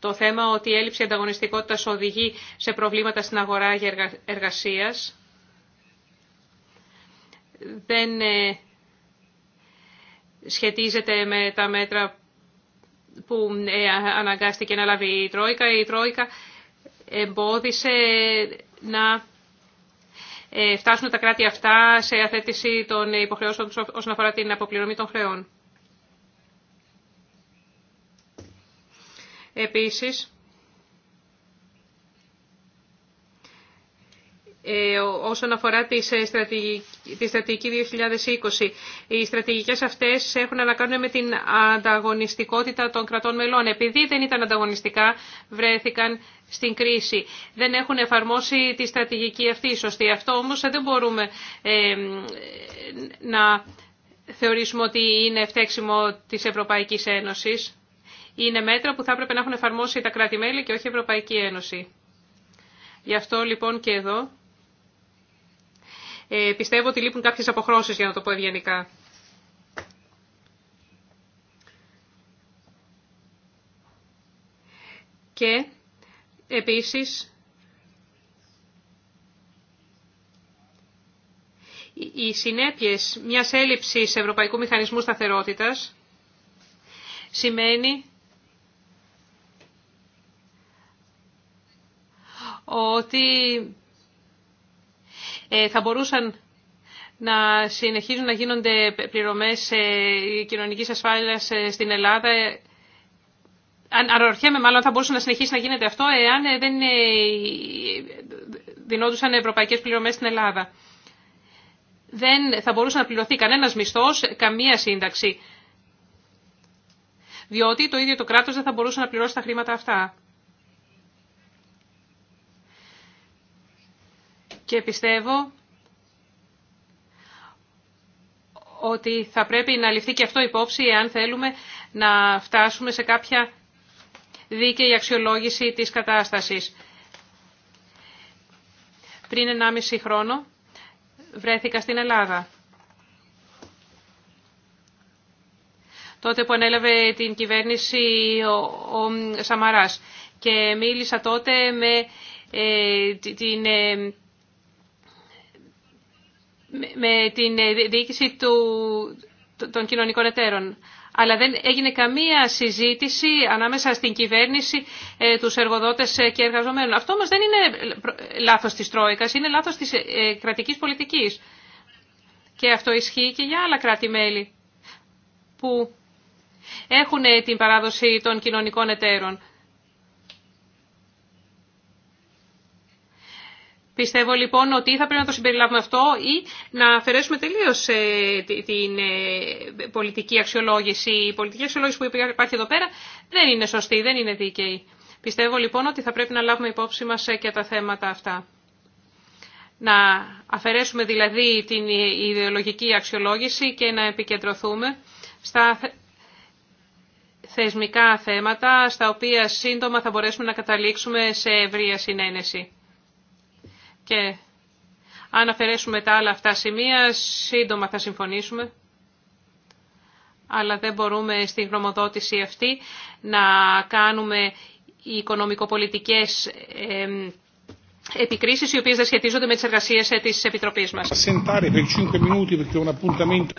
Το θέμα ότι η έλλειψη ανταγωνιστικότητας οδηγεί σε προβλήματα στην αγορά εργασίας δεν ε, σχετίζεται με τα μέτρα που ε, αναγκάστηκε να λάβει η Τρόικα. Η Τρόικα εμπόδισε να ε, φτάσουν τα κράτη αυτά σε αθέτηση των υποχρεώσεων όσον αφορά την αποπληρωμή των χρεών. Επίσης, Ε, όσον αφορά ε, τη στρατηγική 2020. Οι στρατηγικές αυτές έχουν να κάνουν με την ανταγωνιστικότητα των κρατών μελών. Επειδή δεν ήταν ανταγωνιστικά, βρέθηκαν στην κρίση. Δεν έχουν εφαρμόσει τη στρατηγική αυτή σωστή. Αυτό όμως δεν μπορούμε ε, να θεωρήσουμε ότι είναι φταίξιμο της Ευρωπαϊκής Ένωσης. Είναι μέτρα που θα έπρεπε να έχουν εφαρμόσει τα κράτη-μέλη και όχι η Ευρωπαϊκή Ένωση. Γι' αυτό λοιπόν και εδώ ε, πιστεύω ότι λείπουν κάποιες αποχρώσεις, για να το πω ευγενικά. Και επίσης οι συνέπειες μιας έλλειψης Ευρωπαϊκού Μηχανισμού Σταθερότητας σημαίνει ότι ε, θα μπορούσαν να συνεχίζουν να γίνονται πληρωμές ε, κοινωνικής ασφάλειας ε, στην Ελλάδα. Αναρωτιέμαι μάλλον θα μπορούσε να συνεχίσει να γίνεται αυτό εάν δεν δινόντουσαν ευρωπαϊκές πληρωμές στην Ελλάδα. Δεν θα μπορούσε να πληρωθεί κανένας μισθός, καμία σύνταξη. Διότι το ίδιο το κράτος δεν θα μπορούσε να πληρώσει τα χρήματα αυτά. και πιστεύω ότι θα πρέπει να ληφθεί και αυτό υπόψη εάν θέλουμε να φτάσουμε σε κάποια δίκαιη αξιολόγηση της κατάστασης. Πριν 1,5 χρόνο βρέθηκα στην Ελλάδα. Τότε που ανέλαβε την κυβέρνηση ο, ο Σαμαράς. Και μίλησα τότε με ε, την... Ε, με την ε, διοίκηση του, των κοινωνικών εταίρων. Αλλά δεν έγινε καμία συζήτηση ανάμεσα στην κυβέρνηση, ε, τους εργοδότες ε, και εργαζομένων. Αυτό όμως δεν είναι λάθος της Τρόικας, είναι λάθος της κρατικής πολιτικής. Και αυτό ισχύει και για άλλα κράτη-μέλη που έχουν την παράδοση των κοινωνικών εταίρων. Πιστεύω λοιπόν ότι θα πρέπει να το συμπεριλάβουμε αυτό ή να αφαιρέσουμε τελείω ε, την ε, πολιτική αξιολόγηση. Η πολιτική αξιολόγηση που υπάρχει εδώ πέρα δεν είναι σωστή, δεν είναι δίκαιη. Πιστεύω λοιπόν ότι θα πρέπει να λάβουμε υπόψη μα ε, και τα θέματα αυτά. Να αφαιρέσουμε δηλαδή την ιδεολογική αξιολόγηση και να επικεντρωθούμε στα θεσμικά θέματα, στα οποία σύντομα θα μπορέσουμε να καταλήξουμε σε ευρεία συνένεση. Και αν αφαιρέσουμε τα άλλα αυτά σημεία, σύντομα θα συμφωνήσουμε. Αλλά δεν μπορούμε στη γνωμοδότηση αυτή να κάνουμε οι οικονομικοπολιτικές επικρίσεις οι οποίες δεν σχετίζονται με τις εργασίες ε, της Επιτροπής μας.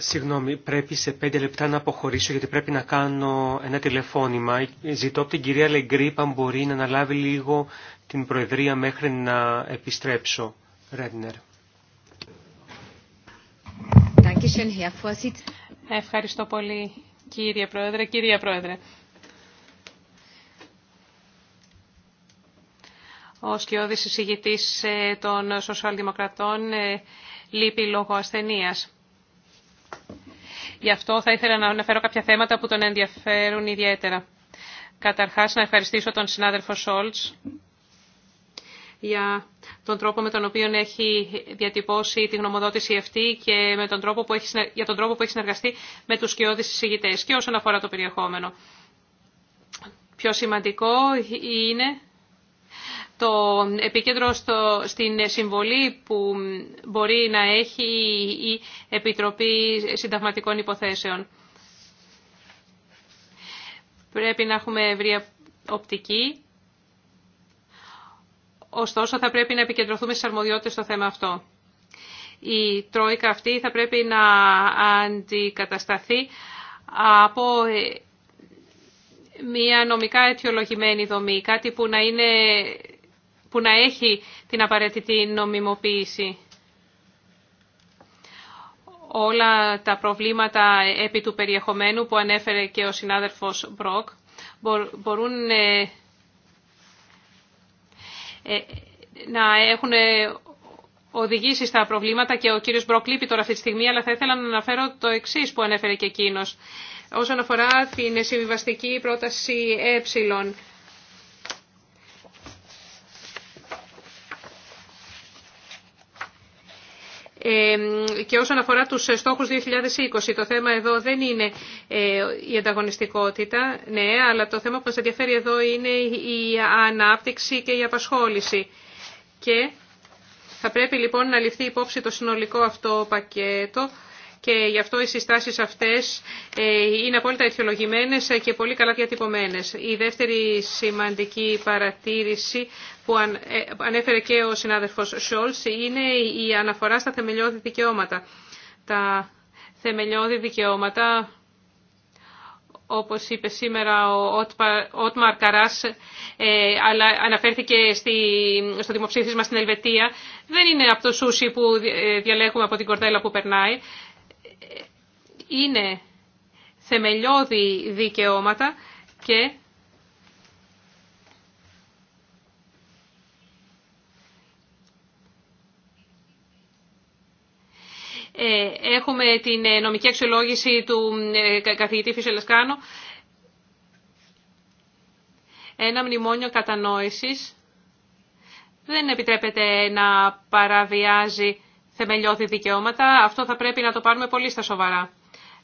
Συγγνώμη, πρέπει σε πέντε λεπτά να αποχωρήσω γιατί πρέπει να κάνω ένα τηλεφώνημα. Ζητώ από την κυρία Λεγκρίπ αν μπορεί να αναλάβει λίγο την Προεδρία μέχρι να επιστρέψω. Ρέντνερ. Ευχαριστώ πολύ κύριε Πρόεδρε. Κυρία Πρόεδρε. Ο σκιώδης εισηγητής ε, των Σοσιαλδημοκρατών ε, λείπει λόγω ασθενείας. Γι' αυτό θα ήθελα να αναφέρω κάποια θέματα που τον ενδιαφέρουν ιδιαίτερα. Καταρχάς να ευχαριστήσω τον συνάδελφο Σόλτς για τον τρόπο με τον οποίο έχει διατυπώσει τη γνωμοδότηση αυτή και με τον τρόπο που έχει, για τον τρόπο που έχει συνεργαστεί με τους σκιώδεις συζητητές... και όσον αφορά το περιεχόμενο. Πιο σημαντικό είναι το επίκεντρο στο, στην συμβολή που μπορεί να έχει η Επιτροπή Συνταγματικών Υποθέσεων. Πρέπει να έχουμε ευρία οπτική Ωστόσο, θα πρέπει να επικεντρωθούμε στι αρμοδιότητες στο θέμα αυτό. Η τρόικα αυτή θα πρέπει να αντικατασταθεί από ε, μια νομικά αιτιολογημένη δομή, κάτι που να, είναι, που να έχει την απαραίτητη νομιμοποίηση. Όλα τα προβλήματα επί του περιεχομένου που ανέφερε και ο συνάδελφος Μπροκ μπορούν ε, ε, να έχουν ε, οδηγήσει στα προβλήματα και ο κύριος Μπροκ λείπει τώρα αυτή τη στιγμή, αλλά θα ήθελα να αναφέρω το εξή που ανέφερε και εκείνο. Όσον αφορά την συμβιβαστική πρόταση ε, και όσον αφορά τους στόχους 2020, το θέμα εδώ δεν είναι ε, η ανταγωνιστικότητα, ναι, αλλά το θέμα που μας ενδιαφέρει εδώ είναι η ανάπτυξη και η απασχόληση. Και θα πρέπει λοιπόν να ληφθεί υπόψη το συνολικό αυτό πακέτο και γι' αυτό οι συστάσεις αυτές ε, είναι απόλυτα αιτιολογημένε και πολύ καλά διατυπωμένε. Η δεύτερη σημαντική παρατήρηση που ε, ανέφερε και ο συνάδελφο Σόλ είναι η αναφορά στα θεμελιώδη δικαιώματα. Τα θεμελιώδη δικαιώματα, όπως είπε σήμερα ο Ότμαρ Καράς, ε, αλλά αναφέρθηκε στη, στο δημοψήφισμα στην Ελβετία, δεν είναι από το σούσι που διαλέγουμε από την κορδέλα που περνάει είναι θεμελιώδη δικαιώματα και ε, έχουμε την ε, νομική αξιολόγηση του ε, καθηγητή Φυσελεσκάνο, ένα μνημόνιο κατανόησης δεν επιτρέπεται να παραβιάζει θεμελιώδη δικαιώματα. Αυτό θα πρέπει να το πάρουμε πολύ στα σοβαρά.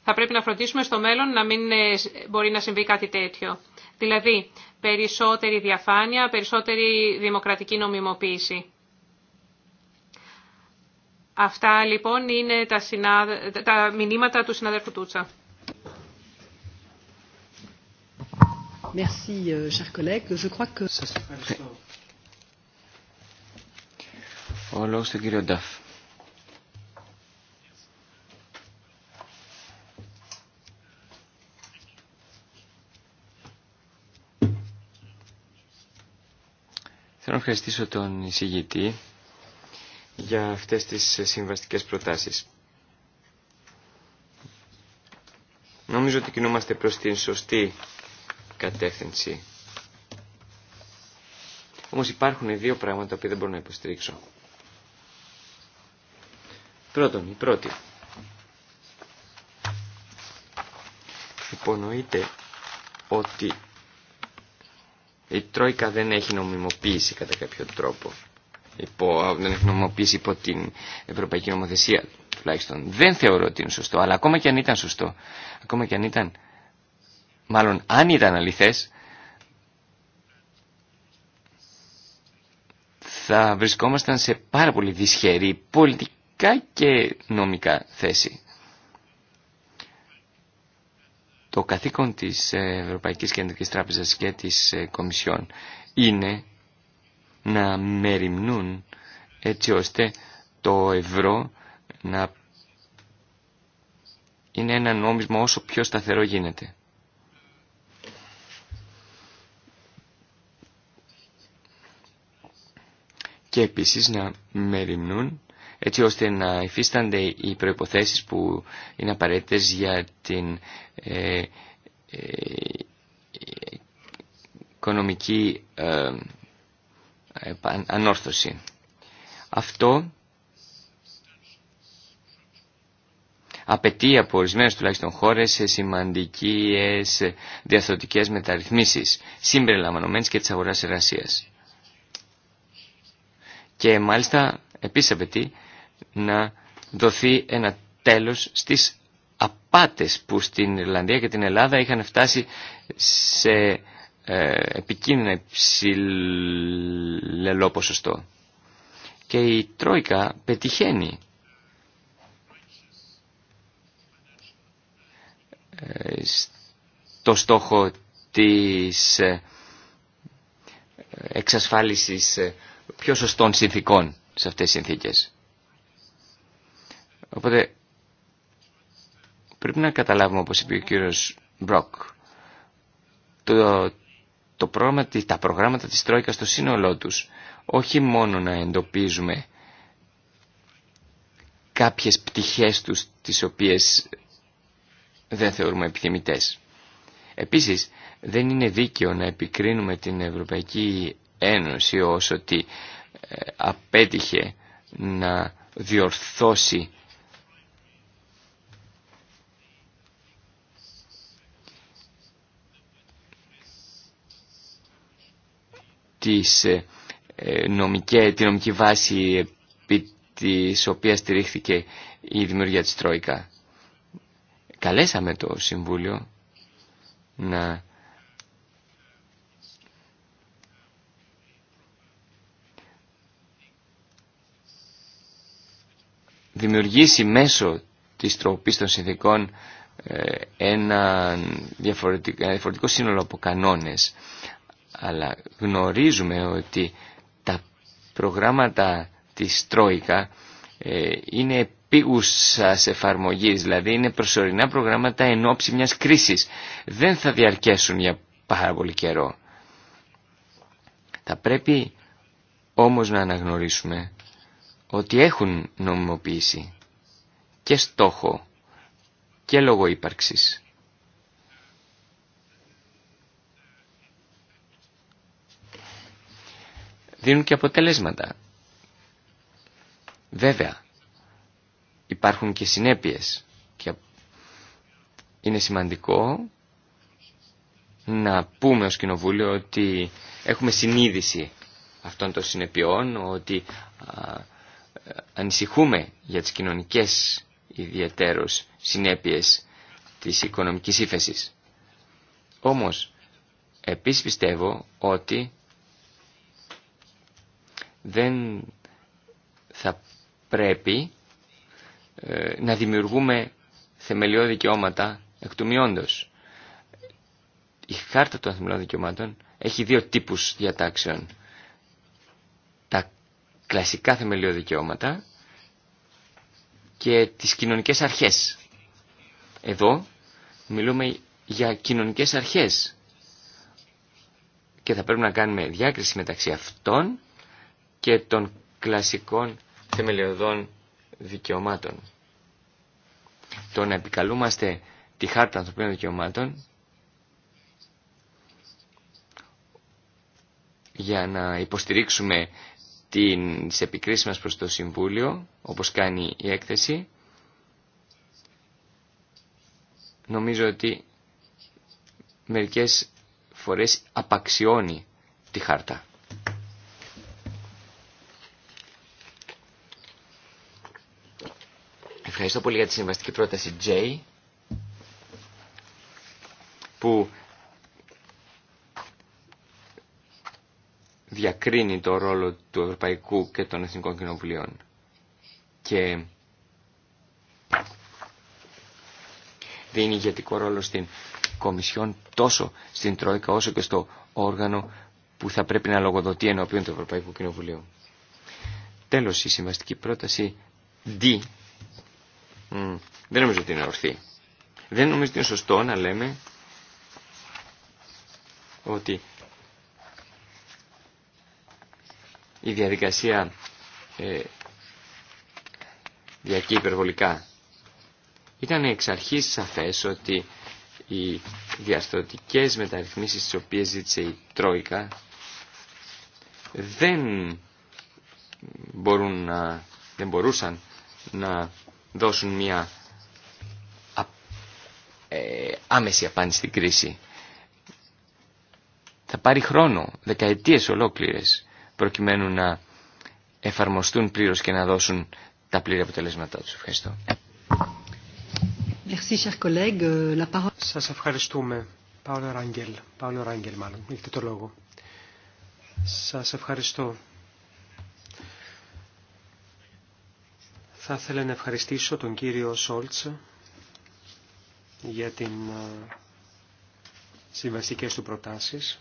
Θα πρέπει να φροντίσουμε στο μέλλον να μην ε, μπορεί να συμβεί κάτι τέτοιο. Δηλαδή, περισσότερη διαφάνεια, περισσότερη δημοκρατική νομιμοποίηση. Αυτά λοιπόν είναι τα, συνα... τα μηνύματα του συναδέλφου Τούτσα. Ο λόγος του κύριου Νταφ. Θέλω να ευχαριστήσω τον εισηγητή για αυτές τις συμβαστικές προτάσεις. Νομίζω ότι κινούμαστε προς την σωστή κατεύθυνση. Όμως υπάρχουν δύο πράγματα που δεν μπορώ να υποστηρίξω. Πρώτον, η πρώτη. Υπονοείται ότι η Τρόικα δεν έχει νομιμοποίηση κατά κάποιο τρόπο. Υπό, δεν έχει νομιμοποίηση υπό την Ευρωπαϊκή Νομοθεσία τουλάχιστον. Δεν θεωρώ ότι είναι σωστό, αλλά ακόμα και αν ήταν σωστό, ακόμα και αν ήταν, μάλλον αν ήταν αληθές, θα βρισκόμασταν σε πάρα πολύ δυσχερή πολιτικά και νομικά θέση. Το καθήκον της ε, Ευρωπαϊκής Κεντρικής Τράπεζας και της ε, Κομισιόν είναι να μεριμνούν έτσι ώστε το ευρώ να είναι ένα νόμισμα όσο πιο σταθερό γίνεται. Και επίσης να μεριμνούν έτσι ώστε να υφίστανται οι προϋποθέσεις που είναι απαραίτητες για την ε, ε οικονομική ε, ανόρθωση. Αυτό απαιτεί από ορισμένε τουλάχιστον χώρε σημαντικές διαθροτικές μεταρρυθμίσεις, συμπεριλαμβανωμένες και τη αγορά εργασίας. Και μάλιστα επίσης απαιτεί να δοθεί ένα τέλος στις απάτες που στην Ιρλανδία και την Ελλάδα είχαν φτάσει σε ε, επικίνδυνα υψηλό ποσοστό. Και η Τρόικα πετυχαίνει ε, το στόχο της ε, εξασφάλισης πιο σωστών συνθήκων σε αυτές τις συνθήκες. Οπότε πρέπει να καταλάβουμε, όπως είπε ο κύριος Μπροκ, το, το πρόγραμμα, τα προγράμματα της Τρόικας στο σύνολό τους, όχι μόνο να εντοπίζουμε κάποιες πτυχές τους τις οποίες δεν θεωρούμε επιθυμητές. Επίσης, δεν είναι δίκαιο να επικρίνουμε την Ευρωπαϊκή Ένωση όσο ότι ε, απέτυχε να διορθώσει τις ε, ε, τη νομική βάση επί της οποίας στηρίχθηκε η δημιουργία της Τρόικα. Καλέσαμε το Συμβούλιο να δημιουργήσει μέσω της τροπής των συνθήκων ε, ένα διαφορετικό, ένα διαφορετικό σύνολο από κανόνες αλλά γνωρίζουμε ότι τα προγράμματα της Τρόικα ε, είναι επίγουσας εφαρμογής, δηλαδή είναι προσωρινά προγράμματα εν ώψη μιας κρίσης. Δεν θα διαρκέσουν για πάρα πολύ καιρό. Θα πρέπει όμως να αναγνωρίσουμε ότι έχουν νομιμοποίηση και στόχο και λόγο ύπαρξης. δίνουν και αποτελέσματα. Βέβαια, υπάρχουν και συνέπειες και είναι σημαντικό να πούμε ως Κοινοβούλιο ότι έχουμε συνείδηση αυτών των συνεπειών, ότι ανησυχούμε για τις κοινωνικές ιδιαίτερους συνέπειες της οικονομικής ύφεσης. Όμως, επίσης πιστεύω ότι δεν θα πρέπει ε, να δημιουργούμε θεμελιώδη δικαιώματα εκ του μειόντος. Η χάρτα των θεμελιών δικαιωμάτων έχει δύο τύπους διατάξεων. Τα κλασικά θεμελιώδη δικαιώματα και τις κοινωνικές αρχές. Εδώ μιλούμε για κοινωνικές αρχές και θα πρέπει να κάνουμε διάκριση μεταξύ αυτών και των κλασικών θεμελιωδών δικαιωμάτων. Το να επικαλούμαστε τη χάρτα ανθρωπίνων δικαιωμάτων για να υποστηρίξουμε τις επικρίσεις μας προς το Συμβούλιο, όπως κάνει η έκθεση, νομίζω ότι μερικές φορές απαξιώνει τη χάρτα. Ευχαριστώ πολύ για τη συμβαστική πρόταση J που διακρίνει το ρόλο του Ευρωπαϊκού και των Εθνικών Κοινοβουλίων. Και δίνει ηγετικό ρόλο στην Κομισιόν τόσο στην Τρόικα όσο και στο όργανο που θα πρέπει να λογοδοτεί ενώπιον του Ευρωπαϊκού Κοινοβουλίου. Τέλος, η συμβαστική πρόταση D δεν νομίζω ότι είναι ορθή. Δεν νομίζω ότι είναι σωστό να λέμε ότι η διαδικασία ε, διακεί υπερβολικά. Ήταν εξ αρχής σαφές ότι οι διαστοτικές μεταρρυθμίσεις τις οποίες ζήτησε η Τρόικα δεν, μπορούν να, δεν μπορούσαν να δώσουν μια ε, άμεση απάντηση στην κρίση. Θα πάρει χρόνο, δεκαετίες ολόκληρες, προκειμένου να εφαρμοστούν πλήρως και να δώσουν τα πλήρη αποτελέσματά τους. Ευχαριστώ. Σας ευχαριστούμε. Πάολο Ράγγελ. Πάολο Ράγγελ, μάλλον, έχετε το λόγο. Σας ευχαριστώ. Θα ήθελα να ευχαριστήσω τον κύριο Σόλτς για την ε, συμβαστικές του προτάσεις.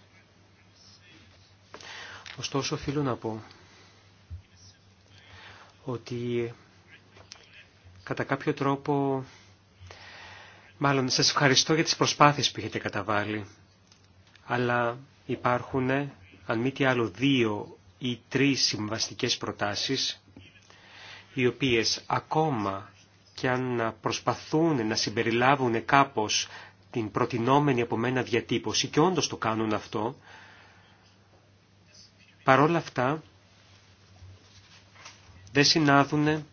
Ωστόσο, οφείλω να πω ότι κατά κάποιο τρόπο, μάλλον σας ευχαριστώ για τις προσπάθειες που έχετε καταβάλει, αλλά υπάρχουν, αν μη τι άλλο, δύο ή τρεις συμβαστικές προτάσεις οι οποίες ακόμα και αν προσπαθούν να συμπεριλάβουν κάπως την προτινόμενη από μένα διατύπωση και όντως το κάνουν αυτό, παρόλα αυτά δεν συνάδουν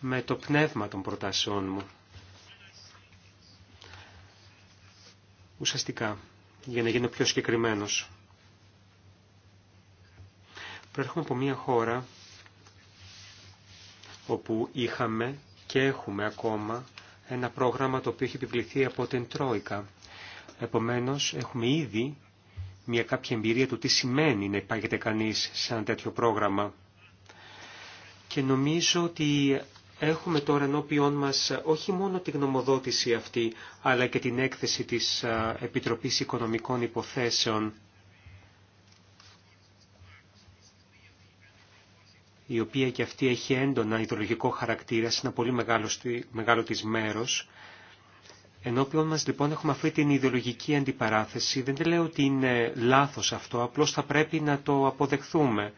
με το πνεύμα των προτάσεών μου. Ουσιαστικά, για να γίνω πιο συγκεκριμένος. Προέρχομαι από μια χώρα όπου είχαμε και έχουμε ακόμα ένα πρόγραμμα το οποίο έχει επιβληθεί από την Τρόικα. Επομένως, έχουμε ήδη μια κάποια εμπειρία του τι σημαίνει να υπάγεται κανείς σε ένα τέτοιο πρόγραμμα. Και νομίζω ότι έχουμε τώρα ενώπιόν μας όχι μόνο την γνωμοδότηση αυτή, αλλά και την έκθεση της Επιτροπής Οικονομικών Υποθέσεων. η οποία και αυτή έχει έντονα ιδεολογικό χαρακτήρα σε ένα πολύ μεγάλο, μεγάλο της μέρος. Ενώπιον μας λοιπόν έχουμε αυτή την ιδεολογική αντιπαράθεση. Δεν λέω ότι είναι λάθος αυτό, απλώς θα πρέπει να το αποδεχθούμε.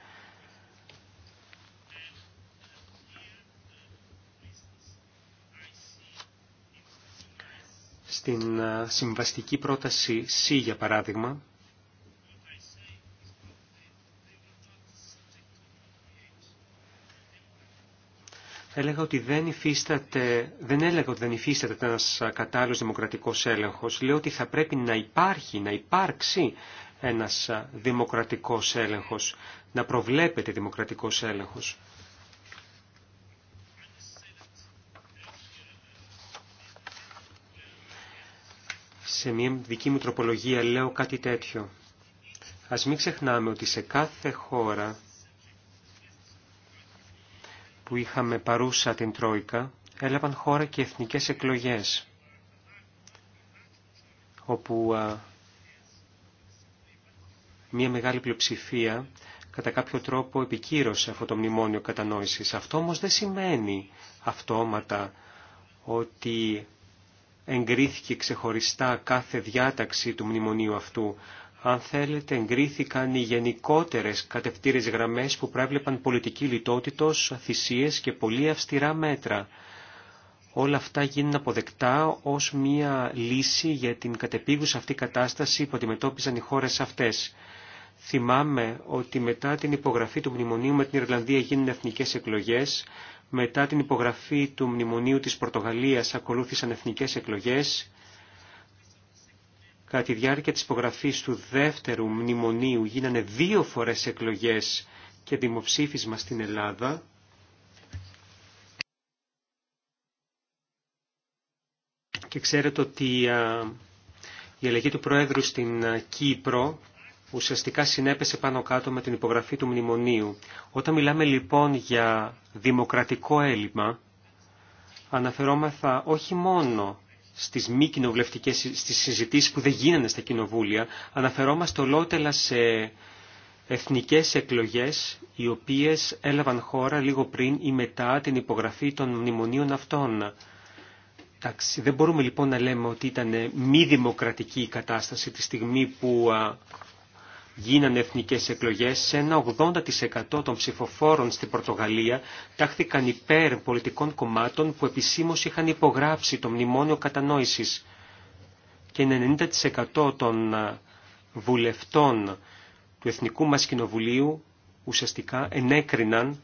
Στην συμβαστική πρόταση C για παράδειγμα, έλεγα ότι δεν υφίσταται, δεν έλεγα ότι δεν υφίσταται ένας κατάλληλος δημοκρατικός έλεγχος. Λέω ότι θα πρέπει να υπάρχει, να υπάρξει ένας δημοκρατικός έλεγχος, να προβλέπεται δημοκρατικός έλεγχος. Σε μια δική μου τροπολογία λέω κάτι τέτοιο. Ας μην ξεχνάμε ότι σε κάθε χώρα που είχαμε παρούσα την Τρόικα, έλαβαν χώρα και εθνικές εκλογές, όπου μια μεγάλη πλειοψηφία κατά κάποιο τρόπο επικύρωσε αυτό το μνημόνιο κατανόησης. Αυτό όμως δεν σημαίνει αυτόματα ότι εγκρίθηκε ξεχωριστά κάθε διάταξη του μνημονίου αυτού αν θέλετε, εγκρίθηκαν οι γενικότερες κατευθύνες γραμμές που προέβλεπαν πολιτική λιτότητος, θυσίες και πολύ αυστηρά μέτρα. Όλα αυτά γίνουν αποδεκτά ως μία λύση για την κατεπίγουσα αυτή κατάσταση που αντιμετώπιζαν οι χώρες αυτές. Θυμάμαι ότι μετά την υπογραφή του μνημονίου με την Ιρλανδία γίνουν εθνικές εκλογές, μετά την υπογραφή του μνημονίου της Πορτογαλίας ακολούθησαν εθνικές εκλογές Κατά τη διάρκεια της υπογραφής του δεύτερου μνημονίου γίνανε δύο φορές εκλογές και δημοψήφισμα στην Ελλάδα. Και ξέρετε ότι η αλλαγή του Προέδρου στην Κύπρο ουσιαστικά συνέπεσε πάνω κάτω με την υπογραφή του μνημονίου. Όταν μιλάμε λοιπόν για δημοκρατικό έλλειμμα, αναφερόμαθα όχι μόνο στις μη στις συζητήσεις που δεν γίνανε στα κοινοβούλια, αναφερόμαστε ολότελα σε εθνικές εκλογές οι οποίες έλαβαν χώρα λίγο πριν ή μετά την υπογραφή των μνημονίων αυτών. Εντάξει, δεν μπορούμε λοιπόν να λέμε ότι ήταν μη δημοκρατική η μετα την υπογραφη των μνημονιων αυτων δεν μπορουμε λοιπον να λεμε οτι ηταν μη δημοκρατικη η κατασταση τη στιγμή που γίνανε εθνικές εκλογές, σε ένα 80% των ψηφοφόρων στην Πορτογαλία τάχθηκαν υπέρ πολιτικών κομμάτων που επισήμως είχαν υπογράψει το Μνημόνιο Κατανόησης και 90% των βουλευτών του Εθνικού μας Κοινοβουλίου ουσιαστικά ενέκριναν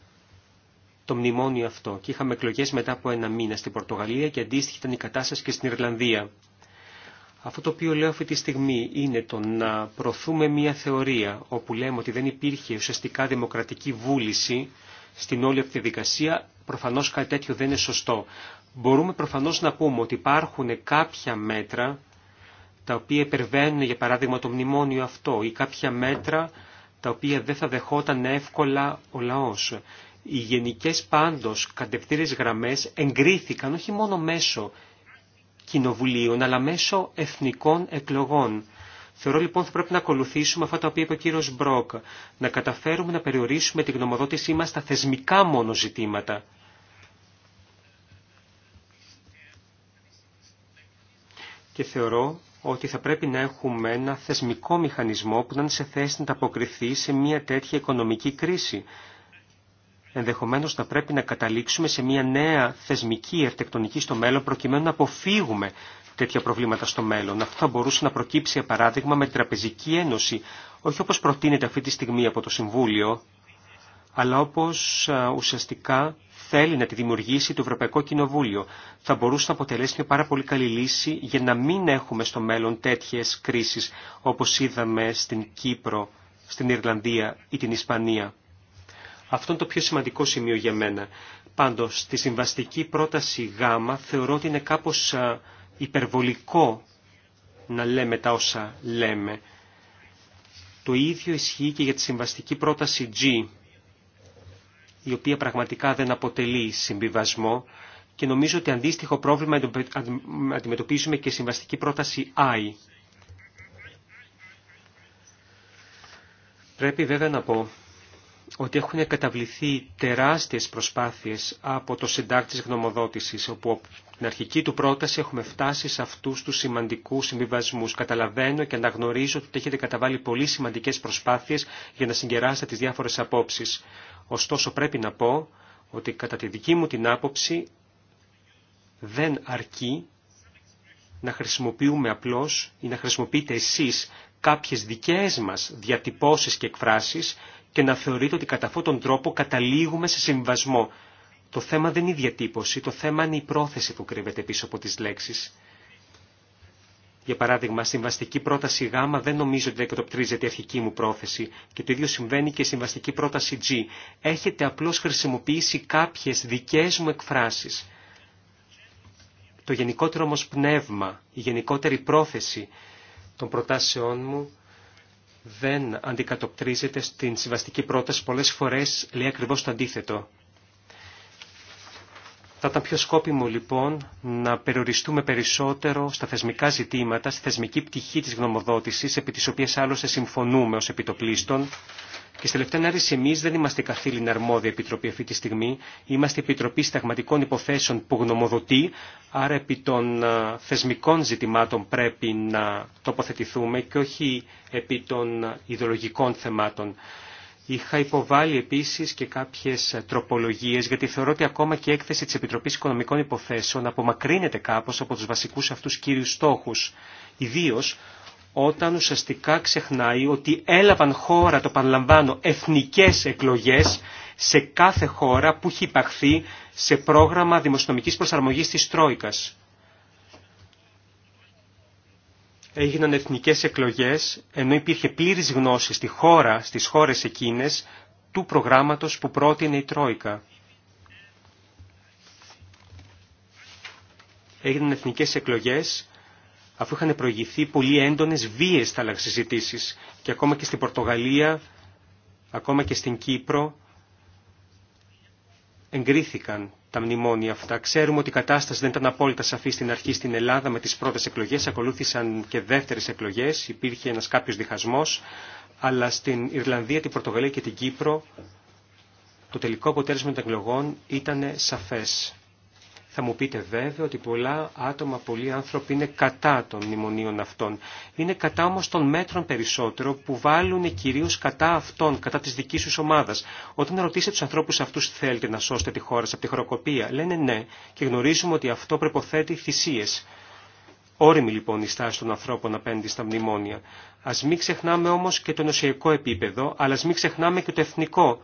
το μνημόνιο αυτό και είχαμε εκλογέ μετά από ένα μήνα στην Πορτογαλία και αντίστοιχη ήταν η κατάσταση και στην Ιρλανδία. Αυτό το οποίο λέω αυτή τη στιγμή είναι το να προωθούμε μια θεωρία όπου λέμε ότι δεν υπήρχε ουσιαστικά δημοκρατική βούληση στην όλη αυτή τη δικασία, προφανώς κάτι τέτοιο δεν είναι σωστό. Μπορούμε προφανώς να πούμε ότι υπάρχουν κάποια μέτρα τα οποία υπερβαίνουν για παράδειγμα το μνημόνιο αυτό ή κάποια μέτρα τα οποία δεν θα δεχόταν εύκολα ο λαός. Οι γενικές πάντως κατευθύνες γραμμές εγκρίθηκαν όχι μόνο μέσω κοινοβουλίων, αλλά μέσω εθνικών εκλογών. Θεωρώ λοιπόν ότι πρέπει να ακολουθήσουμε αυτά τα οποία είπε ο κύριο Μπρόκ, να καταφέρουμε να περιορίσουμε την γνωμοδότησή μα στα θεσμικά μόνο ζητήματα. Και θεωρώ ότι θα πρέπει να έχουμε ένα θεσμικό μηχανισμό που να είναι σε θέση να ανταποκριθεί σε μια τέτοια οικονομική κρίση ενδεχομένως θα πρέπει να καταλήξουμε σε μια νέα θεσμική ερτεκτονική στο μέλλον προκειμένου να αποφύγουμε τέτοια προβλήματα στο μέλλον. Αυτό θα μπορούσε να προκύψει, για παράδειγμα, με την Τραπεζική Ένωση, όχι όπως προτείνεται αυτή τη στιγμή από το Συμβούλιο, αλλά όπως ουσιαστικά θέλει να τη δημιουργήσει το Ευρωπαϊκό Κοινοβούλιο. Θα μπορούσε να αποτελέσει μια πάρα πολύ καλή λύση για να μην έχουμε στο μέλλον τέτοιες κρίσεις όπως είδαμε στην Κύπρο, στην Ιρλανδία ή την Ισπανία. Αυτό είναι το πιο σημαντικό σημείο για μένα. Πάντως, στη συμβαστική πρόταση Γ θεωρώ ότι είναι κάπως υπερβολικό να λέμε τα όσα λέμε. Το ίδιο ισχύει και για τη συμβαστική πρόταση G, η οποία πραγματικά δεν αποτελεί συμβιβασμό και νομίζω ότι αντίστοιχο πρόβλημα αντιμετωπίζουμε και συμβαστική πρόταση I. Πρέπει βέβαια να πω ότι έχουν καταβληθεί τεράστιες προσπάθειες από το συντάκτη γνωμοδότησης, όπου την αρχική του πρόταση έχουμε φτάσει σε αυτούς τους σημαντικούς συμβιβασμούς. Καταλαβαίνω και αναγνωρίζω ότι έχετε καταβάλει πολύ σημαντικές προσπάθειες για να συγκεράσετε τις διάφορες απόψεις. Ωστόσο πρέπει να πω ότι κατά τη δική μου την άποψη δεν αρκεί να χρησιμοποιούμε απλώς ή να χρησιμοποιείτε εσείς κάποιες δικές μας διατυπώσεις και εκφράσεις και να θεωρείτε ότι κατά αυτόν τον τρόπο καταλήγουμε σε συμβασμό. Το θέμα δεν είναι η διατύπωση, το θέμα είναι η πρόθεση που κρύβεται πίσω από τις λέξεις. Για παράδειγμα, συμβαστική πρόταση Γ δεν νομίζω ότι εκτοπτρίζεται η αρχική μου πρόθεση και το ίδιο συμβαίνει και η συμβαστική πρόταση G. Έχετε απλώς χρησιμοποιήσει κάποιες δικές μου εκφράσεις. Το γενικότερο όμως πνεύμα, η γενικότερη πρόθεση των προτάσεών μου δεν αντικατοπτρίζεται στην συμβαστική πρόταση. Πολλές φορές λέει ακριβώς το αντίθετο. Θα ήταν πιο σκόπιμο λοιπόν να περιοριστούμε περισσότερο στα θεσμικά ζητήματα, στη θεσμική πτυχή της γνωμοδότησης, επί της οποίας άλλωστε συμφωνούμε ως επιτοπλίστων, και στη τελευταία ανάρτηση, εμεί δεν είμαστε καθήλυνα αρμόδια επιτροπή αυτή τη στιγμή. Είμαστε επιτροπή σταγματικών υποθέσεων που γνωμοδοτεί, άρα επί των ε, θεσμικών ζητημάτων πρέπει να τοποθετηθούμε και όχι επί των ιδεολογικών θεμάτων. Είχα υποβάλει επίση και κάποιε τροπολογίε, γιατί θεωρώ ότι ακόμα και η έκθεση τη Επιτροπή Οικονομικών Υποθέσεων απομακρύνεται κάπω από του βασικού αυτού κύριου στόχου. Ιδίω όταν ουσιαστικά ξεχνάει ότι έλαβαν χώρα, το παραλαμβάνω, εθνικές εκλογές σε κάθε χώρα που έχει υπαχθεί σε πρόγραμμα δημοσιονομικής προσαρμογής της Τρόικας. Έγιναν εθνικές εκλογές, ενώ υπήρχε πλήρης γνώση στη χώρα, στις χώρες εκείνες, του προγράμματος που πρότεινε η Τρόικα. Έγιναν εθνικές εκλογές αφού είχαν προηγηθεί πολύ έντονες βίες θαλασσιζητήσεις και ακόμα και στην Πορτογαλία, ακόμα και στην Κύπρο εγκρίθηκαν τα μνημόνια αυτά. Ξέρουμε ότι η κατάσταση δεν ήταν απόλυτα σαφή στην αρχή στην Ελλάδα με τις πρώτες εκλογές, ακολούθησαν και δεύτερες εκλογές, υπήρχε ένας κάποιο διχασμός, αλλά στην Ιρλανδία, την Πορτογαλία και την Κύπρο το τελικό αποτέλεσμα των εκλογών ήταν σαφές. Θα μου πείτε βέβαια ότι πολλά άτομα, πολλοί άνθρωποι είναι κατά των μνημονίων αυτών. Είναι κατά όμως των μέτρων περισσότερο που βάλουν κυρίως κατά αυτών, κατά της δικής τους ομάδας. Όταν ρωτήσετε τους ανθρώπους αυτούς θέλετε να σώσετε τη χώρα από τη χροκοπία, λένε ναι και γνωρίζουμε ότι αυτό προποθέτει θυσίες. Όριμη λοιπόν η στάση των ανθρώπων απέναντι στα μνημόνια. Ας μην ξεχνάμε όμως και το νοσιακό επίπεδο, αλλά ας μην ξεχνάμε και το εθνικό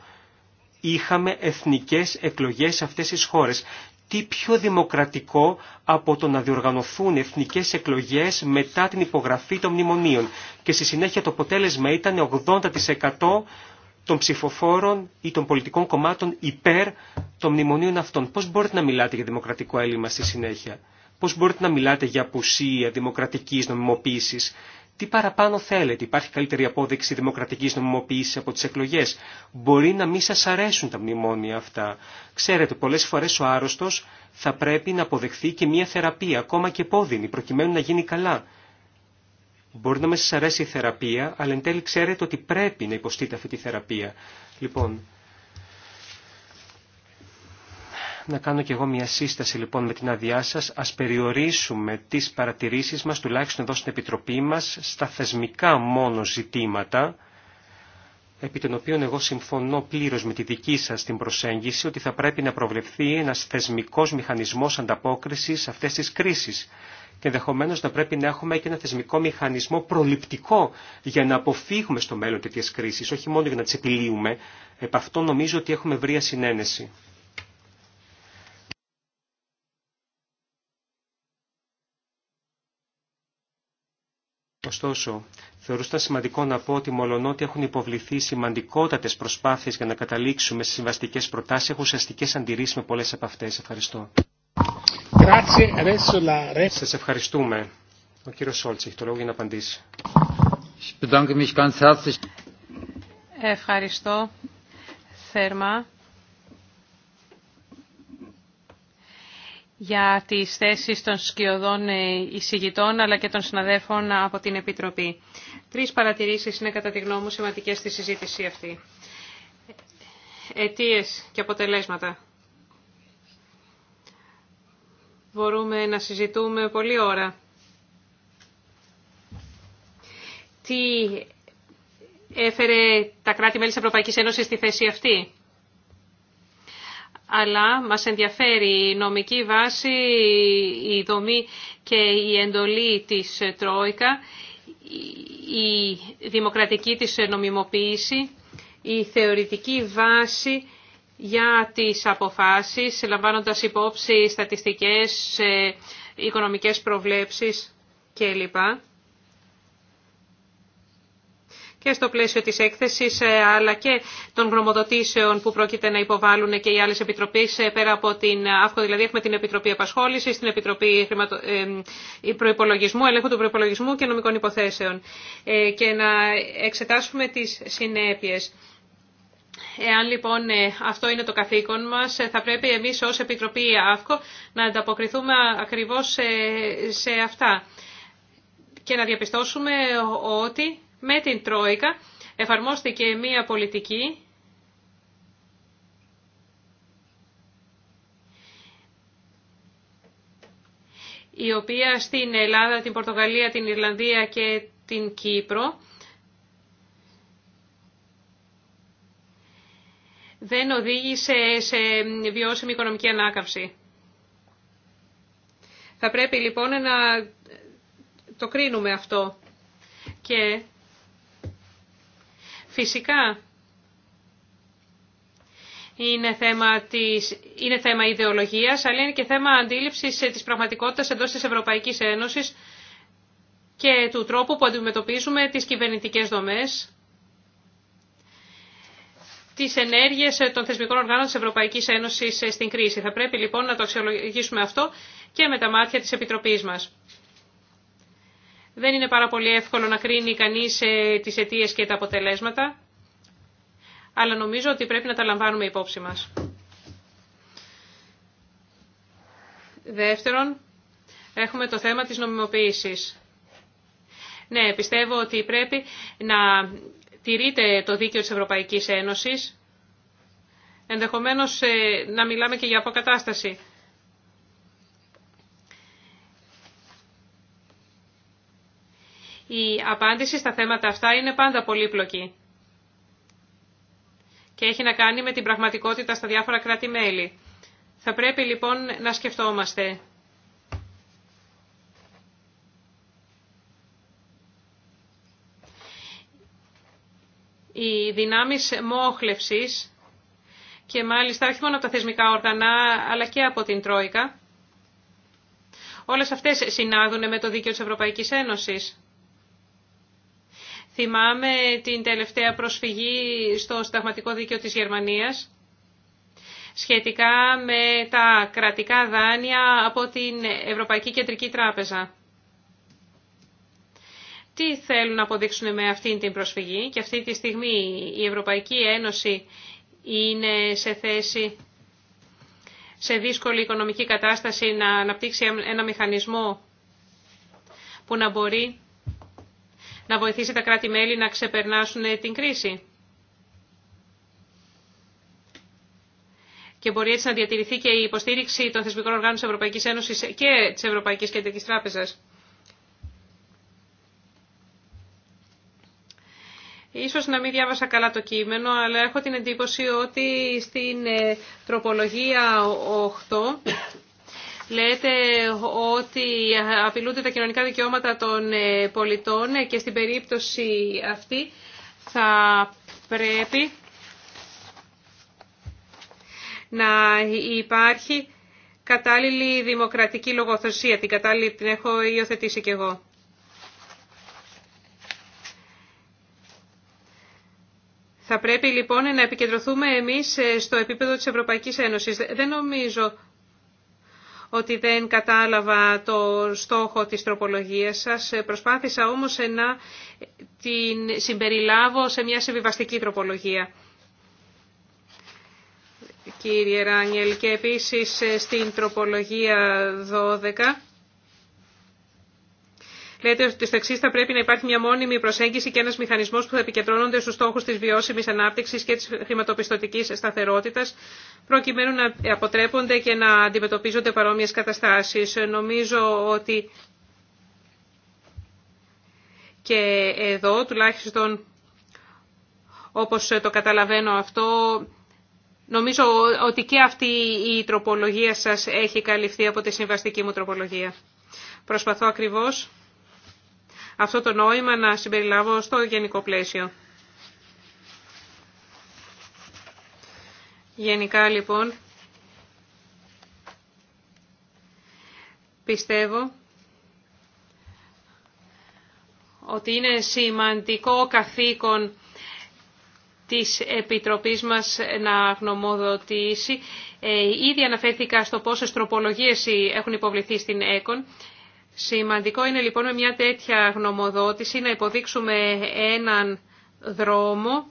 είχαμε εθνικές εκλογές σε αυτές τις χώρες τι πιο δημοκρατικό από το να διοργανωθούν εθνικές εκλογές μετά την υπογραφή των μνημονίων. Και στη συνέχεια το αποτέλεσμα ήταν 80% των ψηφοφόρων ή των πολιτικών κομμάτων υπέρ των μνημονίων αυτών. Πώς μπορείτε να μιλάτε για δημοκρατικό έλλειμμα στη συνέχεια. Πώς μπορείτε να μιλάτε για απουσία δημοκρατικής νομιμοποίησης. Τι παραπάνω θέλετε, υπάρχει καλύτερη απόδειξη δημοκρατικής νομιμοποίησης από τις εκλογές. Μπορεί να μην σας αρέσουν τα μνημόνια αυτά. Ξέρετε, πολλές φορές ο άρρωστος θα πρέπει να αποδεχθεί και μια θεραπεία, ακόμα και πόδινη, προκειμένου να γίνει καλά. Μπορεί να μην σας αρέσει η θεραπεία, αλλά εν τέλει ξέρετε ότι πρέπει να υποστείτε αυτή τη θεραπεία. Λοιπόν, Να κάνω κι εγώ μια σύσταση λοιπόν με την άδειά σα. Α περιορίσουμε τι παρατηρήσει μα, τουλάχιστον εδώ στην Επιτροπή μα, στα θεσμικά μόνο ζητήματα, επί των οποίων εγώ συμφωνώ πλήρω με τη δική σα την προσέγγιση ότι θα πρέπει να προβλεφθεί ένα θεσμικό μηχανισμό ανταπόκριση σε αυτέ τι κρίσει και ενδεχομένω να πρέπει να έχουμε και ένα θεσμικό μηχανισμό προληπτικό για να αποφύγουμε στο μέλλον τέτοιε κρίσει, όχι μόνο για να τι επιλύουμε. Επ' αυτό νομίζω ότι έχουμε βρει ασυνένεση. Ωστόσο, θεωρούσα σημαντικό να πω ότι μολονότι έχουν υποβληθεί σημαντικότατες προσπάθειες για να καταλήξουμε στι συμβαστικές προτάσεις, έχω ουσιαστικέ αντιρρήσεις με πολλές από αυτές. Ευχαριστώ. Σας ευχαριστούμε. Ο κύριος Σόλτ έχει το λόγο για να απαντήσει. Ευχαριστώ θερμά για τις θέσεις των σκιωδών ε, εισηγητών αλλά και των συναδέφων από την Επιτροπή. Τρεις παρατηρήσεις είναι κατά τη γνώμη μου σημαντικές στη συζήτηση αυτή. Αιτίες και αποτελέσματα. Μπορούμε να συζητούμε πολλή ώρα. Τι έφερε τα κράτη-μέλη της Ευρωπαϊκής Ένωσης στη θέση αυτή αλλά μας ενδιαφέρει η νομική βάση, η δομή και η εντολή της Τρόικα, η δημοκρατική της νομιμοποίηση, η θεωρητική βάση για τις αποφάσεις, λαμβάνοντας υπόψη στατιστικές, ε, οικονομικές προβλέψεις κλπ και στο πλαίσιο της έκθεσης ε, αλλά και των γνωμοδοτήσεων που πρόκειται να υποβάλουν και οι άλλες επιτροπές ε, πέρα από την ΑΦΚΟ, δηλαδή έχουμε την Επιτροπή Επασχόλησης, την Επιτροπή Χρηματο... Ε, Ελέγχου του Προϋπολογισμού και Νομικών Υποθέσεων και να εξετάσουμε τις συνέπειες. Εάν λοιπόν αυτό είναι το καθήκον μας, θα πρέπει εμείς ως Επιτροπή ΑΦΚΟ να ανταποκριθούμε ακριβώς σε αυτά και να διαπιστώσουμε ότι με την Τρόικα εφαρμόστηκε μία πολιτική η οποία στην Ελλάδα, την Πορτογαλία, την Ιρλανδία και την Κύπρο δεν οδήγησε σε βιώσιμη οικονομική ανάκαμψη. Θα πρέπει λοιπόν να το κρίνουμε αυτό. Και Φυσικά είναι θέμα, της, είναι θέμα ιδεολογίας, αλλά είναι και θέμα αντίληψης ε, της πραγματικότητας εντός της Ευρωπαϊκής Ένωσης και του τρόπου που αντιμετωπίζουμε τις κυβερνητικές δομές, τις ενέργειες ε, των θεσμικών οργάνων της Ευρωπαϊκής Ένωσης ε, στην κρίση. Θα πρέπει λοιπόν να το αξιολογήσουμε αυτό και με τα μάτια της Επιτροπής μας. Δεν είναι πάρα πολύ εύκολο να κρίνει κανείς ε, τις αιτίες και τα αποτελέσματα, αλλά νομίζω ότι πρέπει να τα λαμβάνουμε υπόψη μας. Δεύτερον, έχουμε το θέμα της νομιμοποίησης. Ναι, πιστεύω ότι πρέπει να τηρείται το δίκαιο της Ευρωπαϊκής Ένωσης, ενδεχομένως ε, να μιλάμε και για αποκατάσταση. Η απάντηση στα θέματα αυτά είναι πάντα πολύπλοκη και έχει να κάνει με την πραγματικότητα στα διάφορα κράτη-μέλη. Θα πρέπει λοιπόν να σκεφτόμαστε. Οι δυνάμεις μόχλευσης και μάλιστα όχι μόνο από τα θεσμικά όργανα αλλά και από την Τρόικα. Όλες αυτές συνάδουν με το δίκαιο της Ευρωπαϊκής Ένωσης. Θυμάμαι την τελευταία προσφυγή στο συνταγματικό δίκαιο της Γερμανίας σχετικά με τα κρατικά δάνεια από την Ευρωπαϊκή Κεντρική Τράπεζα. Τι θέλουν να αποδείξουν με αυτήν την προσφυγή και αυτή τη στιγμή η Ευρωπαϊκή Ένωση είναι σε θέση σε δύσκολη οικονομική κατάσταση να αναπτύξει ένα μηχανισμό που να μπορεί να βοηθήσει τα κράτη-μέλη να ξεπερνάσουν ε, την κρίση. Και μπορεί έτσι να διατηρηθεί και η υποστήριξη των θεσμικών οργάνων της Ευρωπαϊκής Ένωσης και της Ευρωπαϊκής Κεντρικής Τράπεζας. Ίσως να μην διάβασα καλά το κείμενο, αλλά έχω την εντύπωση ότι στην ε, τροπολογία 8 Λέτε ότι απειλούνται τα κοινωνικά δικαιώματα των ε, πολιτών ε, και στην περίπτωση αυτή θα πρέπει να υπάρχει κατάλληλη δημοκρατική λογοθεσία. Την κατάλληλη την έχω υιοθετήσει κι εγώ. Θα πρέπει λοιπόν να επικεντρωθούμε εμείς ε, στο επίπεδο της Ευρωπαϊκής Ένωσης. Δεν νομίζω ότι δεν κατάλαβα το στόχο της τροπολογίας σας. Ε, προσπάθησα όμως ε, να την συμπεριλάβω σε μια συμβιβαστική τροπολογία. Κύριε Ράνιελ, και επίσης ε, στην τροπολογία 12 λέτε ότι στο εξή θα πρέπει να υπάρχει μια μόνιμη προσέγγιση και ένα μηχανισμό που θα επικεντρώνονται στου στόχου τη βιώσιμη ανάπτυξη και τη χρηματοπιστωτική σταθερότητα, προκειμένου να αποτρέπονται και να αντιμετωπίζονται παρόμοιε καταστάσει. Νομίζω ότι και εδώ τουλάχιστον όπως το καταλαβαίνω αυτό, νομίζω ότι και αυτή η τροπολογία σας έχει καλυφθεί από τη συμβαστική μου τροπολογία. Προσπαθώ ακριβώς αυτό το νόημα να συμπεριλάβω στο γενικό πλαίσιο. Γενικά λοιπόν πιστεύω ότι είναι σημαντικό καθήκον της Επιτροπής μας να γνωμοδοτήσει. Ε, ήδη αναφέρθηκα στο πόσες τροπολογίες έχουν υποβληθεί στην ΕΚΟΝ Σημαντικό είναι λοιπόν με μια τέτοια γνωμοδότηση να υποδείξουμε έναν δρόμο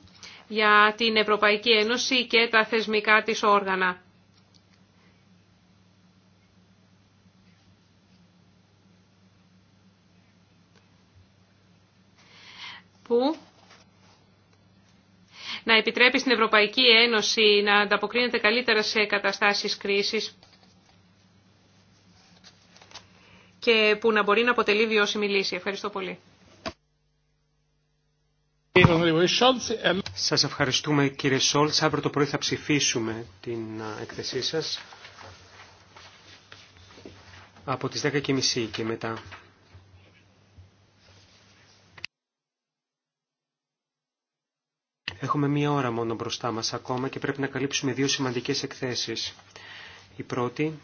για την Ευρωπαϊκή Ένωση και τα θεσμικά της όργανα. Που να επιτρέπει στην Ευρωπαϊκή Ένωση να ανταποκρίνεται καλύτερα σε καταστάσεις κρίσης και που να μπορεί να αποτελεί βιώσιμη λύση. Ευχαριστώ πολύ. Σας ευχαριστούμε κύριε Σόλτς. Αύριο το πρωί θα ψηφίσουμε την εκθεσή σας από τις 10.30 και μετά. Έχουμε μία ώρα μόνο μπροστά μας ακόμα και πρέπει να καλύψουμε δύο σημαντικές εκθέσεις. Η πρώτη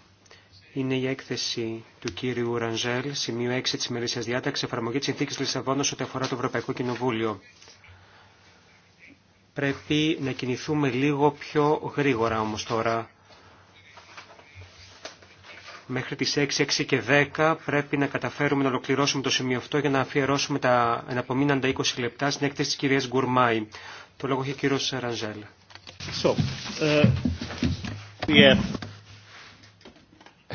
είναι η έκθεση του κύριου Ρανζέλ, σημείο 6 τη ημερήσια διάταξη, εφαρμογή της συνθήκης Λισαβόνα ό,τι αφορά το Ευρωπαϊκό Κοινοβούλιο. Πρέπει να κινηθούμε λίγο πιο γρήγορα όμως τώρα. Μέχρι τις 6, 6 και 10 πρέπει να καταφέρουμε να ολοκληρώσουμε το σημείο αυτό για να αφιερώσουμε τα εναπομείναντα 20 λεπτά στην έκθεση της κυρίας Γκουρμάη. Το λόγο έχει ο κύριος Ρανζέλ. So, uh,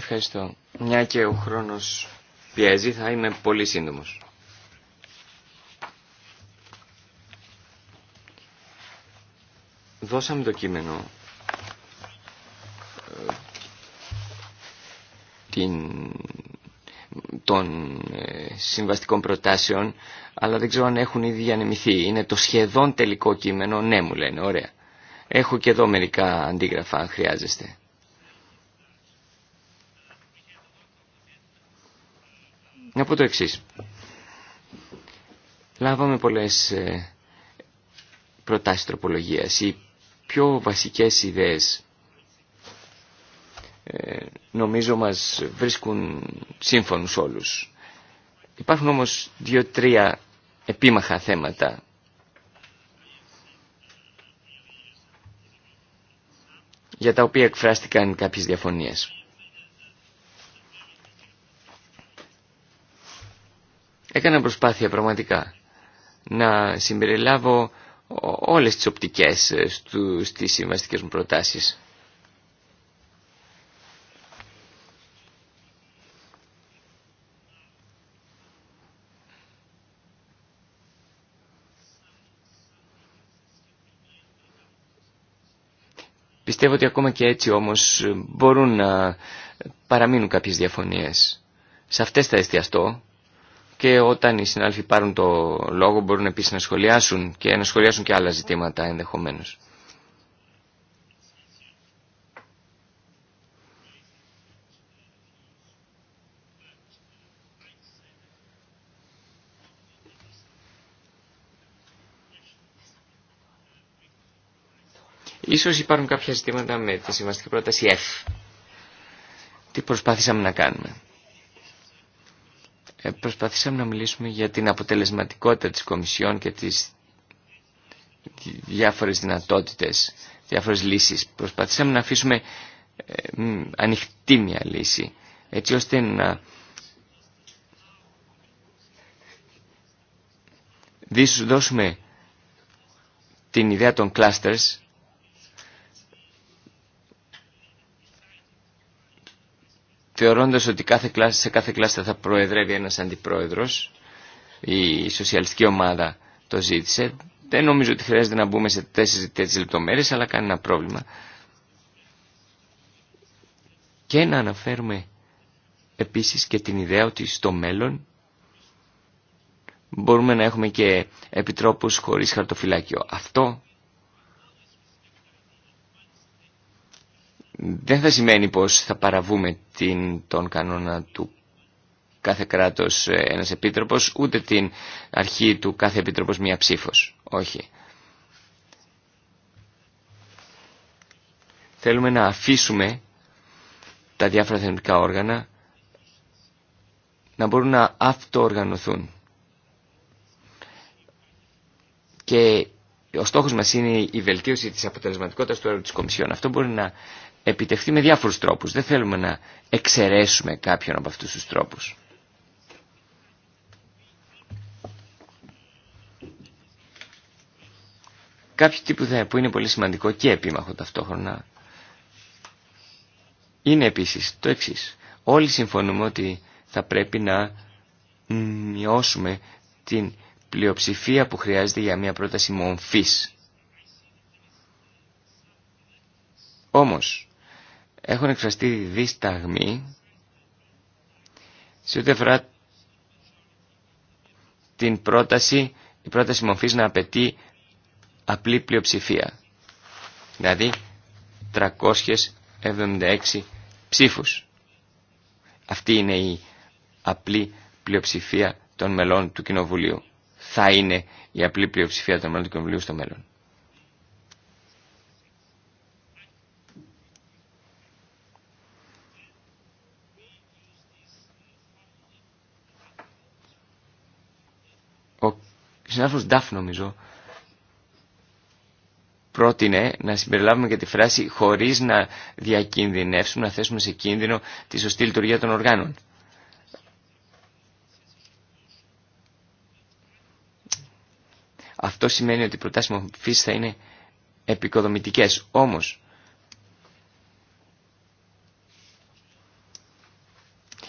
Ευχαριστώ. Μια και ο χρόνος πιέζει, θα είμαι πολύ σύντομος. Δώσαμε το κείμενο ε, των ε, συμβαστικών προτάσεων, αλλά δεν ξέρω αν έχουν ήδη διανεμηθεί. Είναι το σχεδόν τελικό κείμενο, ναι μου λένε, ωραία. Έχω και εδώ μερικά αντίγραφα αν χρειάζεστε. Να πω το εξής. Λάβαμε πολλές ε, προτάσεις τροπολογίας. Οι πιο βασικές ιδέες ε, νομίζω μας βρίσκουν σύμφωνους όλους. Υπάρχουν όμως δύο-τρία επίμαχα θέματα για τα οποία εκφράστηκαν κάποιες διαφωνίες. έκανα προσπάθεια πραγματικά να συμπεριλάβω όλες τις οπτικές ε, του στις συμβαστικές μου προτάσεις. Πιστεύω ότι ακόμα και έτσι όμως ε, μπορούν να παραμείνουν κάποιες διαφωνίες. Σε αυτές θα εστιαστώ και όταν οι συνάδελφοι πάρουν το λόγο μπορούν επίσης να σχολιάσουν και να σχολιάσουν και άλλα ζητήματα ενδεχομένως. Ίσως υπάρχουν κάποια ζητήματα με τη συμβαστική πρόταση F. Τι προσπάθησαμε να κάνουμε. Ε, προσπαθήσαμε να μιλήσουμε για την αποτελεσματικότητα της Κομισιόν και τις διάφορες δυνατότητες, διάφορες λύσεις. Προσπαθήσαμε να αφήσουμε ε, ανοιχτή μια λύση, έτσι ώστε να δώσουμε την ιδέα των clusters θεωρώντας ότι κάθε κλάση, σε κάθε κλάση θα προεδρεύει ένας αντιπρόεδρος, η σοσιαλιστική ομάδα το ζήτησε. Δεν νομίζω ότι χρειάζεται να μπούμε σε τέσσερις τέτοιες λεπτομέρειες, αλλά κάνει ένα πρόβλημα. Και να αναφέρουμε επίσης και την ιδέα ότι στο μέλλον μπορούμε να έχουμε και επιτρόπους χωρίς χαρτοφυλάκιο. Αυτό δεν θα σημαίνει πως θα παραβούμε την, τον κανόνα του κάθε κράτος ε, ένας επίτροπος, ούτε την αρχή του κάθε επίτροπος μία ψήφος. Όχι. Θέλουμε να αφήσουμε τα διάφορα θερμικά όργανα να μπορούν να αυτοοργανωθούν. Και ο στόχος μας είναι η βελτίωση της αποτελεσματικότητας του έργου της Κομισιόν. Αυτό μπορεί να επιτευχθεί με διάφορους τρόπους. Δεν θέλουμε να εξαιρέσουμε κάποιον από αυτούς τους τρόπους. Κάποιο τύπο που είναι πολύ σημαντικό και επίμαχο ταυτόχρονα είναι επίσης το εξής. Όλοι συμφωνούμε ότι θα πρέπει να μειώσουμε την πλειοψηφία που χρειάζεται για μια πρόταση μομφής. Όμως, έχουν εκφραστεί δισταγμοί σε ό,τι αφορά την πρόταση, η πρόταση μορφής να απαιτεί απλή πλειοψηφία. Δηλαδή 376 ψήφους. Αυτή είναι η απλή πλειοψηφία των μελών του Κοινοβουλίου. Θα είναι η απλή πλειοψηφία των μελών του Κοινοβουλίου στο μέλλον. Ο συνάδελφος Ντάφ νομίζω πρότεινε να συμπεριλάβουμε και τη φράση χωρίς να διακινδυνεύσουμε, να θέσουμε σε κίνδυνο τη σωστή λειτουργία των οργάνων. Αυτό σημαίνει ότι οι προτάσεις μορφής θα είναι επικοδομητικές. Όμως,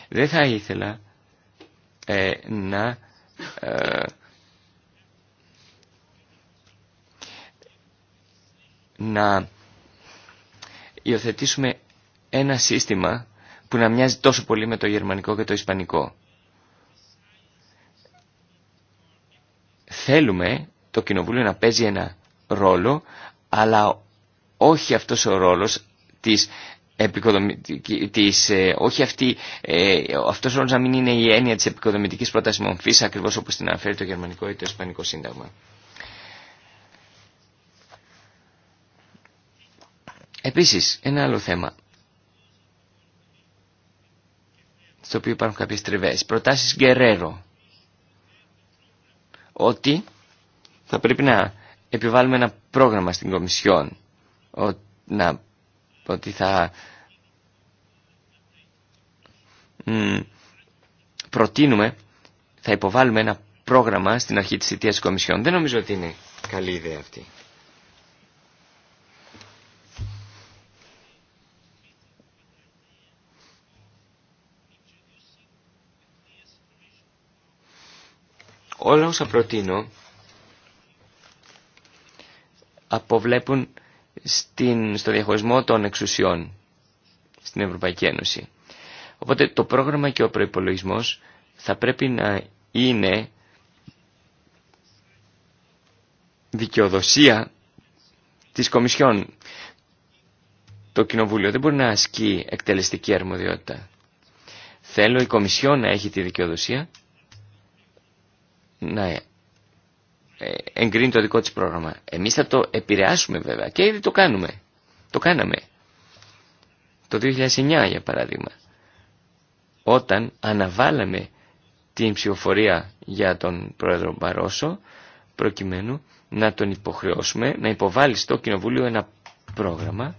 δεν θα ήθελα ε, να ε, να υιοθετήσουμε ένα σύστημα που να μοιάζει τόσο πολύ με το γερμανικό και το ισπανικό. Θέλουμε το κοινοβούλιο να παίζει ένα ρόλο, αλλά όχι αυτός ο ρόλος της της, ε, όχι αυτή, ε, αυτός ρόλος να μην είναι η έννοια της επικοδομητικής πρότασης μορφής ακριβώς όπως την αναφέρει το γερμανικό ή το ισπανικό σύνταγμα. Επίσης, ένα άλλο θέμα, στο οποίο υπάρχουν κάποιες τριβές, προτάσεις Γκερέρο, ότι θα πρέπει να επιβάλλουμε ένα πρόγραμμα στην Κομισιόν, ότι θα προτείνουμε, θα υποβάλουμε ένα πρόγραμμα στην αρχή της θητείας της Κομισιόν. Δεν νομίζω ότι είναι καλή ιδέα αυτή. Όλα όσα προτείνω αποβλέπουν στην, στο διαχωρισμό των εξουσιών στην Ευρωπαϊκή Ένωση. Οπότε το πρόγραμμα και ο προϋπολογισμός θα πρέπει να είναι δικαιοδοσία της Κομισιόν. Το Κοινοβούλιο δεν μπορεί να ασκεί εκτελεστική αρμοδιότητα. Θέλω η Κομισιόν να έχει τη δικαιοδοσία να ε, εγκρίνει το δικό της πρόγραμμα. Εμείς θα το επηρεάσουμε βέβαια και ήδη το κάνουμε. Το κάναμε. Το 2009 για παράδειγμα. Όταν αναβάλαμε την ψηφοφορία για τον πρόεδρο Μπαρόσο προκειμένου να τον υποχρεώσουμε να υποβάλει στο κοινοβούλιο ένα πρόγραμμα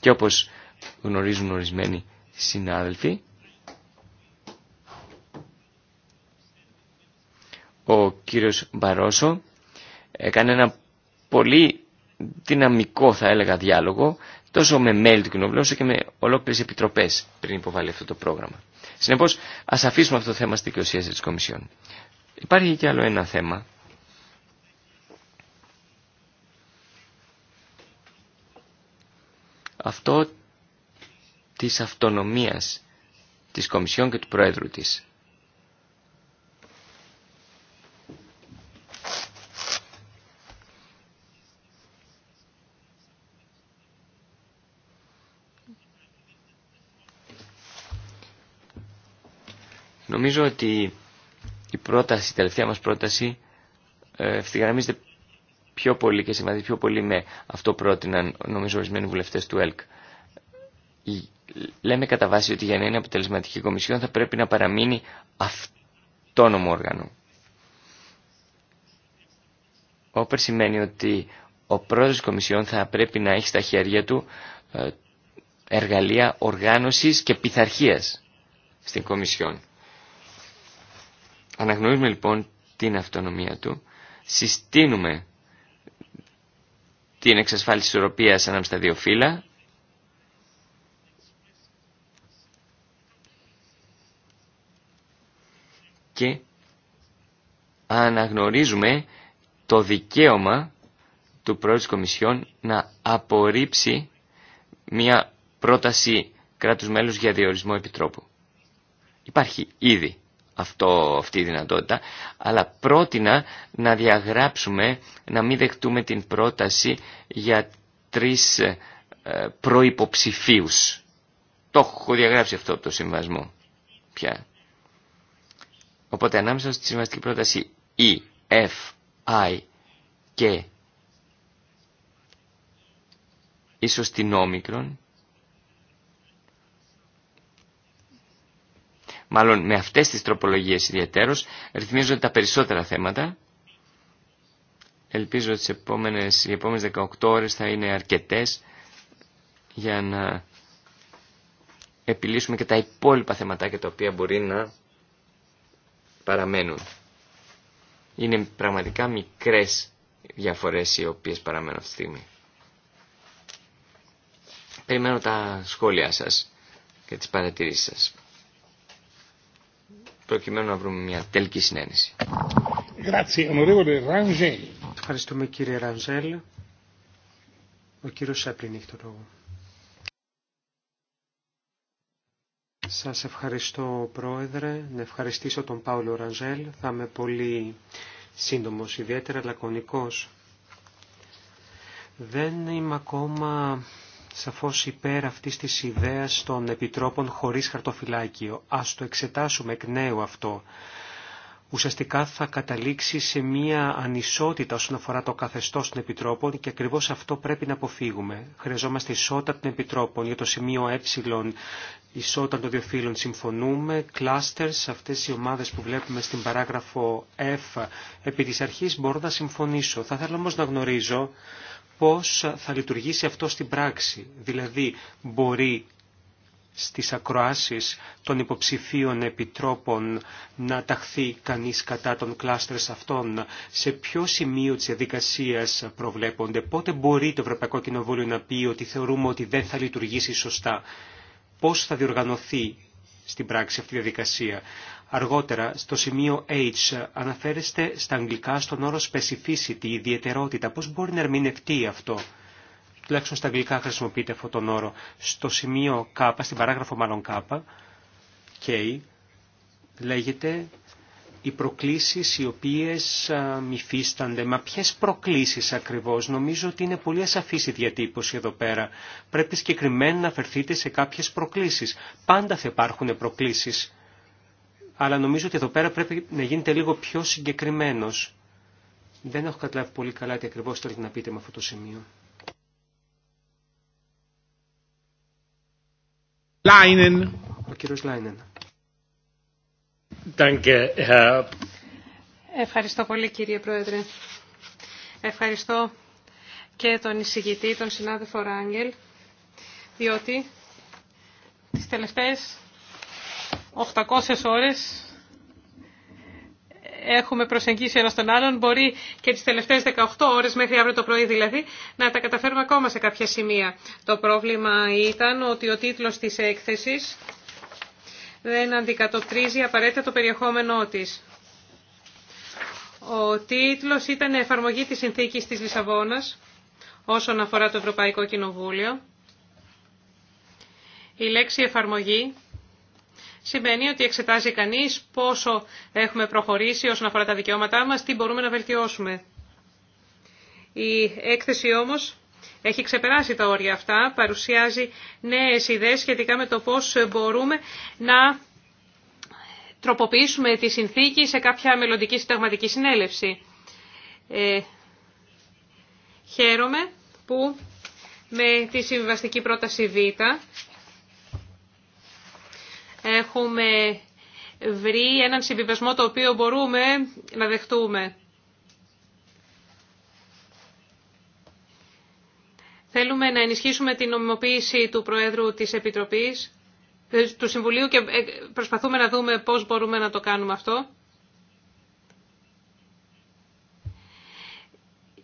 και όπως γνωρίζουν ορισμένοι συνάδελφοι ο κύριος Μπαρόσο έκανε ένα πολύ δυναμικό θα έλεγα διάλογο τόσο με μέλη του Κοινοβουλίου όσο και με ολόκληρες επιτροπές πριν υποβάλει αυτό το πρόγραμμα. Συνεπώς ας αφήσουμε αυτό το θέμα στη δικαιοσία της Κομισιόν. Υπάρχει και άλλο ένα θέμα αυτό της αυτονομίας της Κομισιόν και του Προέδρου της. Νομίζω ότι η πρόταση, τελευταία μας πρόταση ε, ευθυγραμμίζεται πιο πολύ και συμβαίνει πιο πολύ με αυτό πρότειναν νομίζω ορισμένοι βουλευτές του ΕΛΚ. Λέμε κατά βάση ότι για να είναι αποτελεσματική κομισιόν θα πρέπει να παραμείνει αυτόνομο όργανο. Όπερ σημαίνει ότι ο πρόεδρος της Κομισιόν θα πρέπει να έχει στα χέρια του ε, εργαλεία οργάνωσης και πειθαρχία στην Κομισιόν. Αναγνωρίζουμε λοιπόν την αυτονομία του, συστήνουμε την εξασφάλιση της ισορροπίας ανάμεσα στα δύο φύλλα, και αναγνωρίζουμε το δικαίωμα του Πρόεδρου της Κομισιόν να απορρίψει μια πρόταση κράτους μέλους για διορισμό επιτρόπου. Υπάρχει ήδη αυτό, αυτή η δυνατότητα, αλλά πρότεινα να διαγράψουμε, να μην δεχτούμε την πρόταση για τρεις ε, προϋποψηφίους. Το έχω διαγράψει αυτό το συμβασμό πια. Οπότε ανάμεσα στη συμβαστική πρόταση E, F, I και ίσως την όμικρον μάλλον με αυτές τις τροπολογίες ιδιαίτερως, ρυθμίζονται τα περισσότερα θέματα. Ελπίζω ότι οι επόμενες 18 ώρες θα είναι αρκετές για να επιλύσουμε και τα υπόλοιπα θεματάκια τα οποία μπορεί να παραμένουν. Είναι πραγματικά μικρές διαφορές οι οποίες παραμένουν αυτή τη στιγμή. Περιμένω τα σχόλια σας και τις παρατηρήσεις σας προκειμένου να βρούμε μια τελική συνένεση. Ευχαριστούμε κύριε Ραντζέλ. Ο κύριος Σέπλιν έχει το λόγο. Σας ευχαριστώ Πρόεδρε, να ευχαριστήσω τον Πάολο Ραντζέλ. Θα είμαι πολύ σύντομος, ιδιαίτερα λακωνικός. Δεν είμαι ακόμα σαφώς υπέρ αυτής της ιδέας των επιτρόπων χωρίς χαρτοφυλάκιο. Ας το εξετάσουμε εκ νέου αυτό. Ουσιαστικά θα καταλήξει σε μία ανισότητα όσον αφορά το καθεστώς των επιτρόπων και ακριβώς αυτό πρέπει να αποφύγουμε. Χρειαζόμαστε ισότητα των επιτρόπων για το σημείο ε, ισότητα των δύο Συμφωνούμε, clusters, αυτές οι ομάδες που βλέπουμε στην παράγραφο F, επί της αρχής μπορώ να συμφωνήσω. Θα θέλω όμως να γνωρίζω πώς θα λειτουργήσει αυτό στην πράξη. Δηλαδή, μπορεί στις ακροάσεις των υποψηφίων επιτρόπων να ταχθεί κανείς κατά των κλάστρες αυτών, σε ποιο σημείο της διαδικασία προβλέπονται, πότε μπορεί το Ευρωπαϊκό Κοινοβούλιο να πει ότι θεωρούμε ότι δεν θα λειτουργήσει σωστά, πώς θα διοργανωθεί στην πράξη αυτή η διαδικασία. Αργότερα, στο σημείο H, αναφέρεστε στα αγγλικά στον όρο specificity, ιδιαιτερότητα. Πώς μπορεί να ερμηνευτεί αυτό. Τουλάχιστον στα αγγλικά χρησιμοποιείτε αυτόν τον όρο. Στο σημείο K, στην παράγραφο μάλλον K, K, λέγεται οι προκλήσεις οι οποίες μυφίστανται. Μα ποιες προκλήσεις ακριβώς. Νομίζω ότι είναι πολύ ασαφής η διατύπωση εδώ πέρα. Πρέπει συγκεκριμένα να αφαιρθείτε σε κάποιες προκλήσεις. Πάντα θα υπάρχουν προκλήσεις αλλά νομίζω ότι εδώ πέρα πρέπει να γίνεται λίγο πιο συγκεκριμένο. Δεν έχω καταλάβει πολύ καλά τι ακριβώς θέλετε να πείτε με αυτό το σημείο. Λάινεν. Ο Λάινεν. Ευχαριστώ πολύ κύριε Πρόεδρε. Ευχαριστώ και τον εισηγητή, τον συνάδελφο Ράγκελ, διότι τις τελευταίες 800 ώρες έχουμε προσεγγίσει ένα τον άλλον, μπορεί και τις τελευταίες 18 ώρες μέχρι αύριο το πρωί δηλαδή, να τα καταφέρουμε ακόμα σε κάποια σημεία. Το πρόβλημα ήταν ότι ο τίτλος της έκθεσης δεν αντικατοπτρίζει απαραίτητα το περιεχόμενό της. Ο τίτλος ήταν «Εφαρμογή της συνθήκης της Λισαβόνας» όσον αφορά το Ευρωπαϊκό Κοινοβούλιο. Η λέξη «εφαρμογή» σημαίνει ότι εξετάζει κανείς πόσο έχουμε προχωρήσει όσον αφορά τα δικαιώματά μας, τι μπορούμε να βελτιώσουμε. Η έκθεση όμως έχει ξεπεράσει τα όρια αυτά, παρουσιάζει νέες ιδέες σχετικά με το πώς μπορούμε να τροποποιήσουμε τη συνθήκη σε κάποια μελλοντική συνταγματική συνέλευση. Ε, χαίρομαι που με τη συμβιβαστική πρόταση Β έχουμε βρει έναν συμβιβασμό το οποίο μπορούμε να δεχτούμε. Θέλουμε να ενισχύσουμε την νομιμοποίηση του Προέδρου της Επιτροπής, ε, του Συμβουλίου και ε, προσπαθούμε να δούμε πώς μπορούμε να το κάνουμε αυτό.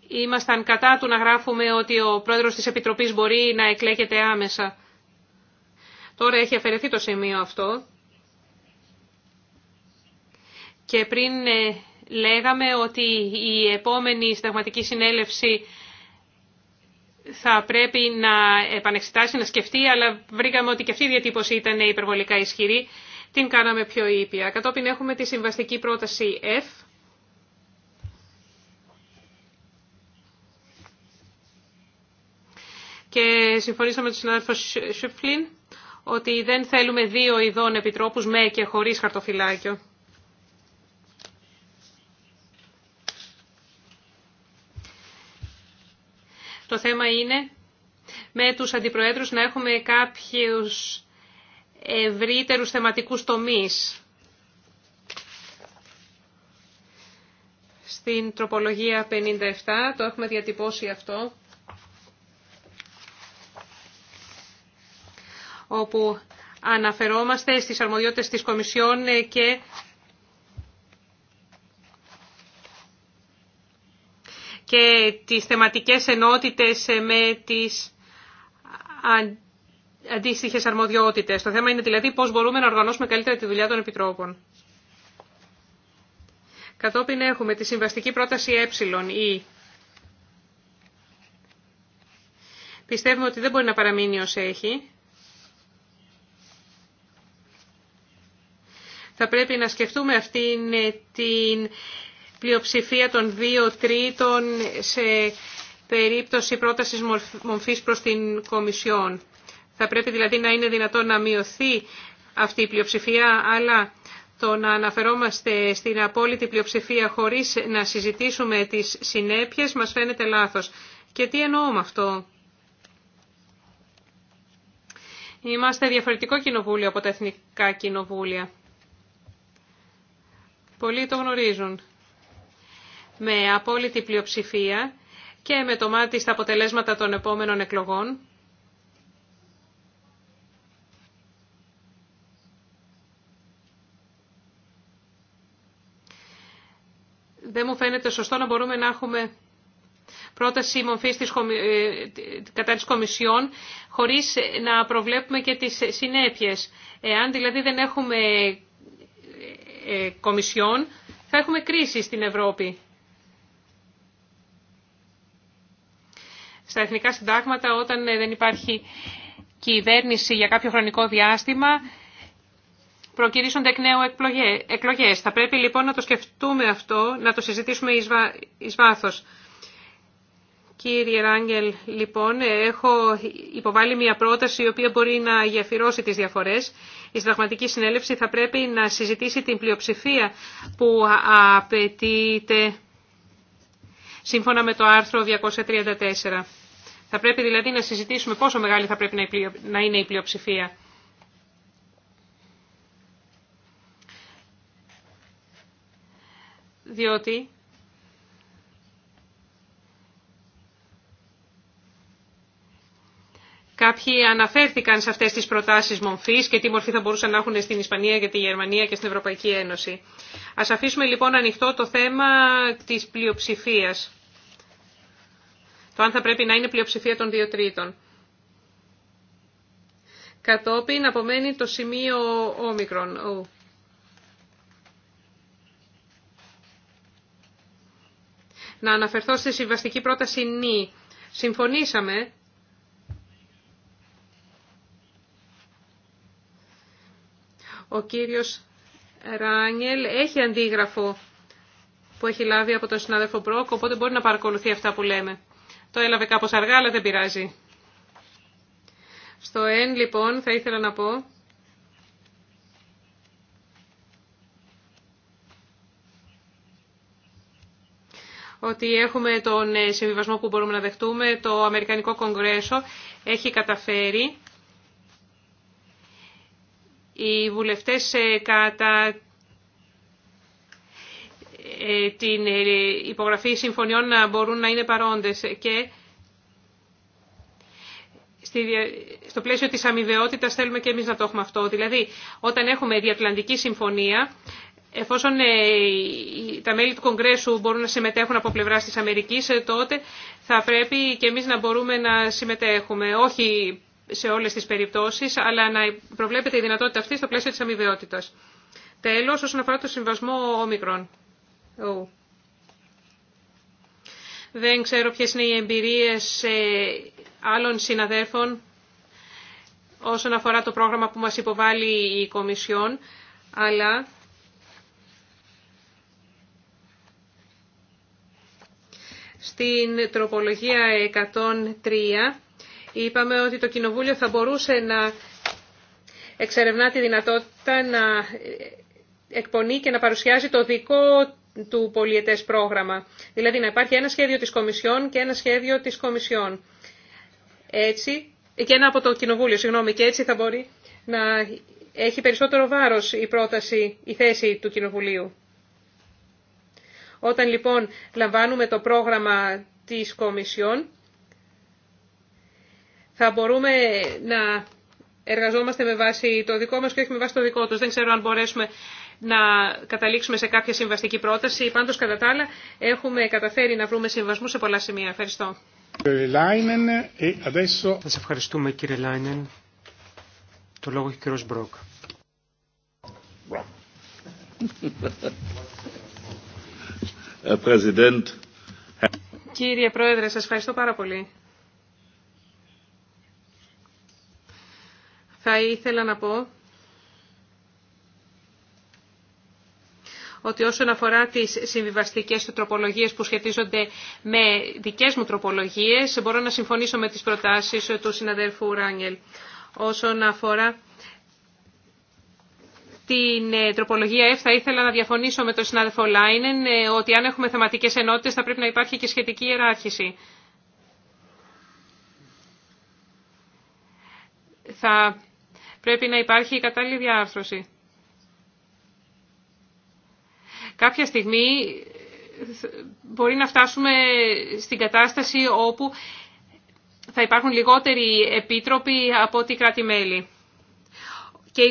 Ήμασταν κατά του να γράφουμε ότι ο Πρόεδρος της Επιτροπής μπορεί να εκλέγεται άμεσα. Τώρα έχει αφαιρεθεί το σημείο αυτό και πριν ε, λέγαμε ότι η επόμενη συνταγματική συνέλευση θα πρέπει να επανεξετάσει, να σκεφτεί, αλλά βρήκαμε ότι και αυτή η διατύπωση ήταν υπερβολικά ισχυρή. Την κάναμε πιο ήπια. Κατόπιν έχουμε τη συμβαστική πρόταση F. Και συμφωνήσαμε με τον συνάδελφο Σιουπφλίν ότι δεν θέλουμε δύο ειδών επιτρόπους με και χωρίς χαρτοφυλάκιο. Το θέμα είναι με τους αντιπροέδρους να έχουμε κάποιους ευρύτερους θεματικούς τομείς. Στην τροπολογία 57 το έχουμε διατυπώσει αυτό. όπου αναφερόμαστε στις αρμοδιότητες της Κομισιόν και και τις θεματικές ενότητες με τις αντίστοιχες αρμοδιότητες. Το θέμα είναι δηλαδή πώς μπορούμε να οργανώσουμε καλύτερα τη δουλειά των επιτρόπων. Κατόπιν έχουμε τη συμβαστική πρόταση ε ή πιστεύουμε ότι δεν μπορεί να παραμείνει ως έχει. θα πρέπει να σκεφτούμε αυτήν ε, την πλειοψηφία των δύο τρίτων σε περίπτωση πρότασης μορφής προς την Κομισιόν. Θα πρέπει δηλαδή να είναι δυνατόν να μειωθεί αυτή η πλειοψηφία, αλλά το να αναφερόμαστε στην απόλυτη πλειοψηφία χωρίς να συζητήσουμε τις συνέπειες μας φαίνεται λάθος. Και τι εννοώ με αυτό. Είμαστε διαφορετικό κοινοβούλιο από τα εθνικά κοινοβούλια. Πολλοί το γνωρίζουν. Με απόλυτη πλειοψηφία και με το μάτι στα αποτελέσματα των επόμενων εκλογών, δεν μου φαίνεται σωστό να μπορούμε να έχουμε πρόταση μορφής ε, κατά της Κομισιόν χωρίς να προβλέπουμε και τις συνέπειες. Εάν δηλαδή δεν έχουμε ε, κομισιόν θα έχουμε κρίση στην Ευρώπη. Στα εθνικά συντάγματα όταν ε, δεν υπάρχει κυβέρνηση για κάποιο χρονικό διάστημα προκυρήσονται εκ νέου εκλογές. Θα πρέπει λοιπόν να το σκεφτούμε αυτό, να το συζητήσουμε εις, βά Κύριε Ράγγελ, λοιπόν, ε, έχω υποβάλει μια πρόταση η οποία μπορεί να γεφυρώσει τις διαφορές η συνταγματική συνέλευση θα πρέπει να συζητήσει την πλειοψηφία που απαιτείται σύμφωνα με το άρθρο 234. Θα πρέπει δηλαδή να συζητήσουμε πόσο μεγάλη θα πρέπει να είναι η πλειοψηφία. Διότι Κάποιοι αναφέρθηκαν σε αυτές τις προτάσεις μορφής και τι μορφή θα μπορούσαν να έχουν στην Ισπανία και τη Γερμανία και στην Ευρωπαϊκή Ένωση. Ας αφήσουμε λοιπόν ανοιχτό το θέμα της πλειοψηφίας. Το αν θα πρέπει να είναι πλειοψηφία των δύο τρίτων. Κατόπιν απομένει το σημείο όμικρον. Να αναφερθώ στη συμβαστική πρόταση νη. Συμφωνήσαμε Ο κύριος Ράνιελ έχει αντίγραφο που έχει λάβει από τον συνάδελφο Μπρόκ, οπότε μπορεί να παρακολουθεί αυτά που λέμε. Το έλαβε κάπως αργά, αλλά δεν πειράζει. Στο εν, λοιπόν, θα ήθελα να πω... ότι έχουμε τον ε, συμβιβασμό που μπορούμε να δεχτούμε. Το Αμερικανικό Κογκρέσο έχει καταφέρει οι βουλευτές ε, κατά ε, την ε, υπογραφή συμφωνιών να μπορούν να είναι παρόντες και στο πλαίσιο της αμοιβαιότητας θέλουμε και εμείς να το έχουμε αυτό. Δηλαδή, όταν έχουμε διατλαντική συμφωνία, εφόσον τα μέλη του Κογκρέσου μπορούν να συμμετέχουν από πλευρά της Αμερικής, τότε θα πρέπει και εμείς να μπορούμε να συμμετέχουμε. Όχι σε όλες τις περιπτώσεις, αλλά να προβλέπεται η δυνατότητα αυτή στο πλαίσιο της αμοιβαιότητα. Τέλο, όσον αφορά το συμβασμό όμικρον. Δεν ξέρω ποιε είναι οι εμπειρίες ε, άλλων συναδέρφων όσον αφορά το πρόγραμμα που μας υποβάλλει η Κομισιόν, αλλά στην τροπολογία 103 Είπαμε ότι το Κοινοβούλιο θα μπορούσε να εξερευνά τη δυνατότητα να εκπονεί και να παρουσιάζει το δικό του πολιετές πρόγραμμα. Δηλαδή να υπάρχει ένα σχέδιο της Κομισιόν και ένα σχέδιο της Κομισιόν. Έτσι, και ένα από το Κοινοβούλιο, συγγνώμη, και έτσι θα μπορεί να έχει περισσότερο βάρος η πρόταση, η θέση του Κοινοβουλίου. Όταν λοιπόν λαμβάνουμε το πρόγραμμα της Κομισιόν, θα μπορούμε να εργαζόμαστε με βάση το δικό μας και όχι με βάση το δικό τους. Δεν ξέρω αν μπορέσουμε να καταλήξουμε σε κάποια συμβαστική πρόταση. Πάντως, κατά τα άλλα, έχουμε καταφέρει να βρούμε συμβασμού σε πολλά σημεία. Ευχαριστώ. Θα ε, σε ευχαριστούμε, κύριε Λάινεν. Το λόγο έχει ο κύριος Μπρόκ. Ε, κύριε Πρόεδρε, σας ευχαριστώ πάρα πολύ. Θα ήθελα να πω ότι όσον αφορά τις συμβιβαστικές τροπολογίες που σχετίζονται με δικές μου τροπολογίες, μπορώ να συμφωνήσω με τις προτάσεις του συναδέλφου Ράγγελ. Όσον αφορά την ε, τροπολογία F θα ήθελα να διαφωνήσω με τον συνάδελφο Λάινεν ε, ότι αν έχουμε θεματικές ενότητες θα πρέπει να υπάρχει και σχετική ιεράρχηση. Θα πρέπει να υπάρχει η κατάλληλη διάρθρωση. Κάποια στιγμή μπορεί να φτάσουμε στην κατάσταση όπου θα υπάρχουν λιγότεροι επίτροποι από ό,τι κράτη-μέλη. Και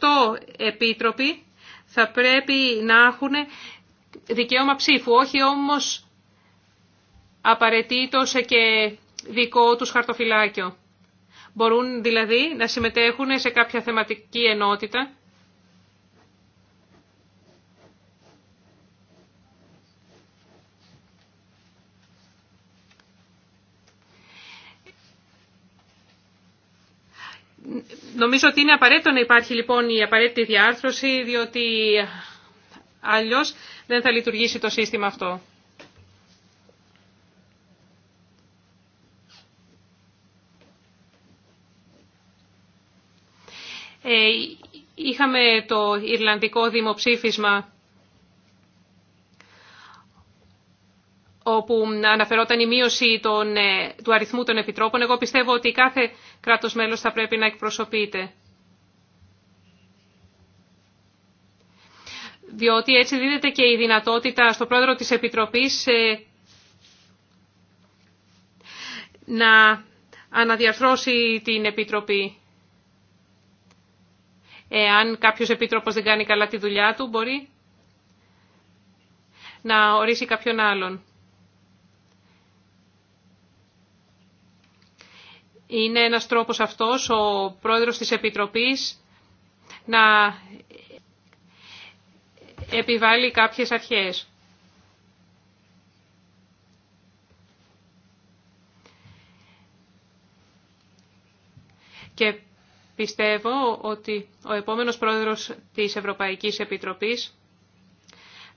28 επίτροποι θα πρέπει να έχουν δικαίωμα ψήφου, όχι όμως απαραίτητο και δικό τους χαρτοφυλάκιο. Μπορούν δηλαδή να συμμετέχουν σε κάποια θεματική ενότητα. Νομίζω ότι είναι απαραίτητο να υπάρχει λοιπόν η απαραίτητη διάρθρωση, διότι αλλιώς δεν θα λειτουργήσει το σύστημα αυτό. Ε, είχαμε το Ιρλανδικό δημοψήφισμα όπου αναφερόταν η μείωση ε, του αριθμού των επιτρόπων. Εγώ πιστεύω ότι κάθε κράτος μέλος θα πρέπει να εκπροσωπείται. Διότι έτσι δίδεται και η δυνατότητα στο πρόεδρο της Επιτροπής ε, να αναδιαρθρώσει την Επιτροπή εάν κάποιος επίτροπος δεν κάνει καλά τη δουλειά του, μπορεί να ορίσει κάποιον άλλον. Είναι ένας τρόπος αυτός ο πρόεδρος της Επιτροπής να επιβάλλει κάποιες αρχές. Και Πιστεύω ότι ο επόμενος πρόεδρος της Ευρωπαϊκής Επιτροπής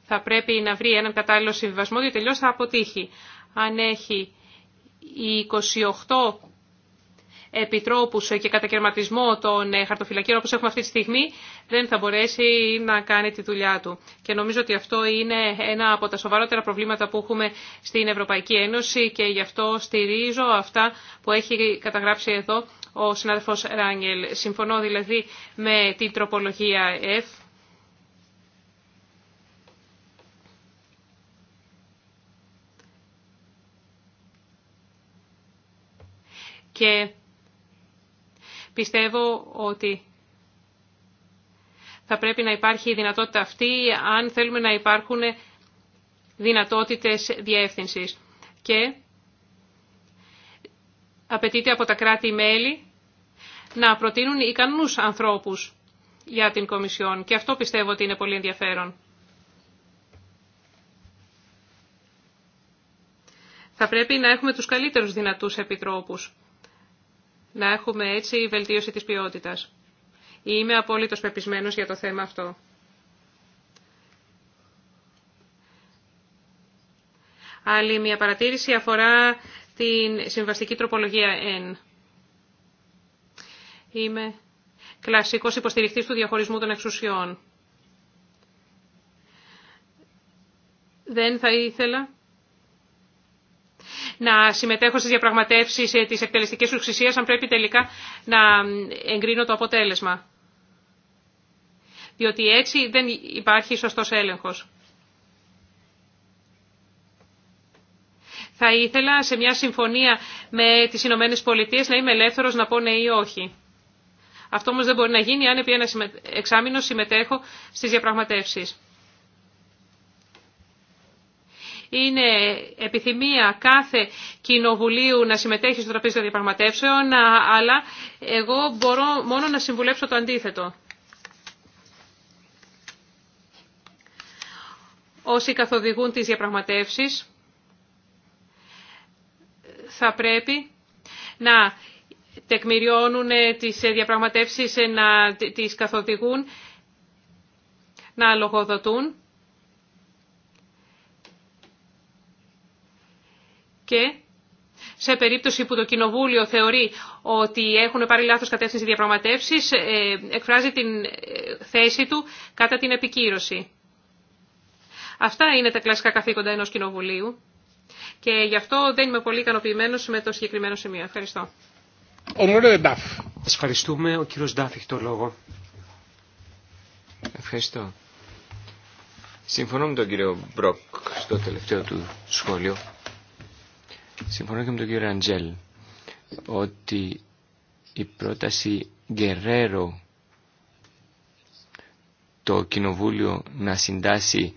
θα πρέπει να βρει έναν κατάλληλο συμβιβασμό, διότι τελειώς θα αποτύχει. Αν έχει οι 28 επιτρόπους και κατακαιρματισμό των ε, χαρτοφυλακίων όπως έχουμε αυτή τη στιγμή, δεν θα μπορέσει να κάνει τη δουλειά του. Και νομίζω ότι αυτό είναι ένα από τα σοβαρότερα προβλήματα που έχουμε στην Ευρωπαϊκή Ένωση και γι' αυτό στηρίζω αυτά που έχει καταγράψει εδώ ο συνάδελφος Ράγγελ. Συμφωνώ δηλαδή με την τροπολογία F. Και Πιστεύω ότι θα πρέπει να υπάρχει η δυνατότητα αυτή αν θέλουμε να υπάρχουν δυνατότητες διεύθυνσης. Και απαιτείται από τα κράτη-μέλη να προτείνουν ικανούς ανθρώπους για την Κομισιόν. Και αυτό πιστεύω ότι είναι πολύ ενδιαφέρον. Θα πρέπει να έχουμε τους καλύτερους δυνατούς επιτρόπους να έχουμε έτσι η βελτίωση της ποιότητας. Είμαι απόλυτος πεπισμένος για το θέμα αυτό. Άλλη μια παρατήρηση αφορά την συμβαστική τροπολογία N. Είμαι κλασικός υποστηριχτής του διαχωρισμού των εξουσιών. Δεν θα ήθελα να συμμετέχω στι διαπραγματεύσει ε, τη εκτελεστική ουσίας αν πρέπει τελικά να εγκρίνω το αποτέλεσμα. Διότι έτσι δεν υπάρχει σωστό έλεγχος. Θα ήθελα σε μια συμφωνία με τις Ηνωμένε Πολιτείε να είμαι ελεύθερος να πω ναι ή όχι. Αυτό όμως δεν μπορεί να γίνει αν επί ένα εξάμεινο συμμετέχω στις διαπραγματεύσεις είναι επιθυμία κάθε κοινοβουλίου να συμμετέχει στο τραπέζι των διαπραγματεύσεων, αλλά εγώ μπορώ μόνο να συμβουλέψω το αντίθετο. Όσοι καθοδηγούν τις διαπραγματεύσεις θα πρέπει να τεκμηριώνουν τις διαπραγματεύσεις, να τις καθοδηγούν, να λογοδοτούν και σε περίπτωση που το Κοινοβούλιο θεωρεί ότι έχουν πάρει λάθος κατεύθυνση διαπραγματεύσεις, ε, εκφράζει την ε, θέση του κατά την επικύρωση. Αυτά είναι τα κλασικά καθήκοντα ενός Κοινοβουλίου και γι' αυτό δεν είμαι πολύ ικανοποιημένος με το συγκεκριμένο σημείο. Ευχαριστώ. Ευχαριστούμε. Ο κύριος Ντάφ έχει το λόγο. Ευχαριστώ. Συμφωνώ με τον κύριο Μπροκ στο τελευταίο του σχόλιο. Συμφωνώ και με τον κύριο Αντζέλ ότι η πρόταση Γκερέρο το Κοινοβούλιο να συντάσει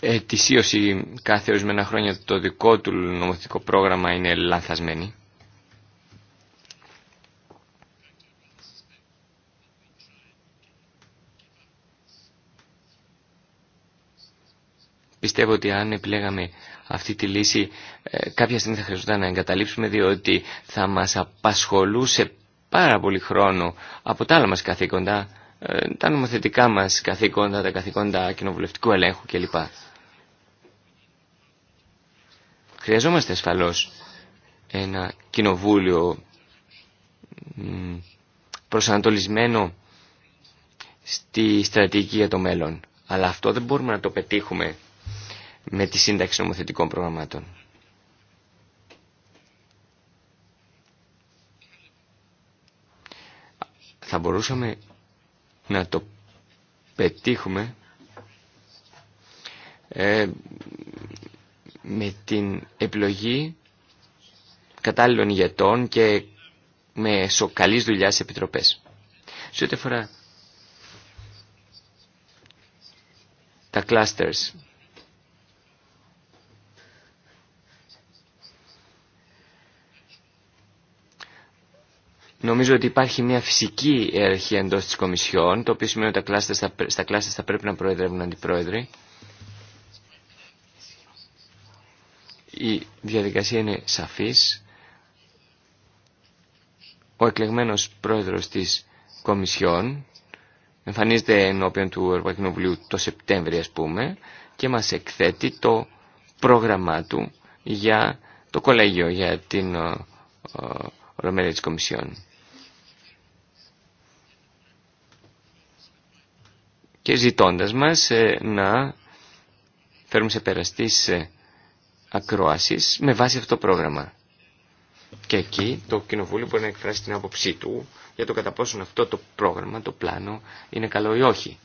ετησίωση κάθε ορισμένα χρόνια το δικό του νομοθετικό πρόγραμμα είναι λανθασμένη. Πιστεύω ότι αν επιλέγαμε αυτή τη λύση ε, κάποια στιγμή θα χρειαζόταν να εγκαταλείψουμε διότι θα μας απασχολούσε πάρα πολύ χρόνο από τα άλλα μας καθήκοντα, ε, τα νομοθετικά μας καθήκοντα, τα καθήκοντα κοινοβουλευτικού ελέγχου κλπ. Χρειαζόμαστε ασφαλώς ένα κοινοβούλιο προσανατολισμένο στη στρατηγική για το μέλλον. Αλλά αυτό δεν μπορούμε να το πετύχουμε με τη σύνταξη νομοθετικών προγραμμάτων. Θα μπορούσαμε να το πετύχουμε ε, με την επιλογή κατάλληλων ηγετών και με σοκαλής δουλειά σε επιτροπές. Σε ό,τι αφορά τα clusters, Νομίζω ότι υπάρχει μια φυσική ιεραρχία εντό τη Κομισιόν, το οποίο σημαίνει ότι στα κλάστα θα πρέπει να προεδρεύουν αντιπρόεδροι. Η διαδικασία είναι σαφής. Ο εκλεγμένος πρόεδρος της Κομισιόν εμφανίζεται ενώπιον του Ευρωπαϊκού Κοινοβουλίου το Σεπτέμβριο ας πούμε και μας εκθέτει το πρόγραμμά του για το κολέγιο, για την ε, ε, ο, της Κομισιόν. και ζητώντας μας ε, να φέρουμε σε περαστής ε, ακροάσεις με βάση αυτό το πρόγραμμα. Και εκεί το Κοινοβούλιο μπορεί να εκφράσει την άποψή του για το κατά πόσον αυτό το πρόγραμμα, το πλάνο είναι καλό ή όχι.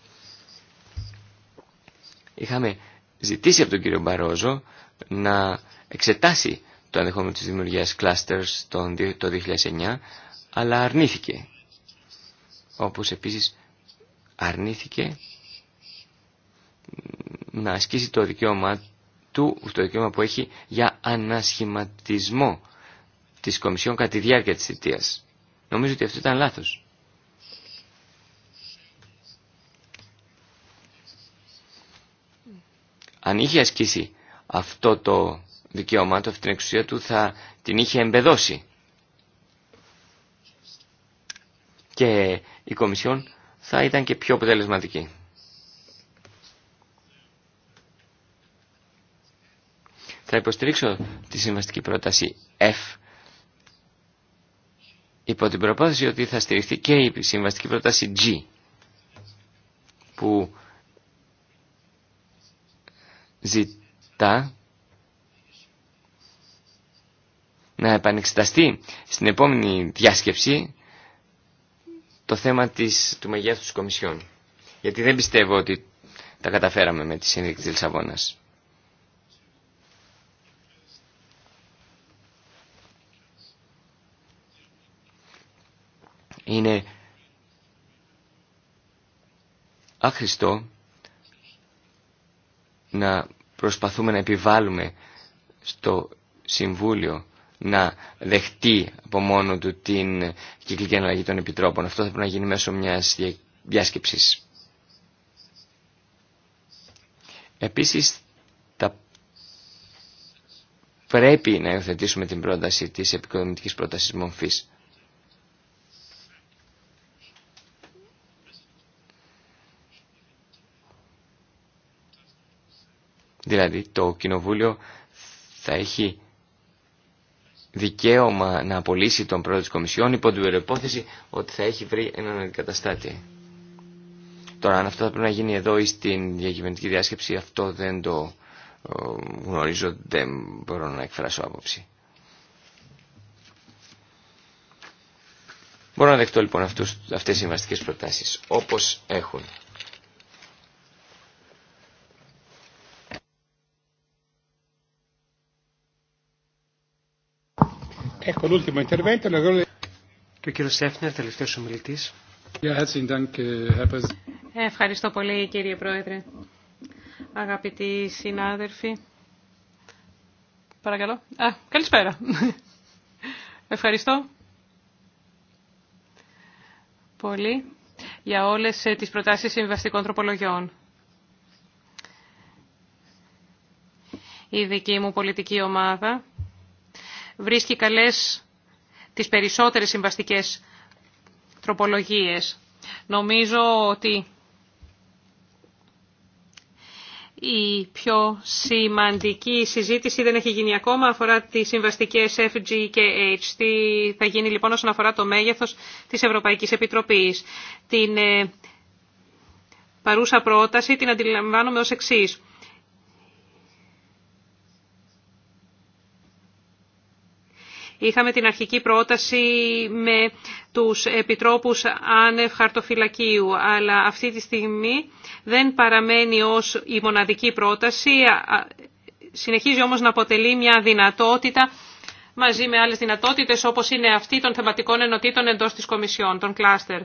Είχαμε ζητήσει από τον κύριο Μπαρόζο να εξετάσει το ανεχόμενο της δημιουργίας clusters το 2009, αλλά αρνήθηκε. Όπως επίσης αρνήθηκε να ασκήσει το δικαίωμα του, το δικαίωμα που έχει για ανασχηματισμό της Κομισιόν κατά τη διάρκεια της θητείας. Νομίζω ότι αυτό ήταν λάθος. Αν είχε ασκήσει αυτό το δικαίωμά του, αυτή την εξουσία του, θα την είχε εμπεδώσει. Και η Κομισιόν θα ήταν και πιο αποτελεσματική. Θα υποστηρίξω τη συμβαστική πρόταση F υπό την προπόθεση ότι θα στηριχθεί και η συμβαστική πρόταση G που ζητά να επανεξεταστεί στην επόμενη διάσκεψη το θέμα της, του μεγέθους της Κομισιόν. Γιατί δεν πιστεύω ότι τα καταφέραμε με τη σύνδεξη της Λισαβόνας. Είναι άχρηστο να προσπαθούμε να επιβάλλουμε στο Συμβούλιο να δεχτεί από μόνο του την κυκλική αναλλαγή των επιτρόπων. Αυτό θα πρέπει να γίνει μέσω μιας διάσκεψης. Επίσης, θα πρέπει να υιοθετήσουμε την πρόταση της επικοδομητικής πρότασης μορφής. Δηλαδή, το Κοινοβούλιο θα έχει δικαίωμα να απολύσει τον πρόεδρο της Κομισιόν υπό την προπόθεση ότι θα έχει βρει έναν αντικαταστάτη. Τώρα, αν αυτό θα πρέπει να γίνει εδώ ή στην διακυβερνητική διάσκεψη, αυτό δεν το ε, γνωρίζω, δεν μπορώ να εκφράσω άποψη. Μπορώ να δεχτώ λοιπόν αυτούς, αυτές οι συμβαστικές προτάσεις, όπως έχουν. Και ο κύριος Σέφνερ, τελευταίος ομιλητής. Eh, ε, ευχαριστώ πολύ κύριε Πρόεδρε. Αγαπητοί συνάδελφοι. Παρακαλώ. Α, καλησπέρα. Ευχαριστώ πολύ για όλες ε, τις προτάσεις συμβαστικών τροπολογιών. Η δική μου πολιτική ομάδα βρίσκει καλές τις περισσότερες συμβαστικές τροπολογίες. Νομίζω ότι η πιο σημαντική συζήτηση δεν έχει γίνει ακόμα, αφορά τις συμβαστικές FG και H. Τι θα γίνει λοιπόν όσον αφορά το μέγεθος της Ευρωπαϊκής Επιτροπής. Την ε, παρούσα πρόταση την αντιλαμβάνομαι ως εξής. Είχαμε την αρχική πρόταση με τους επιτρόπους άνευ χαρτοφυλακίου, αλλά αυτή τη στιγμή δεν παραμένει ως η μοναδική πρόταση, συνεχίζει όμως να αποτελεί μια δυνατότητα μαζί με άλλες δυνατότητες όπως είναι αυτή των θεματικών ενωτήτων εντός της Κομισιόν, των κλάστερ.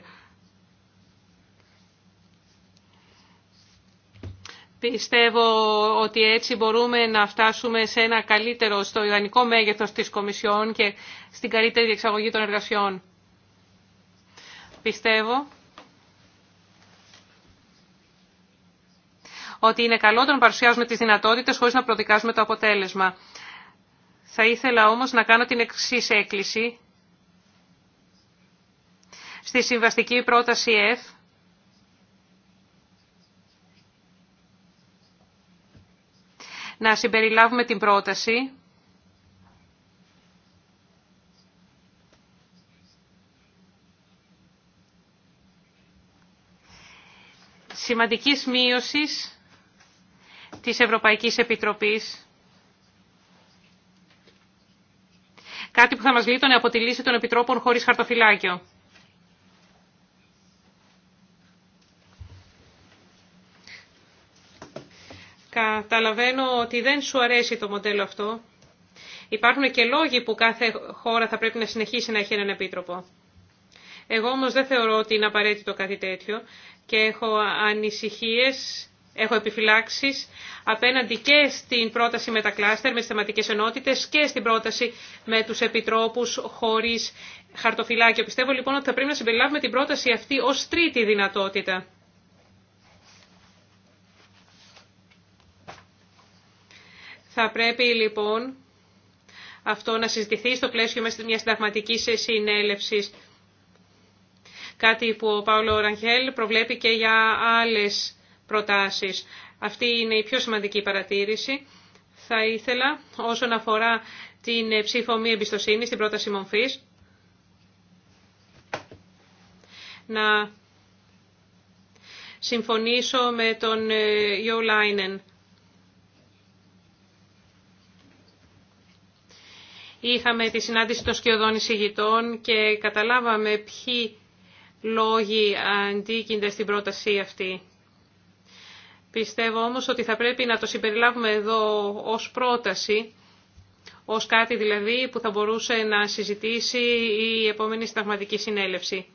Πιστεύω ότι έτσι μπορούμε να φτάσουμε σε ένα καλύτερο, στο ιδανικό μέγεθος της Κομισιόν και στην καλύτερη διεξαγωγή των εργασιών. Πιστεύω ότι είναι καλό να παρουσιάζουμε τις δυνατότητες χωρίς να προδικάζουμε το αποτέλεσμα. Θα ήθελα όμως να κάνω την εξή έκκληση. Στη συμβαστική πρόταση F να συμπεριλάβουμε την πρόταση σημαντικής μείωσης της Ευρωπαϊκής Επιτροπής. Κάτι που θα μας λείτωνε από τη λύση των Επιτρόπων χωρίς χαρτοφυλάκιο. Καταλαβαίνω ότι δεν σου αρέσει το μοντέλο αυτό. Υπάρχουν και λόγοι που κάθε χώρα θα πρέπει να συνεχίσει να έχει έναν επίτροπο. Εγώ όμως δεν θεωρώ ότι είναι απαραίτητο κάτι τέτοιο και έχω ανησυχίες, έχω επιφυλάξεις απέναντι και στην πρόταση με τα κλάστερ, με τις θεματικές ενότητες και στην πρόταση με τους επιτρόπους χωρίς χαρτοφυλάκιο. Πιστεύω λοιπόν ότι θα πρέπει να συμπεριλάβουμε την πρόταση αυτή ως τρίτη δυνατότητα. Θα πρέπει λοιπόν αυτό να συζητηθεί στο πλαίσιο μιας μια συνταγματική συνέλευση. Κάτι που ο Παύλο Ραγχέλ προβλέπει και για άλλες προτάσεις. Αυτή είναι η πιο σημαντική παρατήρηση. Θα ήθελα όσον αφορά την ψήφο μη εμπιστοσύνη στην πρόταση μορφή να συμφωνήσω με τον ε, Λάινεν. Είχαμε τη συνάντηση των σκιωδών εισηγητών και καταλάβαμε ποιοι λόγοι αντίκυνται στην πρόταση αυτή. Πιστεύω όμως ότι θα πρέπει να το συμπεριλάβουμε εδώ ως πρόταση, ως κάτι δηλαδή που θα μπορούσε να συζητήσει η επόμενη συνταγματική συνέλευση.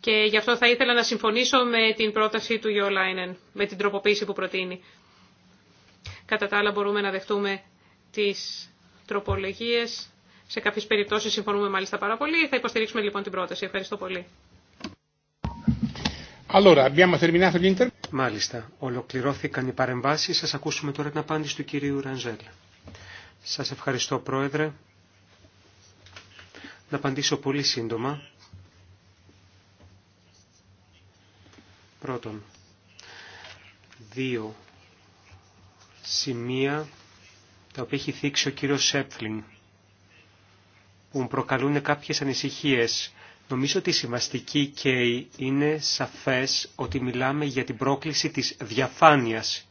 Και γι' αυτό θα ήθελα να συμφωνήσω με την πρόταση του Γιώλαϊνεν, με την τροποποίηση που προτείνει. Κατά τα άλλα μπορούμε να δεχτούμε τις τροπολογίες. Σε κάποιες περιπτώσεις συμφωνούμε μάλιστα πάρα πολύ. Θα υποστηρίξουμε λοιπόν την πρόταση. Ευχαριστώ πολύ. Μάλιστα, ολοκληρώθηκαν οι παρεμβάσεις. Σας ακούσουμε τώρα την απάντηση του κυρίου Ρανζέλ. Σας ευχαριστώ πρόεδρε. Να απαντήσω πολύ σύντομα. Πρώτον, δύο σημεία τα οποία έχει θίξει ο κύριος Σέπφλιν που μου προκαλούν κάποιες ανησυχίες. Νομίζω ότι η σημαστική και είναι σαφές ότι μιλάμε για την πρόκληση της διαφάνειας.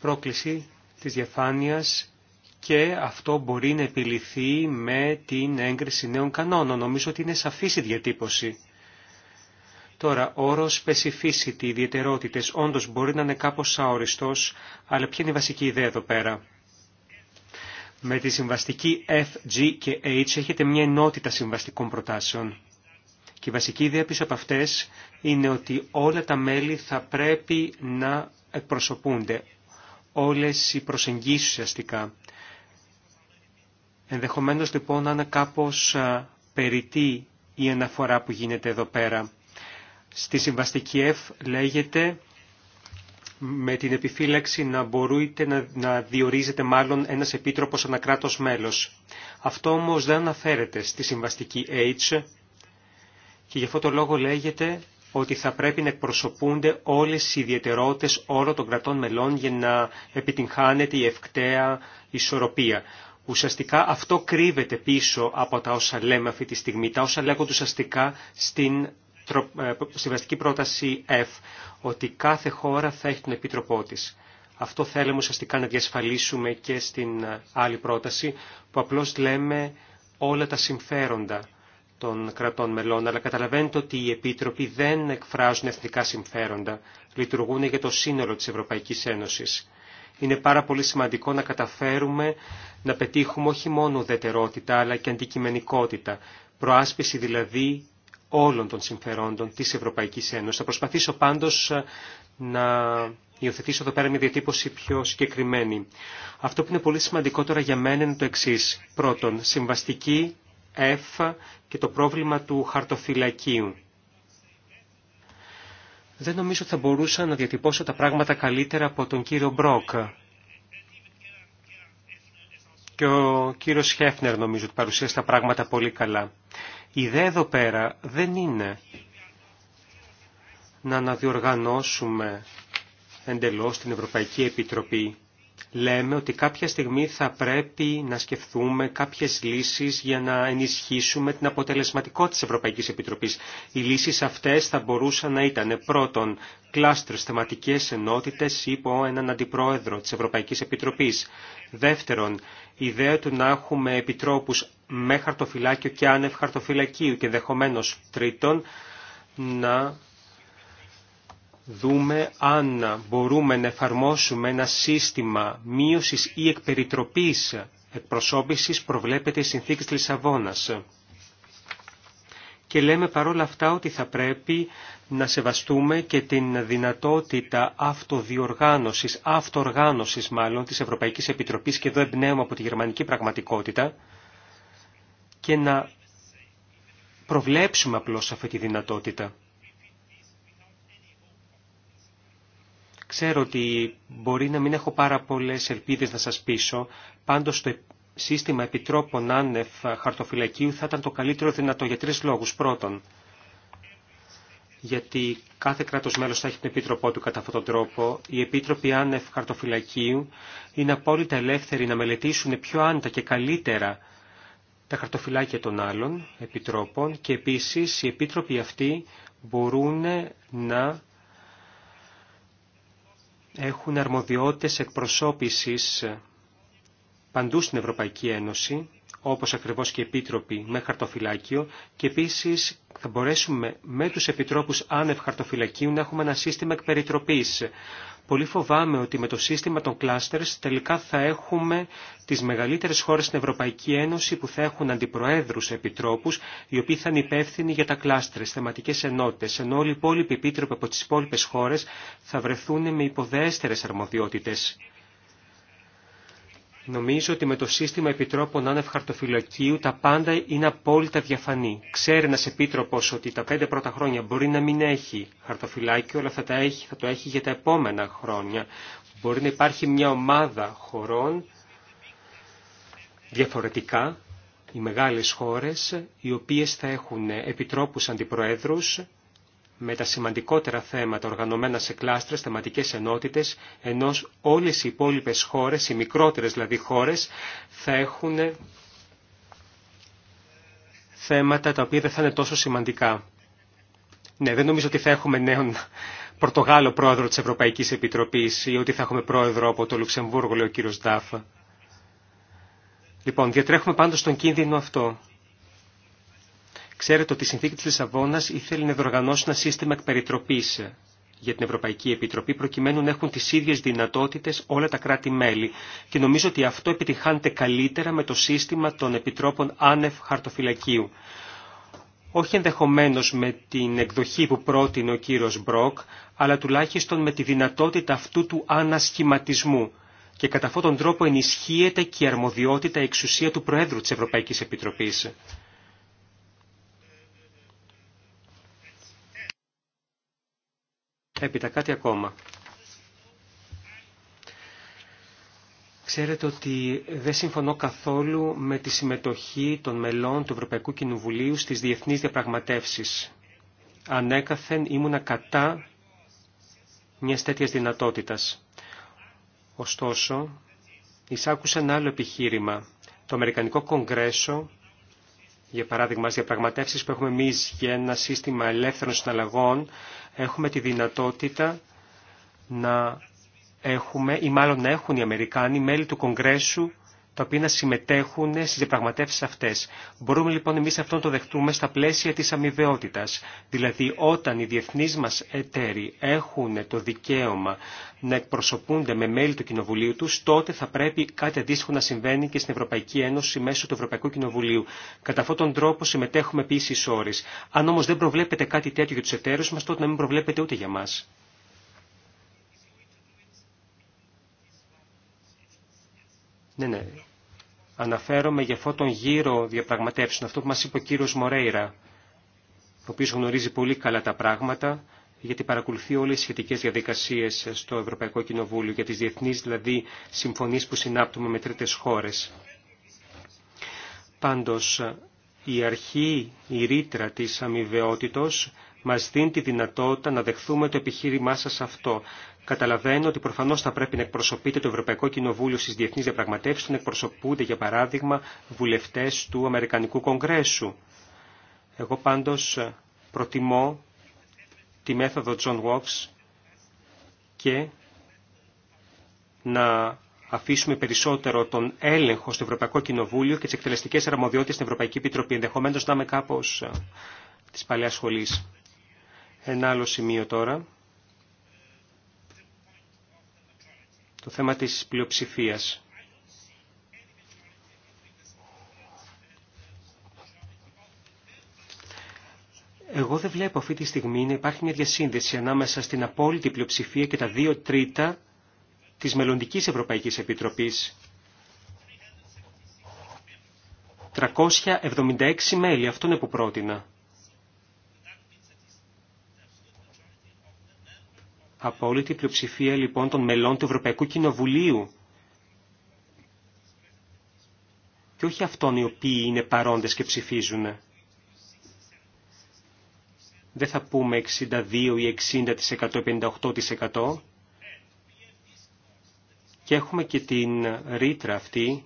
Πρόκληση της διαφάνειας και αυτό μπορεί να επιληθεί με την έγκριση νέων κανόνων. Νομίζω ότι είναι σαφής η διατύπωση. Τώρα, ο όρο specificity, ιδιαιτερότητε, όντω μπορεί να είναι κάπω αόριστο, αλλά ποια είναι η βασική ιδέα εδώ πέρα. Με τη συμβαστική F, G και H έχετε μια ενότητα συμβαστικών προτάσεων. Και η βασική ιδέα πίσω από αυτέ είναι ότι όλα τα μέλη θα πρέπει να εκπροσωπούνται. Όλε οι προσεγγίσεις ουσιαστικά. Ενδεχομένω λοιπόν να είναι κάπως περιττή η αναφορά που γίνεται εδώ πέρα. Στη συμβαστική F λέγεται με την επιφύλαξη να μπορείτε να, να διορίζετε μάλλον ένας επίτροπος ανακράτος μέλος. Αυτό όμως δεν αναφέρεται στη συμβαστική H και γι' αυτό το λόγο λέγεται ότι θα πρέπει να εκπροσωπούνται όλες οι ιδιαιτερότητες όλων των κρατών μελών για να επιτυγχάνεται η ευκταία ισορροπία. Ουσιαστικά αυτό κρύβεται πίσω από τα όσα λέμε αυτή τη στιγμή, τα όσα λέγονται ουσιαστικά στην ε, συμβαστική πρόταση F, ότι κάθε χώρα θα έχει τον επίτροπό της. Αυτό θέλουμε ουσιαστικά να διασφαλίσουμε και στην ε, άλλη πρόταση, που απλώς λέμε όλα τα συμφέροντα των κρατών μελών, αλλά καταλαβαίνετε ότι οι επίτροποι δεν εκφράζουν εθνικά συμφέροντα, λειτουργούν για το σύνολο της Ευρωπαϊκής Ένωσης. Είναι πάρα πολύ σημαντικό να καταφέρουμε να πετύχουμε όχι μόνο ουδετερότητα, αλλά και αντικειμενικότητα, προάσπιση δηλαδή όλων των συμφερόντων της Ευρωπαϊκής Ένωσης. Θα προσπαθήσω πάντως ε, να υιοθετήσω εδώ πέρα μια διατύπωση πιο συγκεκριμένη. Αυτό που είναι πολύ σημαντικό τώρα για μένα είναι το εξή. Πρώτον, συμβαστική F και το πρόβλημα του χαρτοφυλακίου. Δεν νομίζω ότι θα μπορούσα να διατυπώσω τα πράγματα καλύτερα από τον κύριο Μπρόκ. Και ο κύριος Χέφνερ νομίζω ότι παρουσίασε τα πράγματα πολύ καλά. Η ιδέα εδώ πέρα δεν είναι να αναδιοργανώσουμε εντελώς την Ευρωπαϊκή Επιτροπή λέμε ότι κάποια στιγμή θα πρέπει να σκεφτούμε κάποιες λύσεις για να ενισχύσουμε την αποτελεσματικότητα της Ευρωπαϊκής Επιτροπής. Οι λύσεις αυτές θα μπορούσαν να ήταν πρώτον κλάστρες θεματικές ενότητες υπό έναν αντιπρόεδρο της Ευρωπαϊκής Επιτροπής. Δεύτερον, η ιδέα του να έχουμε επιτρόπους με χαρτοφυλάκιο και άνευ χαρτοφυλακίου και δεχομένως τρίτον να δούμε αν μπορούμε να εφαρμόσουμε ένα σύστημα μείωσης ή εκπεριτροπής εκπροσώπησης προβλέπεται η συνθήκη της Λισαβόνας. Και λέμε παρόλα αυτά ότι θα πρέπει να σεβαστούμε και την δυνατότητα αυτοδιοργάνωσης, αυτοργάνωσης μάλλον της Ευρωπαϊκής Επιτροπής και εδώ εμπνέουμε από τη γερμανική πραγματικότητα και να προβλέψουμε απλώς αυτή τη δυνατότητα. Ξέρω ότι μπορεί να μην έχω πάρα πολλές ελπίδες να σας πείσω, πάντως το σύστημα επιτρόπων άνευ χαρτοφυλακίου θα ήταν το καλύτερο δυνατό για τρεις λόγους. Πρώτον, γιατί κάθε κράτος μέλος θα έχει την επίτροπό του κατά αυτόν τον τρόπο. Οι επίτροποι άνευ χαρτοφυλακίου είναι απόλυτα ελεύθεροι να μελετήσουν πιο άντα και καλύτερα τα χαρτοφυλάκια των άλλων επιτρόπων και επίσης οι επίτροποι αυτοί μπορούν να έχουν αρμοδιότητες εκπροσώπησης παντού στην Ευρωπαϊκή Ένωση, όπως ακριβώς και επίτροποι με χαρτοφυλάκιο και επίσης θα μπορέσουμε με τους επιτρόπους άνευ χαρτοφυλακίου να έχουμε ένα σύστημα εκπεριτροπής. Πολύ φοβάμαι ότι με το σύστημα των κλάστερς τελικά θα έχουμε τις μεγαλύτερες χώρες στην Ευρωπαϊκή Ένωση που θα έχουν αντιπροέδρους επιτρόπους οι οποίοι θα είναι υπεύθυνοι για τα κλάστερ θεματικές ενότητες, ενώ όλοι οι υπόλοιποι επίτροποι από τις υπόλοιπε χώρες θα βρεθούν με υποδέστερες αρμοδιότητες. Νομίζω ότι με το σύστημα επιτρόπων άνευ χαρτοφυλακίου τα πάντα είναι απόλυτα διαφανή. Ξέρει ένα επίτροπο ότι τα πέντε πρώτα χρόνια μπορεί να μην έχει χαρτοφυλάκιο, αλλά θα, τα έχει, θα το έχει για τα επόμενα χρόνια. Μπορεί να υπάρχει μια ομάδα χωρών διαφορετικά, οι μεγάλες χώρες, οι οποίες θα έχουν επιτρόπους αντιπροέδρους με τα σημαντικότερα θέματα οργανωμένα σε κλάστρες, θεματικές ενότητες, ενώ όλες οι υπόλοιπες χώρες, οι μικρότερες δηλαδή χώρες, θα έχουν θέματα τα οποία δεν θα είναι τόσο σημαντικά. Ναι, δεν νομίζω ότι θα έχουμε νέον Πορτογάλο πρόεδρο της Ευρωπαϊκής Επιτροπής ή ότι θα έχουμε πρόεδρο από το Λουξεμβούργο, λέει ο κύριος Ντάφα. Λοιπόν, διατρέχουμε πάντως τον κίνδυνο αυτό. Ξέρετε ότι η συνθήκη της Λισαβόνας ήθελε να διοργανώσει ένα σύστημα εκπεριτροπής για την Ευρωπαϊκή Επιτροπή προκειμένου να έχουν τις ίδιες δυνατότητες όλα τα κράτη-μέλη και νομίζω ότι αυτό επιτυχάνεται καλύτερα με το σύστημα των Επιτρόπων Άνευ Χαρτοφυλακίου. Όχι ενδεχομένως με την εκδοχή που πρότεινε ο κύριος Μπροκ, αλλά τουλάχιστον με τη δυνατότητα αυτού του ανασχηματισμού και κατά αυτόν τον τρόπο ενισχύεται και η αρμοδιότητα εξουσία του Προέδρου της Ευρωπαϊκής Επιτροπής. Έπειτα κάτι ακόμα. Ξέρετε ότι δεν συμφωνώ καθόλου με τη συμμετοχή των μελών του Ευρωπαϊκού Κοινοβουλίου στις διεθνείς διαπραγματεύσεις. Ανέκαθεν ήμουνα κατά μια τέτοια δυνατότητας. Ωστόσο, εισάκουσα ένα άλλο επιχείρημα. Το Αμερικανικό Κογκρέσο για παράδειγμα, στις διαπραγματεύσει που έχουμε εμεί για ένα σύστημα ελεύθερων συναλλαγών, έχουμε τη δυνατότητα να έχουμε ή μάλλον να έχουν οι Αμερικάνοι μέλη του Κογκρέσου τα οποία να συμμετέχουν στι διαπραγματεύσει αυτέ. Μπορούμε λοιπόν εμεί αυτό να το δεχτούμε στα πλαίσια τη αμοιβαιότητα. Δηλαδή, όταν οι διεθνεί μα εταίροι έχουν το δικαίωμα να εκπροσωπούνται με μέλη του Κοινοβουλίου του, τότε θα πρέπει κάτι αντίστοιχο να συμβαίνει και στην Ευρωπαϊκή Ένωση μέσω του Ευρωπαϊκού Κοινοβουλίου. Κατά αυτόν τον τρόπο συμμετέχουμε επίση όρει. Αν όμω δεν προβλέπετε κάτι τέτοιο για του εταίρου μα, τότε να μην προβλέπετε ούτε για μα. Ναι, ναι. Αναφέρομαι για αυτόν τον γύρο διαπραγματεύσεων, αυτό που μας είπε ο κύριος Μορέιρα, ο οποίος γνωρίζει πολύ καλά τα πράγματα, γιατί παρακολουθεί όλες τι σχετικές διαδικασίες στο Ευρωπαϊκό Κοινοβούλιο, για τις διεθνείς δηλαδή συμφωνίες που συνάπτουμε με τρίτες χώρες. Πάντως, η αρχή, η ρήτρα της αμοιβαιότητος μας δίνει τη δυνατότητα να δεχθούμε το επιχείρημά σας αυτό. Καταλαβαίνω ότι προφανώς θα πρέπει να εκπροσωπείτε το Ευρωπαϊκό Κοινοβούλιο στις διεθνείς διαπραγματεύσεις, να εκπροσωπούνται για παράδειγμα βουλευτές του Αμερικανικού Κογκρέσου. Εγώ πάντως ε, προτιμώ τη μέθοδο John Walks και να αφήσουμε περισσότερο τον έλεγχο στο Ευρωπαϊκό Κοινοβούλιο και τις εκτελεστικές αρμοδιότητες στην Ευρωπαϊκή Επιτροπή, ενδεχομένω να είμαι κάπω ε, τη παλαιάς σχολή. Ένα άλλο σημείο τώρα. Το θέμα της πλειοψηφίας. Εγώ δεν βλέπω αυτή τη στιγμή να υπάρχει μια διασύνδεση ανάμεσα στην απόλυτη πλειοψηφία και τα δύο τρίτα της μελλοντική Ευρωπαϊκής Επιτροπής. 376 μέλη, αυτό είναι που πρότεινα. Απόλυτη πλειοψηφία λοιπόν των μελών του Ευρωπαϊκού Κοινοβουλίου. Και όχι αυτών οι οποίοι είναι παρόντες και ψηφίζουν. Δεν θα πούμε 62 ή 60% 58%. Και έχουμε και την ρήτρα αυτή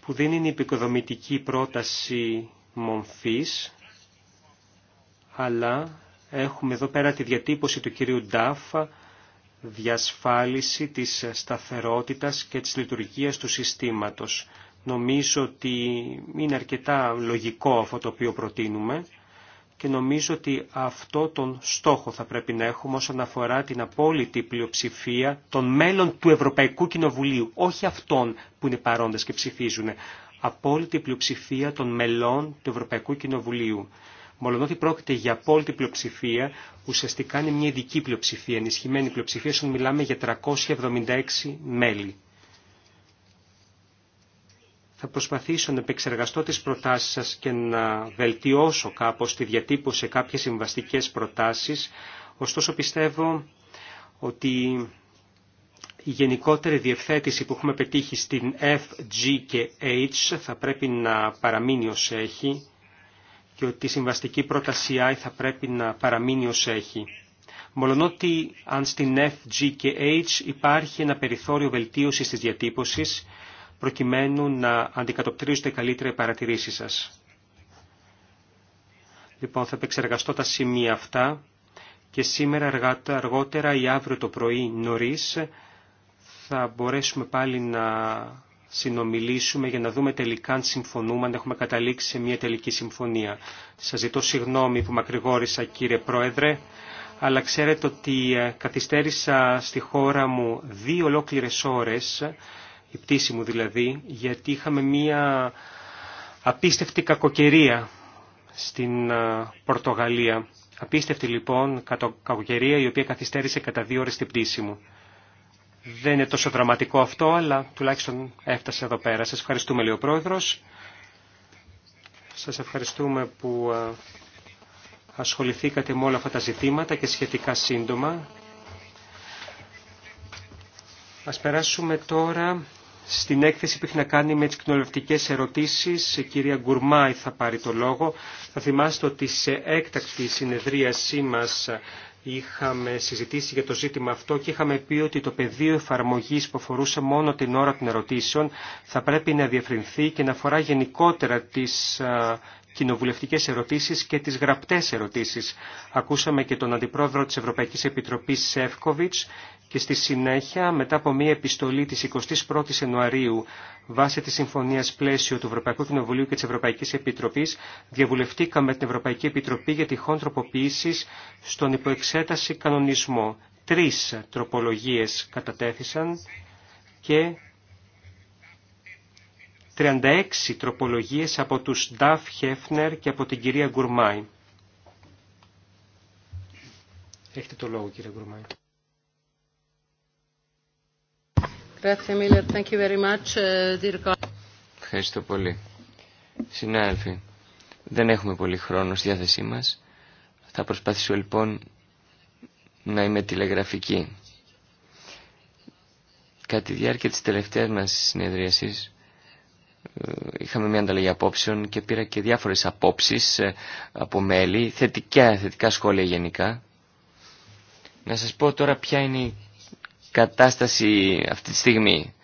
που δεν είναι η επικοδομητική πρόταση μομφής, αλλά Έχουμε εδώ πέρα τη διατύπωση του κυρίου Ντάφα, διασφάλιση της σταθερότητας και της λειτουργίας του συστήματος. Νομίζω ότι είναι αρκετά λογικό αυτό το οποίο προτείνουμε και νομίζω ότι αυτό τον στόχο θα πρέπει να έχουμε όσον αφορά την απόλυτη πλειοψηφία των μέλων του Ευρωπαϊκού Κοινοβουλίου, όχι αυτών που είναι παρόντες και ψηφίζουν. Απόλυτη πλειοψηφία των μελών του Ευρωπαϊκού Κοινοβουλίου. Μολονότι πρόκειται για απόλυτη πλειοψηφία, ουσιαστικά είναι μια ειδική πλειοψηφία, ενισχυμένη πλειοψηφία, όταν μιλάμε για 376 μέλη. Θα προσπαθήσω να επεξεργαστώ τις προτάσεις σας και να βελτιώσω κάπως τη διατύπωση σε κάποιες συμβαστικές προτάσεις, ωστόσο πιστεύω ότι η γενικότερη διευθέτηση που έχουμε πετύχει στην F, G και H θα πρέπει να παραμείνει ως έχει και ότι η συμβαστική πρόταση I θα πρέπει να παραμείνει ως έχει. Μολονότι αν στην F, G και H υπάρχει ένα περιθώριο βελτίωσης της διατύπωσης, προκειμένου να αντικατοπτρίζονται καλύτερα οι παρατηρήσεις σας. Λοιπόν, θα επεξεργαστώ τα σημεία αυτά και σήμερα αργότερα ή αύριο το πρωί νωρίς θα μπορέσουμε πάλι να συνομιλήσουμε για να δούμε τελικά αν συμφωνούμε, αν έχουμε καταλήξει σε μια τελική συμφωνία. Σας ζητώ συγγνώμη που μακρηγόρησα κύριε Πρόεδρε, αλλά ξέρετε ότι ε, καθυστέρησα στη χώρα μου δύο ολόκληρες ώρες, η πτήση μου δηλαδή, γιατί είχαμε μια απίστευτη κακοκαιρία στην ε, Πορτογαλία. Απίστευτη λοιπόν κακοκαιρία η οποία καθυστέρησε κατά δύο ώρες την πτήση μου. Δεν είναι τόσο δραματικό αυτό, αλλά τουλάχιστον έφτασε εδώ πέρα. Σας ευχαριστούμε, λέει ο Πρόεδρος. Σας ευχαριστούμε που ε, ασχοληθήκατε με όλα αυτά τα ζητήματα και σχετικά σύντομα. Ας περάσουμε τώρα στην έκθεση που έχει να κάνει με τις κοινωνικές ερωτήσεις. Η κυρία Γκουρμάη θα πάρει το λόγο. Θα θυμάστε ότι σε έκτακτη συνεδρίασή μας είχαμε συζητήσει για το ζήτημα αυτό και είχαμε πει ότι το πεδίο εφαρμογής που αφορούσε μόνο την ώρα των ερωτήσεων θα πρέπει να διευρυνθεί και να αφορά γενικότερα τις κοινοβουλευτικές ερωτήσεις και τις γραπτές ερωτήσεις. Ακούσαμε και τον Αντιπρόεδρο της Ευρωπαϊκής Επιτροπής Σεύκοβιτς και στη συνέχεια, μετά από μια επιστολή της 21ης Ιανουαρίου βάσει της Συμφωνίας Πλαίσιο του Ευρωπαϊκού Κοινοβουλίου και της Ευρωπαϊκής Επιτροπής, διαβουλευτήκαμε την Ευρωπαϊκή Επιτροπή για τυχόν τροποποίησης στον υποεξέταση κανονισμό. Τρεις τροπολογίες κατατέθησαν και 36 τροπολογίες από τους Νταφ Χέφνερ και από την κυρία Γκουρμάη. Έχετε το λόγο κύριε Γκουρμάη. Uh, Ευχαριστώ πολύ. Συνάδελφοι, δεν έχουμε πολύ χρόνο στη διάθεσή μας. Θα προσπαθήσω λοιπόν να είμαι τηλεγραφική. Κατά τη διάρκεια της τελευταίας μας συνεδρίασης ε, είχαμε μια ανταλλαγή απόψεων και πήρα και διάφορες απόψεις ε, από μέλη, θετικά, θετικά σχόλια γενικά. Να σας πω τώρα ποια είναι η κατάσταση αυτή τη στιγμή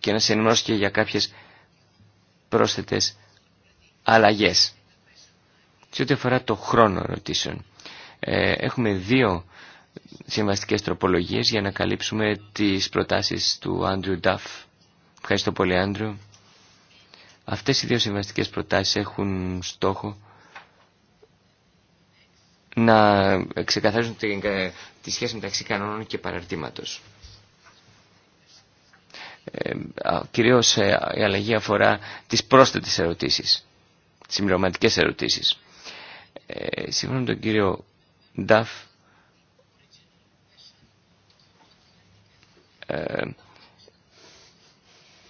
και να σε ενημερώσει και για κάποιες πρόσθετες αλλαγές. Σε ό,τι αφορά το χρόνο ερωτήσεων, ε, έχουμε δύο συμβαστικές τροπολογίες για να καλύψουμε τις προτάσεις του Άντριου Νταφ. Ευχαριστώ πολύ Άντριου. Αυτές οι δύο συμβαστικές προτάσεις έχουν στόχο να ξεκαθαρίζουν τη σχέση μεταξύ κανόνων και παραρτήματος. Ε, κυρίως ε, η αλλαγή αφορά τις πρόσθετες ερωτήσεις, συμπληρωματικές ερωτήσεις. Ε, σύμφωνα με τον κύριο Νταφ,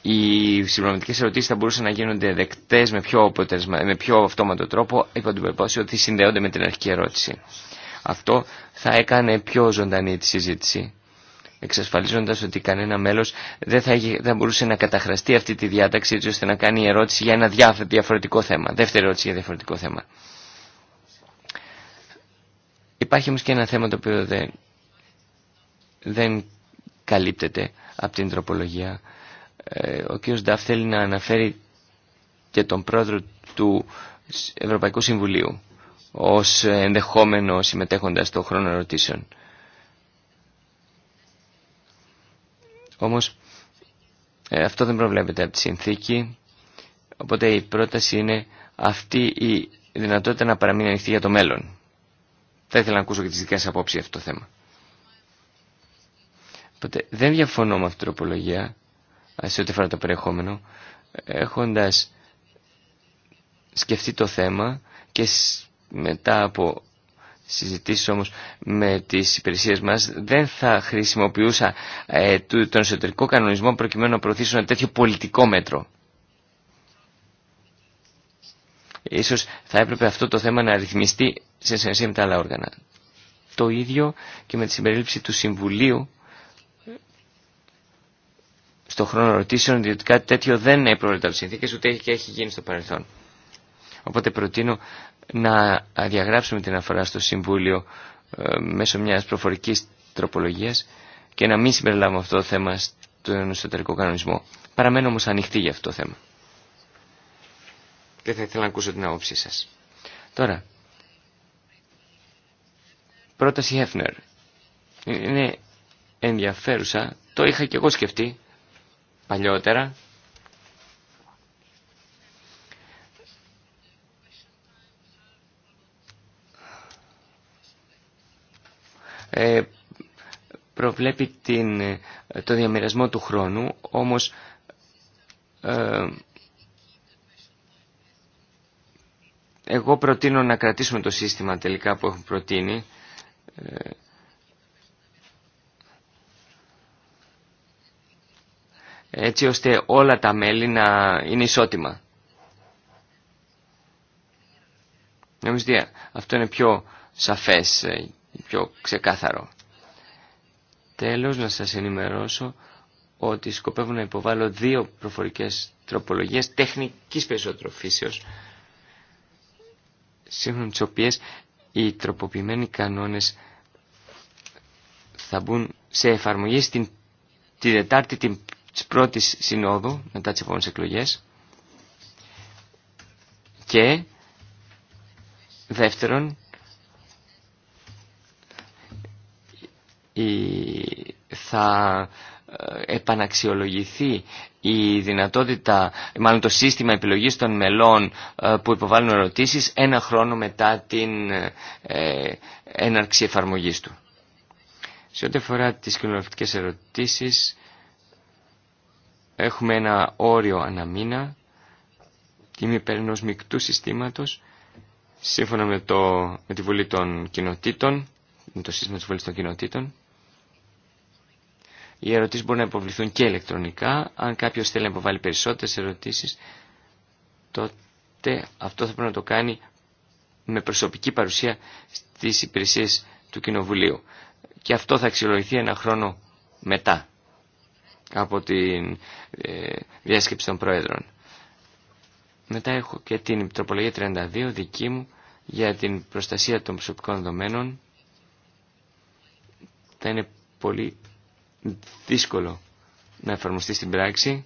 οι συμπληρωματικέ ερωτήσει θα μπορούσαν να γίνονται δεκτέ με, πιο με πιο αυτόματο τρόπο, υπό την προπόθεση ότι συνδέονται με την αρχική ερώτηση. Αυτό θα έκανε πιο ζωντανή τη συζήτηση, εξασφαλίζοντα ότι κανένα μέλο δεν θα, θα μπορούσε να καταχραστεί αυτή τη διάταξη, έτσι ώστε να κάνει ερώτηση για ένα διαφορετικό θέμα, δεύτερη ερώτηση για διαφορετικό θέμα. Υπάρχει όμω και ένα θέμα το οποίο δεν, δεν καλύπτεται από την τροπολογία ε, ο κ. Νταφ θέλει να αναφέρει και τον πρόεδρο του Ευρωπαϊκού Συμβουλίου ως ενδεχόμενο συμμετέχοντα στο χρόνο ερωτήσεων. Όμως ε, αυτό δεν προβλέπεται από τη συνθήκη, οπότε η πρόταση είναι αυτή η δυνατότητα να παραμείνει ανοιχτή για το μέλλον. Θα ήθελα να ακούσω και τις δικές σας απόψεις για αυτό το θέμα. Οπότε δεν διαφωνώ με αυτή την τροπολογία, σε ό,τι αφορά το περιεχόμενο, έχοντας σκεφτεί το θέμα και μετά από συζητήσεις όμως με τις υπηρεσίες μας δεν θα χρησιμοποιούσα ε, τον εσωτερικό κανονισμό προκειμένου να προωθήσω ένα τέτοιο πολιτικό μέτρο. Ίσως θα έπρεπε αυτό το θέμα να ρυθμιστεί σε συνεργασία με τα άλλα όργανα. Το ίδιο και με τη συμπερίληψη του Συμβουλίου στο χρόνο ρωτήσεων διότι κάτι τέτοιο δεν προορίζεται από τι συνθήκε, ούτε έχει, έχει γίνει στο παρελθόν. Οπότε προτείνω να διαγράψουμε την αφορά στο Συμβούλιο ε, μέσω μιας προφορικής τροπολογίας και να μην συμπεριλάβουμε αυτό το θέμα στον εσωτερικό κανονισμό. Παραμένω όμως ανοιχτή για αυτό το θέμα. Και θα ήθελα να ακούσω την άποψή σας. Τώρα, πρόταση Hefner. Είναι ενδιαφέρουσα, το είχα και εγώ σκεφτεί παλιότερα. Ε, προβλέπει την, το διαμοιρασμό του χρόνου, όμως ε, εγώ προτείνω να κρατήσουμε το σύστημα τελικά που έχουν προτείνει. Ε, έτσι ώστε όλα τα μέλη να είναι ισότιμα. Νομίζω ότι αυτό είναι πιο σαφές, ε, πιο ξεκάθαρο. Τέλος, να σας ενημερώσω ότι σκοπεύω να υποβάλω δύο προφορικές τροπολογίες τεχνικής περισσοτροφήσεως, σύμφωνα με τις οποίες οι τροποποιημένοι κανόνες θα μπουν σε εφαρμογή στην τη Δετάρτη την της πρώτης συνόδου μετά τις επόμενες εκλογές και δεύτερον θα ε, επαναξιολογηθεί η δυνατότητα, μάλλον το σύστημα επιλογής των μελών ε, που υποβάλλουν ερωτήσεις ένα χρόνο μετά την ε, έναρξη εφαρμογής του. Σε ό,τι αφορά τις κοινωνικές ερωτήσεις, Έχουμε ένα όριο αναμήνα, τιμή υπέρ ενός μεικτού συστήματος, σύμφωνα με, το, με τη Βουλή των Κοινοτήτων, με το σύστημα της Βουλής των Κοινοτήτων. Οι ερωτήσεις μπορούν να υποβληθούν και ηλεκτρονικά. Αν κάποιος θέλει να υποβάλει περισσότερες ερωτήσεις, τότε αυτό θα πρέπει να το κάνει με προσωπική παρουσία στις υπηρεσίες του Κοινοβουλίου. Και αυτό θα αξιολογηθεί ένα χρόνο μετά από τη ε, διάσκεψη των Πρόεδρων. Μετά έχω και την τροπολογία 32 δική μου για την προστασία των προσωπικών δεδομένων. Θα είναι πολύ δύσκολο να εφαρμοστεί στην πράξη.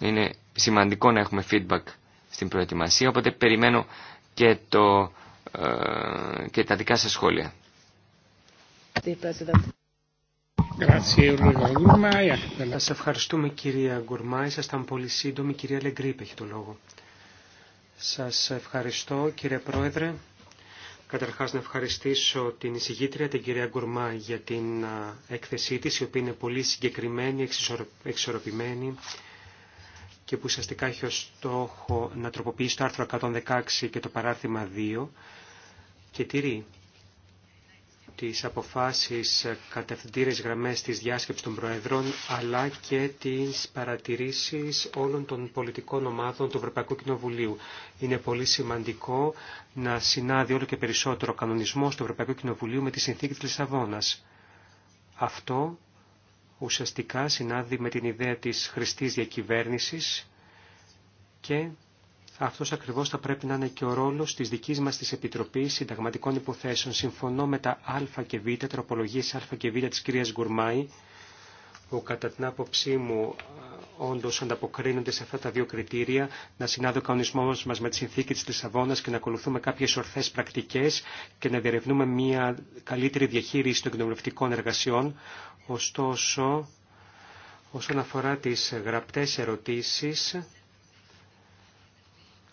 Είναι σημαντικό να έχουμε feedback στην προετοιμασία, οπότε περιμένω και, το, ε, και τα δικά σας σχόλια. Σας ευχαριστούμε κυρία Γκουρμά, ήσασταν πολύ σύντομη. Κυρία Λεγκρίπ έχει το λόγο. Σας ευχαριστώ κύριε Πρόεδρε. Καταρχάς να ευχαριστήσω την εισηγήτρια, την κυρία Γκουρμά, για την έκθεσή της, η οποία είναι πολύ συγκεκριμένη, εξορροπημένη και που ουσιαστικά έχει ως στόχο να τροποποιήσει το άρθρο 116 και το παράθυμα 2 και τηρεί τις αποφάσεις ε, κατευθυντήρες γραμμές της διάσκεψης των Προεδρών, αλλά και τις παρατηρήσεις όλων των πολιτικών ομάδων του Ευρωπαϊκού Κοινοβουλίου. Είναι πολύ σημαντικό να συνάδει όλο και περισσότερο ο κανονισμός του Ευρωπαϊκού Κοινοβουλίου με τη συνθήκη της Λισαβόνας. Αυτό ουσιαστικά συνάδει με την ιδέα της χρηστής διακυβέρνησης και αυτός ακριβώς θα πρέπει να είναι και ο ρόλος της δικής μας της Επιτροπής Συνταγματικών Υποθέσεων. Συμφωνώ με τα α και β, τροπολογίες α και β της κυρίας Γκουρμάη, που κατά την άποψή μου ε, όντω ανταποκρίνονται σε αυτά τα δύο κριτήρια, να συνάδει ο κανονισμό μα με τη συνθήκη τη Λισαβόνα και να ακολουθούμε κάποιε ορθέ πρακτικέ και να διερευνούμε μια καλύτερη διαχείριση των κοινοβουλευτικών εργασιών. Ωστόσο, όσον αφορά τι γραπτέ ερωτήσει,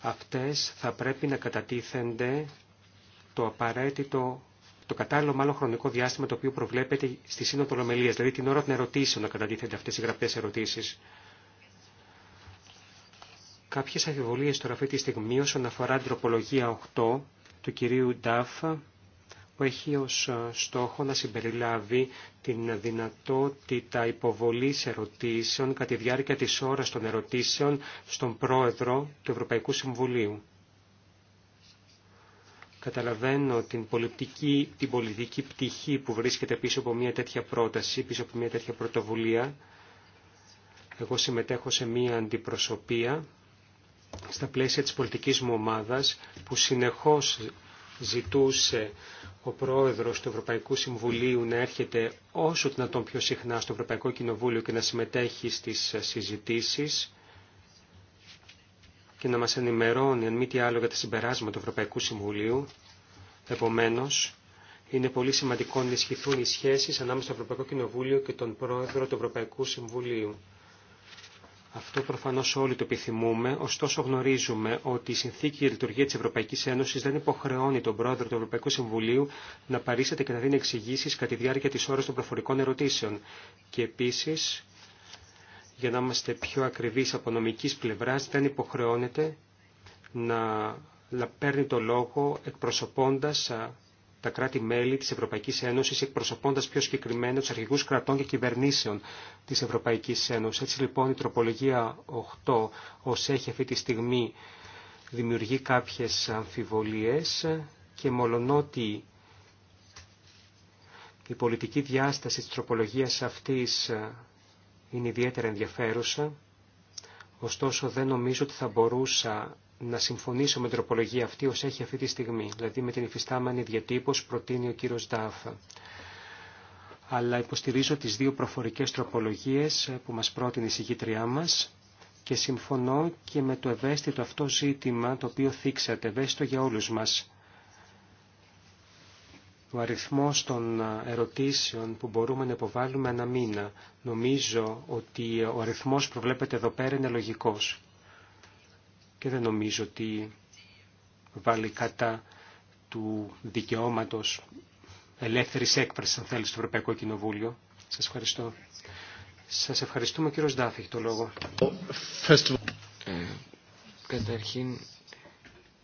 αυτές θα πρέπει να κατατίθενται το απαραίτητο το κατάλληλο μάλλον χρονικό διάστημα το οποίο προβλέπεται στη Σύνοδο δηλαδή την ώρα των ερωτήσεων να κατατίθενται αυτές οι γραπτές ερωτήσεις. Κάποιες αφιβολίες τώρα αυτή τη στιγμή όσον αφορά την τροπολογία 8 του κυρίου Ντάφα που έχει ως ε, στόχο να συμπεριλάβει την δυνατότητα υποβολής ερωτήσεων κατά τη διάρκεια της ώρας των ερωτήσεων στον Πρόεδρο του Ευρωπαϊκού Συμβουλίου. Καταλαβαίνω την πολιτική, την πολιτική πτυχή που βρίσκεται πίσω από μια τέτοια πρόταση, πίσω από μια τέτοια πρωτοβουλία. Εγώ συμμετέχω σε μια αντιπροσωπεία στα πλαίσια της πολιτικής μου ομάδας που συνεχώς ζητούσε ο πρόεδρος του Ευρωπαϊκού Συμβουλίου να έρχεται όσο δυνατόν πιο συχνά στο Ευρωπαϊκό Κοινοβούλιο και να συμμετέχει στις συζητήσεις και να μας ενημερώνει, αν μη τι άλλο, για τα συμπεράσματα του Ευρωπαϊκού Συμβουλίου. Επομένως, είναι πολύ σημαντικό να ισχυθούν οι σχέσεις ανάμεσα στο Ευρωπαϊκό Κοινοβούλιο και τον Πρόεδρο του Ευρωπαϊκού Συμβουλίου. Αυτό προφανώς όλοι το επιθυμούμε, ωστόσο γνωρίζουμε ότι η συνθήκη για λειτουργία της Ευρωπαϊκής Ένωσης δεν υποχρεώνει τον πρόεδρο του Ευρωπαϊκού Συμβουλίου να παρήσεται και να δίνει εξηγήσει κατά τη διάρκεια της ώρας των προφορικών ερωτήσεων. Και επίσης, για να είμαστε πιο ακριβείς από νομικής πλευράς, δεν υποχρεώνεται να παίρνει το λόγο εκπροσωπώντας τα κράτη-μέλη της Ευρωπαϊκής Ένωσης εκπροσωπώντας πιο συγκεκριμένα τους αρχηγούς κρατών και κυβερνήσεων της Ευρωπαϊκής Ένωσης. Έτσι λοιπόν η τροπολογία 8 ως έχει αυτή τη στιγμή δημιουργεί κάποιες αμφιβολίες και μολονότι η πολιτική διάσταση της τροπολογίας αυτής είναι ιδιαίτερα ενδιαφέρουσα, ωστόσο δεν νομίζω ότι θα μπορούσα να συμφωνήσω με την τροπολογία αυτή ως έχει αυτή τη στιγμή, δηλαδή με την υφιστάμενη διατύπωση προτείνει ο κύριος Ντάφα. Αλλά υποστηρίζω τις δύο προφορικές τροπολογίες που μας πρότεινε η συγκήτριά μας και συμφωνώ και με το ευαίσθητο αυτό ζήτημα το οποίο θίξατε, ευαίσθητο για όλους μας. Ο αριθμός των ερωτήσεων που μπορούμε να υποβάλουμε ένα μήνα. Νομίζω ότι ο αριθμός βλέπετε εδώ πέρα είναι λογικός και δεν νομίζω ότι βάλει κατά του δικαιώματος ελεύθερης έκφρασης, αν θέλει, στο Ευρωπαϊκό Κοινοβούλιο. Σας ευχαριστώ. Σας ευχαριστούμε, κύριο Ντάφη, το λόγο. Ε, καταρχήν,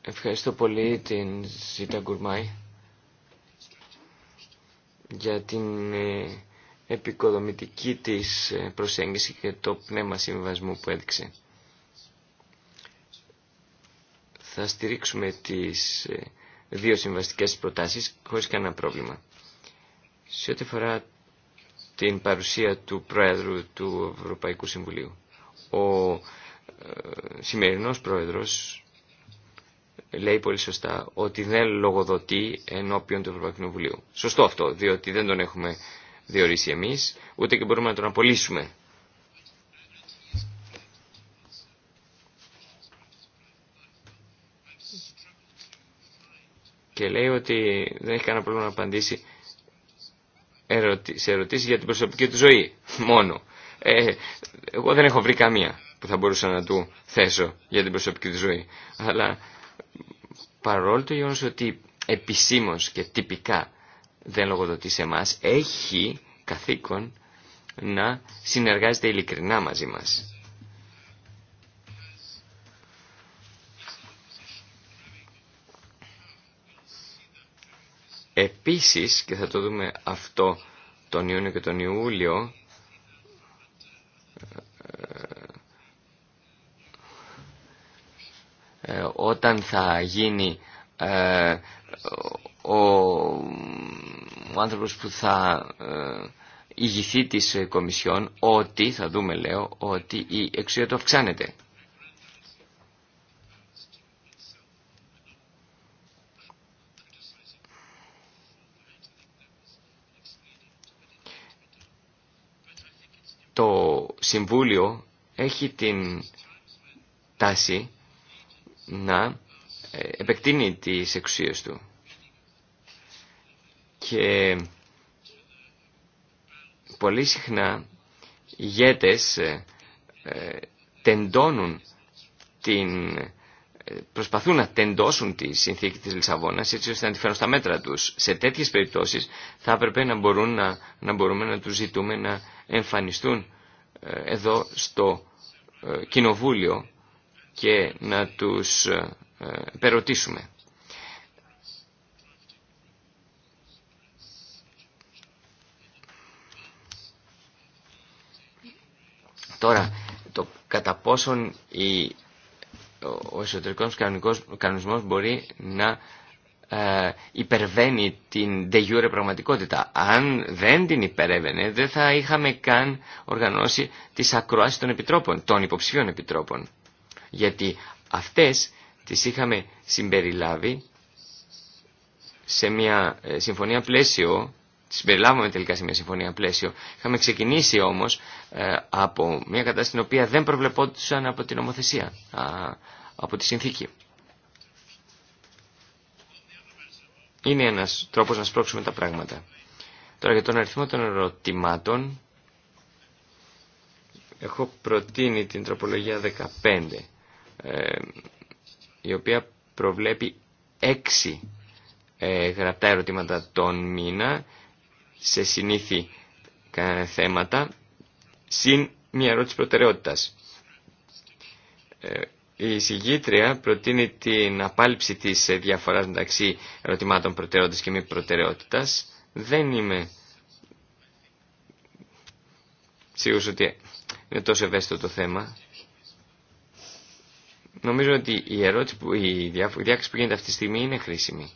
ευχαριστώ πολύ την Ζήτα Γκουρμάη για την ε, επικοδομητική της ε, προσέγγιση και το πνεύμα συμβασμού που έδειξε. Θα στηρίξουμε τις ε, δύο συμβαστικές προτάσεις χωρίς κανένα πρόβλημα. Σε ό,τι αφορά την παρουσία του Πρόεδρου του Ευρωπαϊκού Συμβουλίου. Ο ε, σημερινός Πρόεδρος λέει πολύ σωστά ότι δεν λογοδοτεί ενώπιον του Ευρωπαϊκού Συμβουλίου. Σωστό αυτό, διότι δεν τον έχουμε διορίσει εμείς, ούτε και μπορούμε να τον απολύσουμε. και λέει ότι δεν έχει κανένα πρόβλημα να απαντήσει σε ερωτήσεις για την προσωπική του ζωή μόνο. Ε, εγώ δεν έχω βρει καμία που θα μπορούσα να του θέσω για την προσωπική του ζωή. Αλλά παρόλο το γεγονό ότι επισήμω και τυπικά δεν λογοδοτεί σε εμά, έχει καθήκον να συνεργάζεται ειλικρινά μαζί μας. Επίσης, και θα το δούμε αυτό τον Ιούνιο και τον Ιούλιο, ε, όταν θα γίνει ε, ο, ο άνθρωπος που θα ε, ηγηθεί της Κομισιόν ότι, θα δούμε λέω, ότι η εξουσία του αυξάνεται. Συμβούλιο έχει την τάση να ε, επεκτείνει τις εξουσίες του. Και πολύ συχνά οι ηγέτες ε, ε, τεντώνουν την προσπαθούν να τεντώσουν τη συνθήκη της Λισαβόνας έτσι ώστε να τη φέρουν στα μέτρα τους. Σε τέτοιες περιπτώσεις θα έπρεπε να, μπορούν να, να μπορούμε να τους ζητούμε να εμφανιστούν ε, εδώ στο ε, κοινοβούλιο και να τους ε, περωτήσουμε. Τώρα, το κατά πόσον η, ο εσωτερικός κανονισμός μπορεί να ε, υπερβαίνει την de πραγματικότητα. Αν δεν την υπερέβαινε, δεν θα είχαμε καν οργανώσει τις ακροάσεις των επιτρόπων, των υποψηφίων επιτρόπων. Γιατί αυτές τις είχαμε συμπεριλάβει σε μια ε, συμφωνία πλαίσιο, τις συμπεριλάβαμε τελικά σε μια συμφωνία πλαίσιο. Είχαμε ξεκινήσει όμως ε, από μια κατάσταση την οποία δεν προβλεπόντουσαν από την νομοθεσία, από τη συνθήκη. είναι ένας τρόπος να σπρώξουμε τα πράγματα. Τώρα για τον αριθμό των ερωτημάτων έχω προτείνει την τροπολογία 15 ε, η οποία προβλέπει 6 ε, γραπτά ερωτήματα τον μήνα σε συνήθη θέματα συν μια ερώτηση προτεραιότητας. Ε, η συγγήτρια προτείνει την απάλληψη της διαφοράς μεταξύ ερωτημάτων προτεραιότητας και μη προτεραιότητας. Δεν είμαι σίγουρος ότι είναι τόσο ευαίσθητο το θέμα. Νομίζω ότι η, ερώτηση η διάκριση που γίνεται αυτή τη στιγμή είναι χρήσιμη.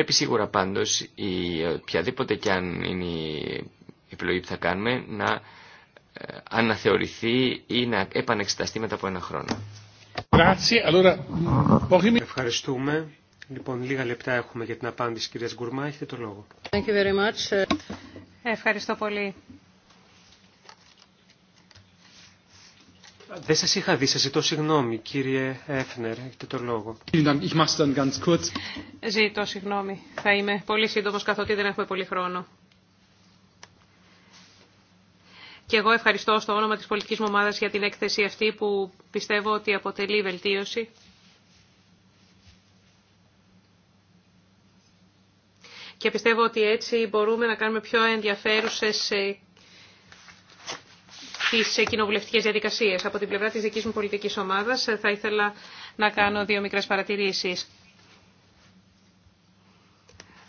Πρέπει σίγουρα πάντως η οποιαδήποτε και αν είναι η επιλογή που θα κάνουμε να ε, αναθεωρηθεί ή να επανεξεταστεί μετά από ένα χρόνο. Ευχαριστούμε. Λοιπόν, λίγα λεπτά έχουμε για την απάντηση κυρία Γκουρμά. Έχετε το λόγο. Ευχαριστώ πολύ. Δεν σας είχα δει, σας ζητώ συγγνώμη, κύριε Έφνερ, έχετε το λόγο. Ζητώ συγγνώμη. Θα είμαι πολύ σύντομος, καθότι δεν έχουμε πολύ χρόνο. Και εγώ ευχαριστώ στο όνομα της πολιτικής μου ομάδας για την έκθεση αυτή που πιστεύω ότι αποτελεί βελτίωση. Και πιστεύω ότι έτσι μπορούμε να κάνουμε πιο ενδιαφέρουσες ε, τις κοινοβουλευτικές διαδικασίες. Από την πλευρά της δικής μου πολιτικής ομάδας ε, θα ήθελα να κάνω δύο μικρές παρατηρήσεις.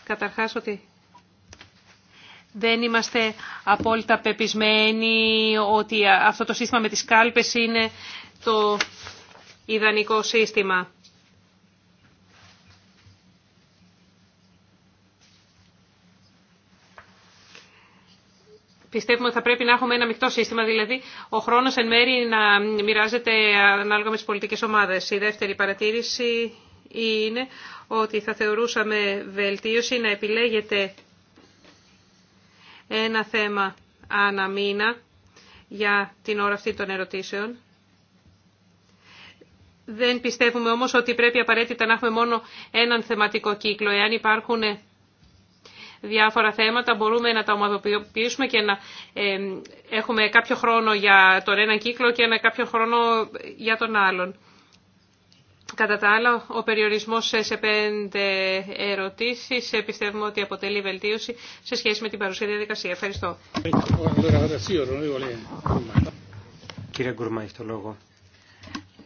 Καταρχάς ότι δεν είμαστε απόλυτα πεπισμένοι ότι αυτό το σύστημα με τις κάλπες είναι το ιδανικό σύστημα. Πιστεύουμε ότι θα πρέπει να έχουμε ένα μεικτό σύστημα, δηλαδή ο χρόνος εν μέρη να μοιράζεται ανάλογα με τι πολιτικέ ομάδες. Η δεύτερη παρατήρηση είναι ότι θα θεωρούσαμε βελτίωση να επιλέγεται ένα θέμα μήνα για την ώρα αυτή των ερωτήσεων. Δεν πιστεύουμε όμως ότι πρέπει απαραίτητα να έχουμε μόνο έναν θεματικό κύκλο. Εάν υπάρχουν διάφορα θέματα, μπορούμε να τα ομαδοποιήσουμε και να ε, έχουμε κάποιο χρόνο για τον ένα κύκλο και ένα κάποιο χρόνο για τον άλλον. Κατά τα άλλα, ο περιορισμός σε πέντε ερωτήσεις ε, πιστεύουμε ότι αποτελεί βελτίωση σε σχέση με την παρουσία διαδικασία. Ευχαριστώ. Κύριε λόγο.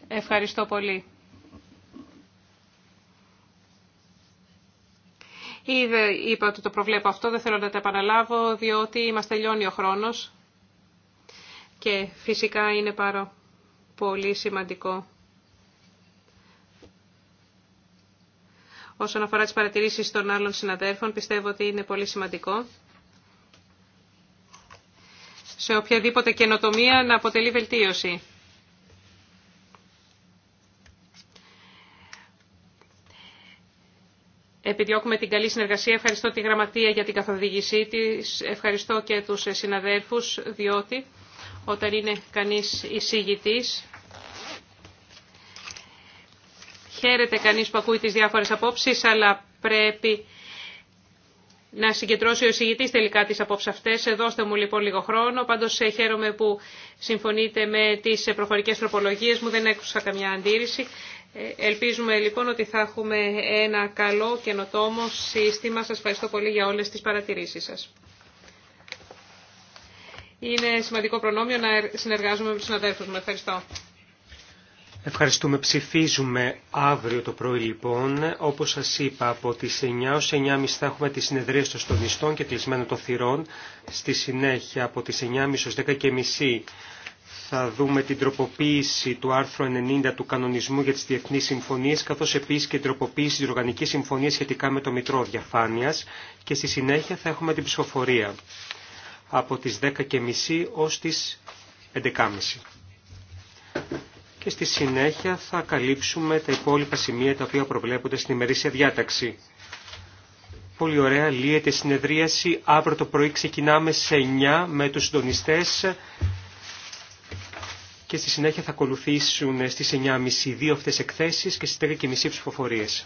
Ευχαριστώ πολύ. Ήδη είπα ότι το προβλέπω αυτό, δεν θέλω να τα επαναλάβω, διότι μας τελειώνει ο χρόνος και φυσικά είναι πάρα πολύ σημαντικό. Όσον αφορά τις παρατηρήσεις των άλλων συναδέρφων, πιστεύω ότι είναι πολύ σημαντικό σε οποιαδήποτε καινοτομία να αποτελεί βελτίωση. επιδιώκουμε την καλή συνεργασία. Ευχαριστώ τη Γραμματεία για την καθοδήγησή τη. Ευχαριστώ και τους συναδέλφους, διότι όταν είναι κανείς εισηγητή, χαίρεται κανείς που ακούει τις διάφορες απόψεις, αλλά πρέπει να συγκεντρώσει ο εισηγητής τελικά τις απόψεις αυτές. Δώστε μου λοιπόν λίγο χρόνο. Πάντως ε, χαίρομαι που συμφωνείτε με τις προφορικές τροπολογίες μου. Δεν έκουσα καμιά αντίρρηση. Ε, ελπίζουμε λοιπόν ότι θα έχουμε ένα καλό καινοτόμο σύστημα. Σας ευχαριστώ πολύ για όλες τις παρατηρήσεις σας. Είναι σημαντικό προνόμιο να συνεργάζομαι με τους συναδέλφους μου. Ευχαριστώ. Ευχαριστούμε. Ψηφίζουμε αύριο το πρωί λοιπόν. Όπως σας είπα από τις 9 ως 9.30 θα έχουμε τη συνεδρία των στονιστών και κλεισμένων των θυρών. Στη συνέχεια από τις 9.30 ως 10.30 θα δούμε την τροποποίηση του άρθρου 90 του κανονισμού για τι διεθνεί συμφωνίες, καθώς επίσης και την τροποποίηση της Οργανική συμφωνίας σχετικά με το Μητρό διαφάνεια. και στη συνέχεια θα έχουμε την ψηφοφορία από τις 10.30 ω τις 11.30. Και στη συνέχεια θα καλύψουμε τα υπόλοιπα σημεία τα οποία προβλέπονται στην ημερήσια διάταξη. Πολύ ωραία, λύεται η συνεδρίαση. Αύριο το πρωί ξεκινάμε σε 9 με τους συντονιστές και στη συνέχεια θα ακολουθήσουν στις 9.30 δύο αυτές εκθέσεις και στις 3.30 ψηφοφορίες.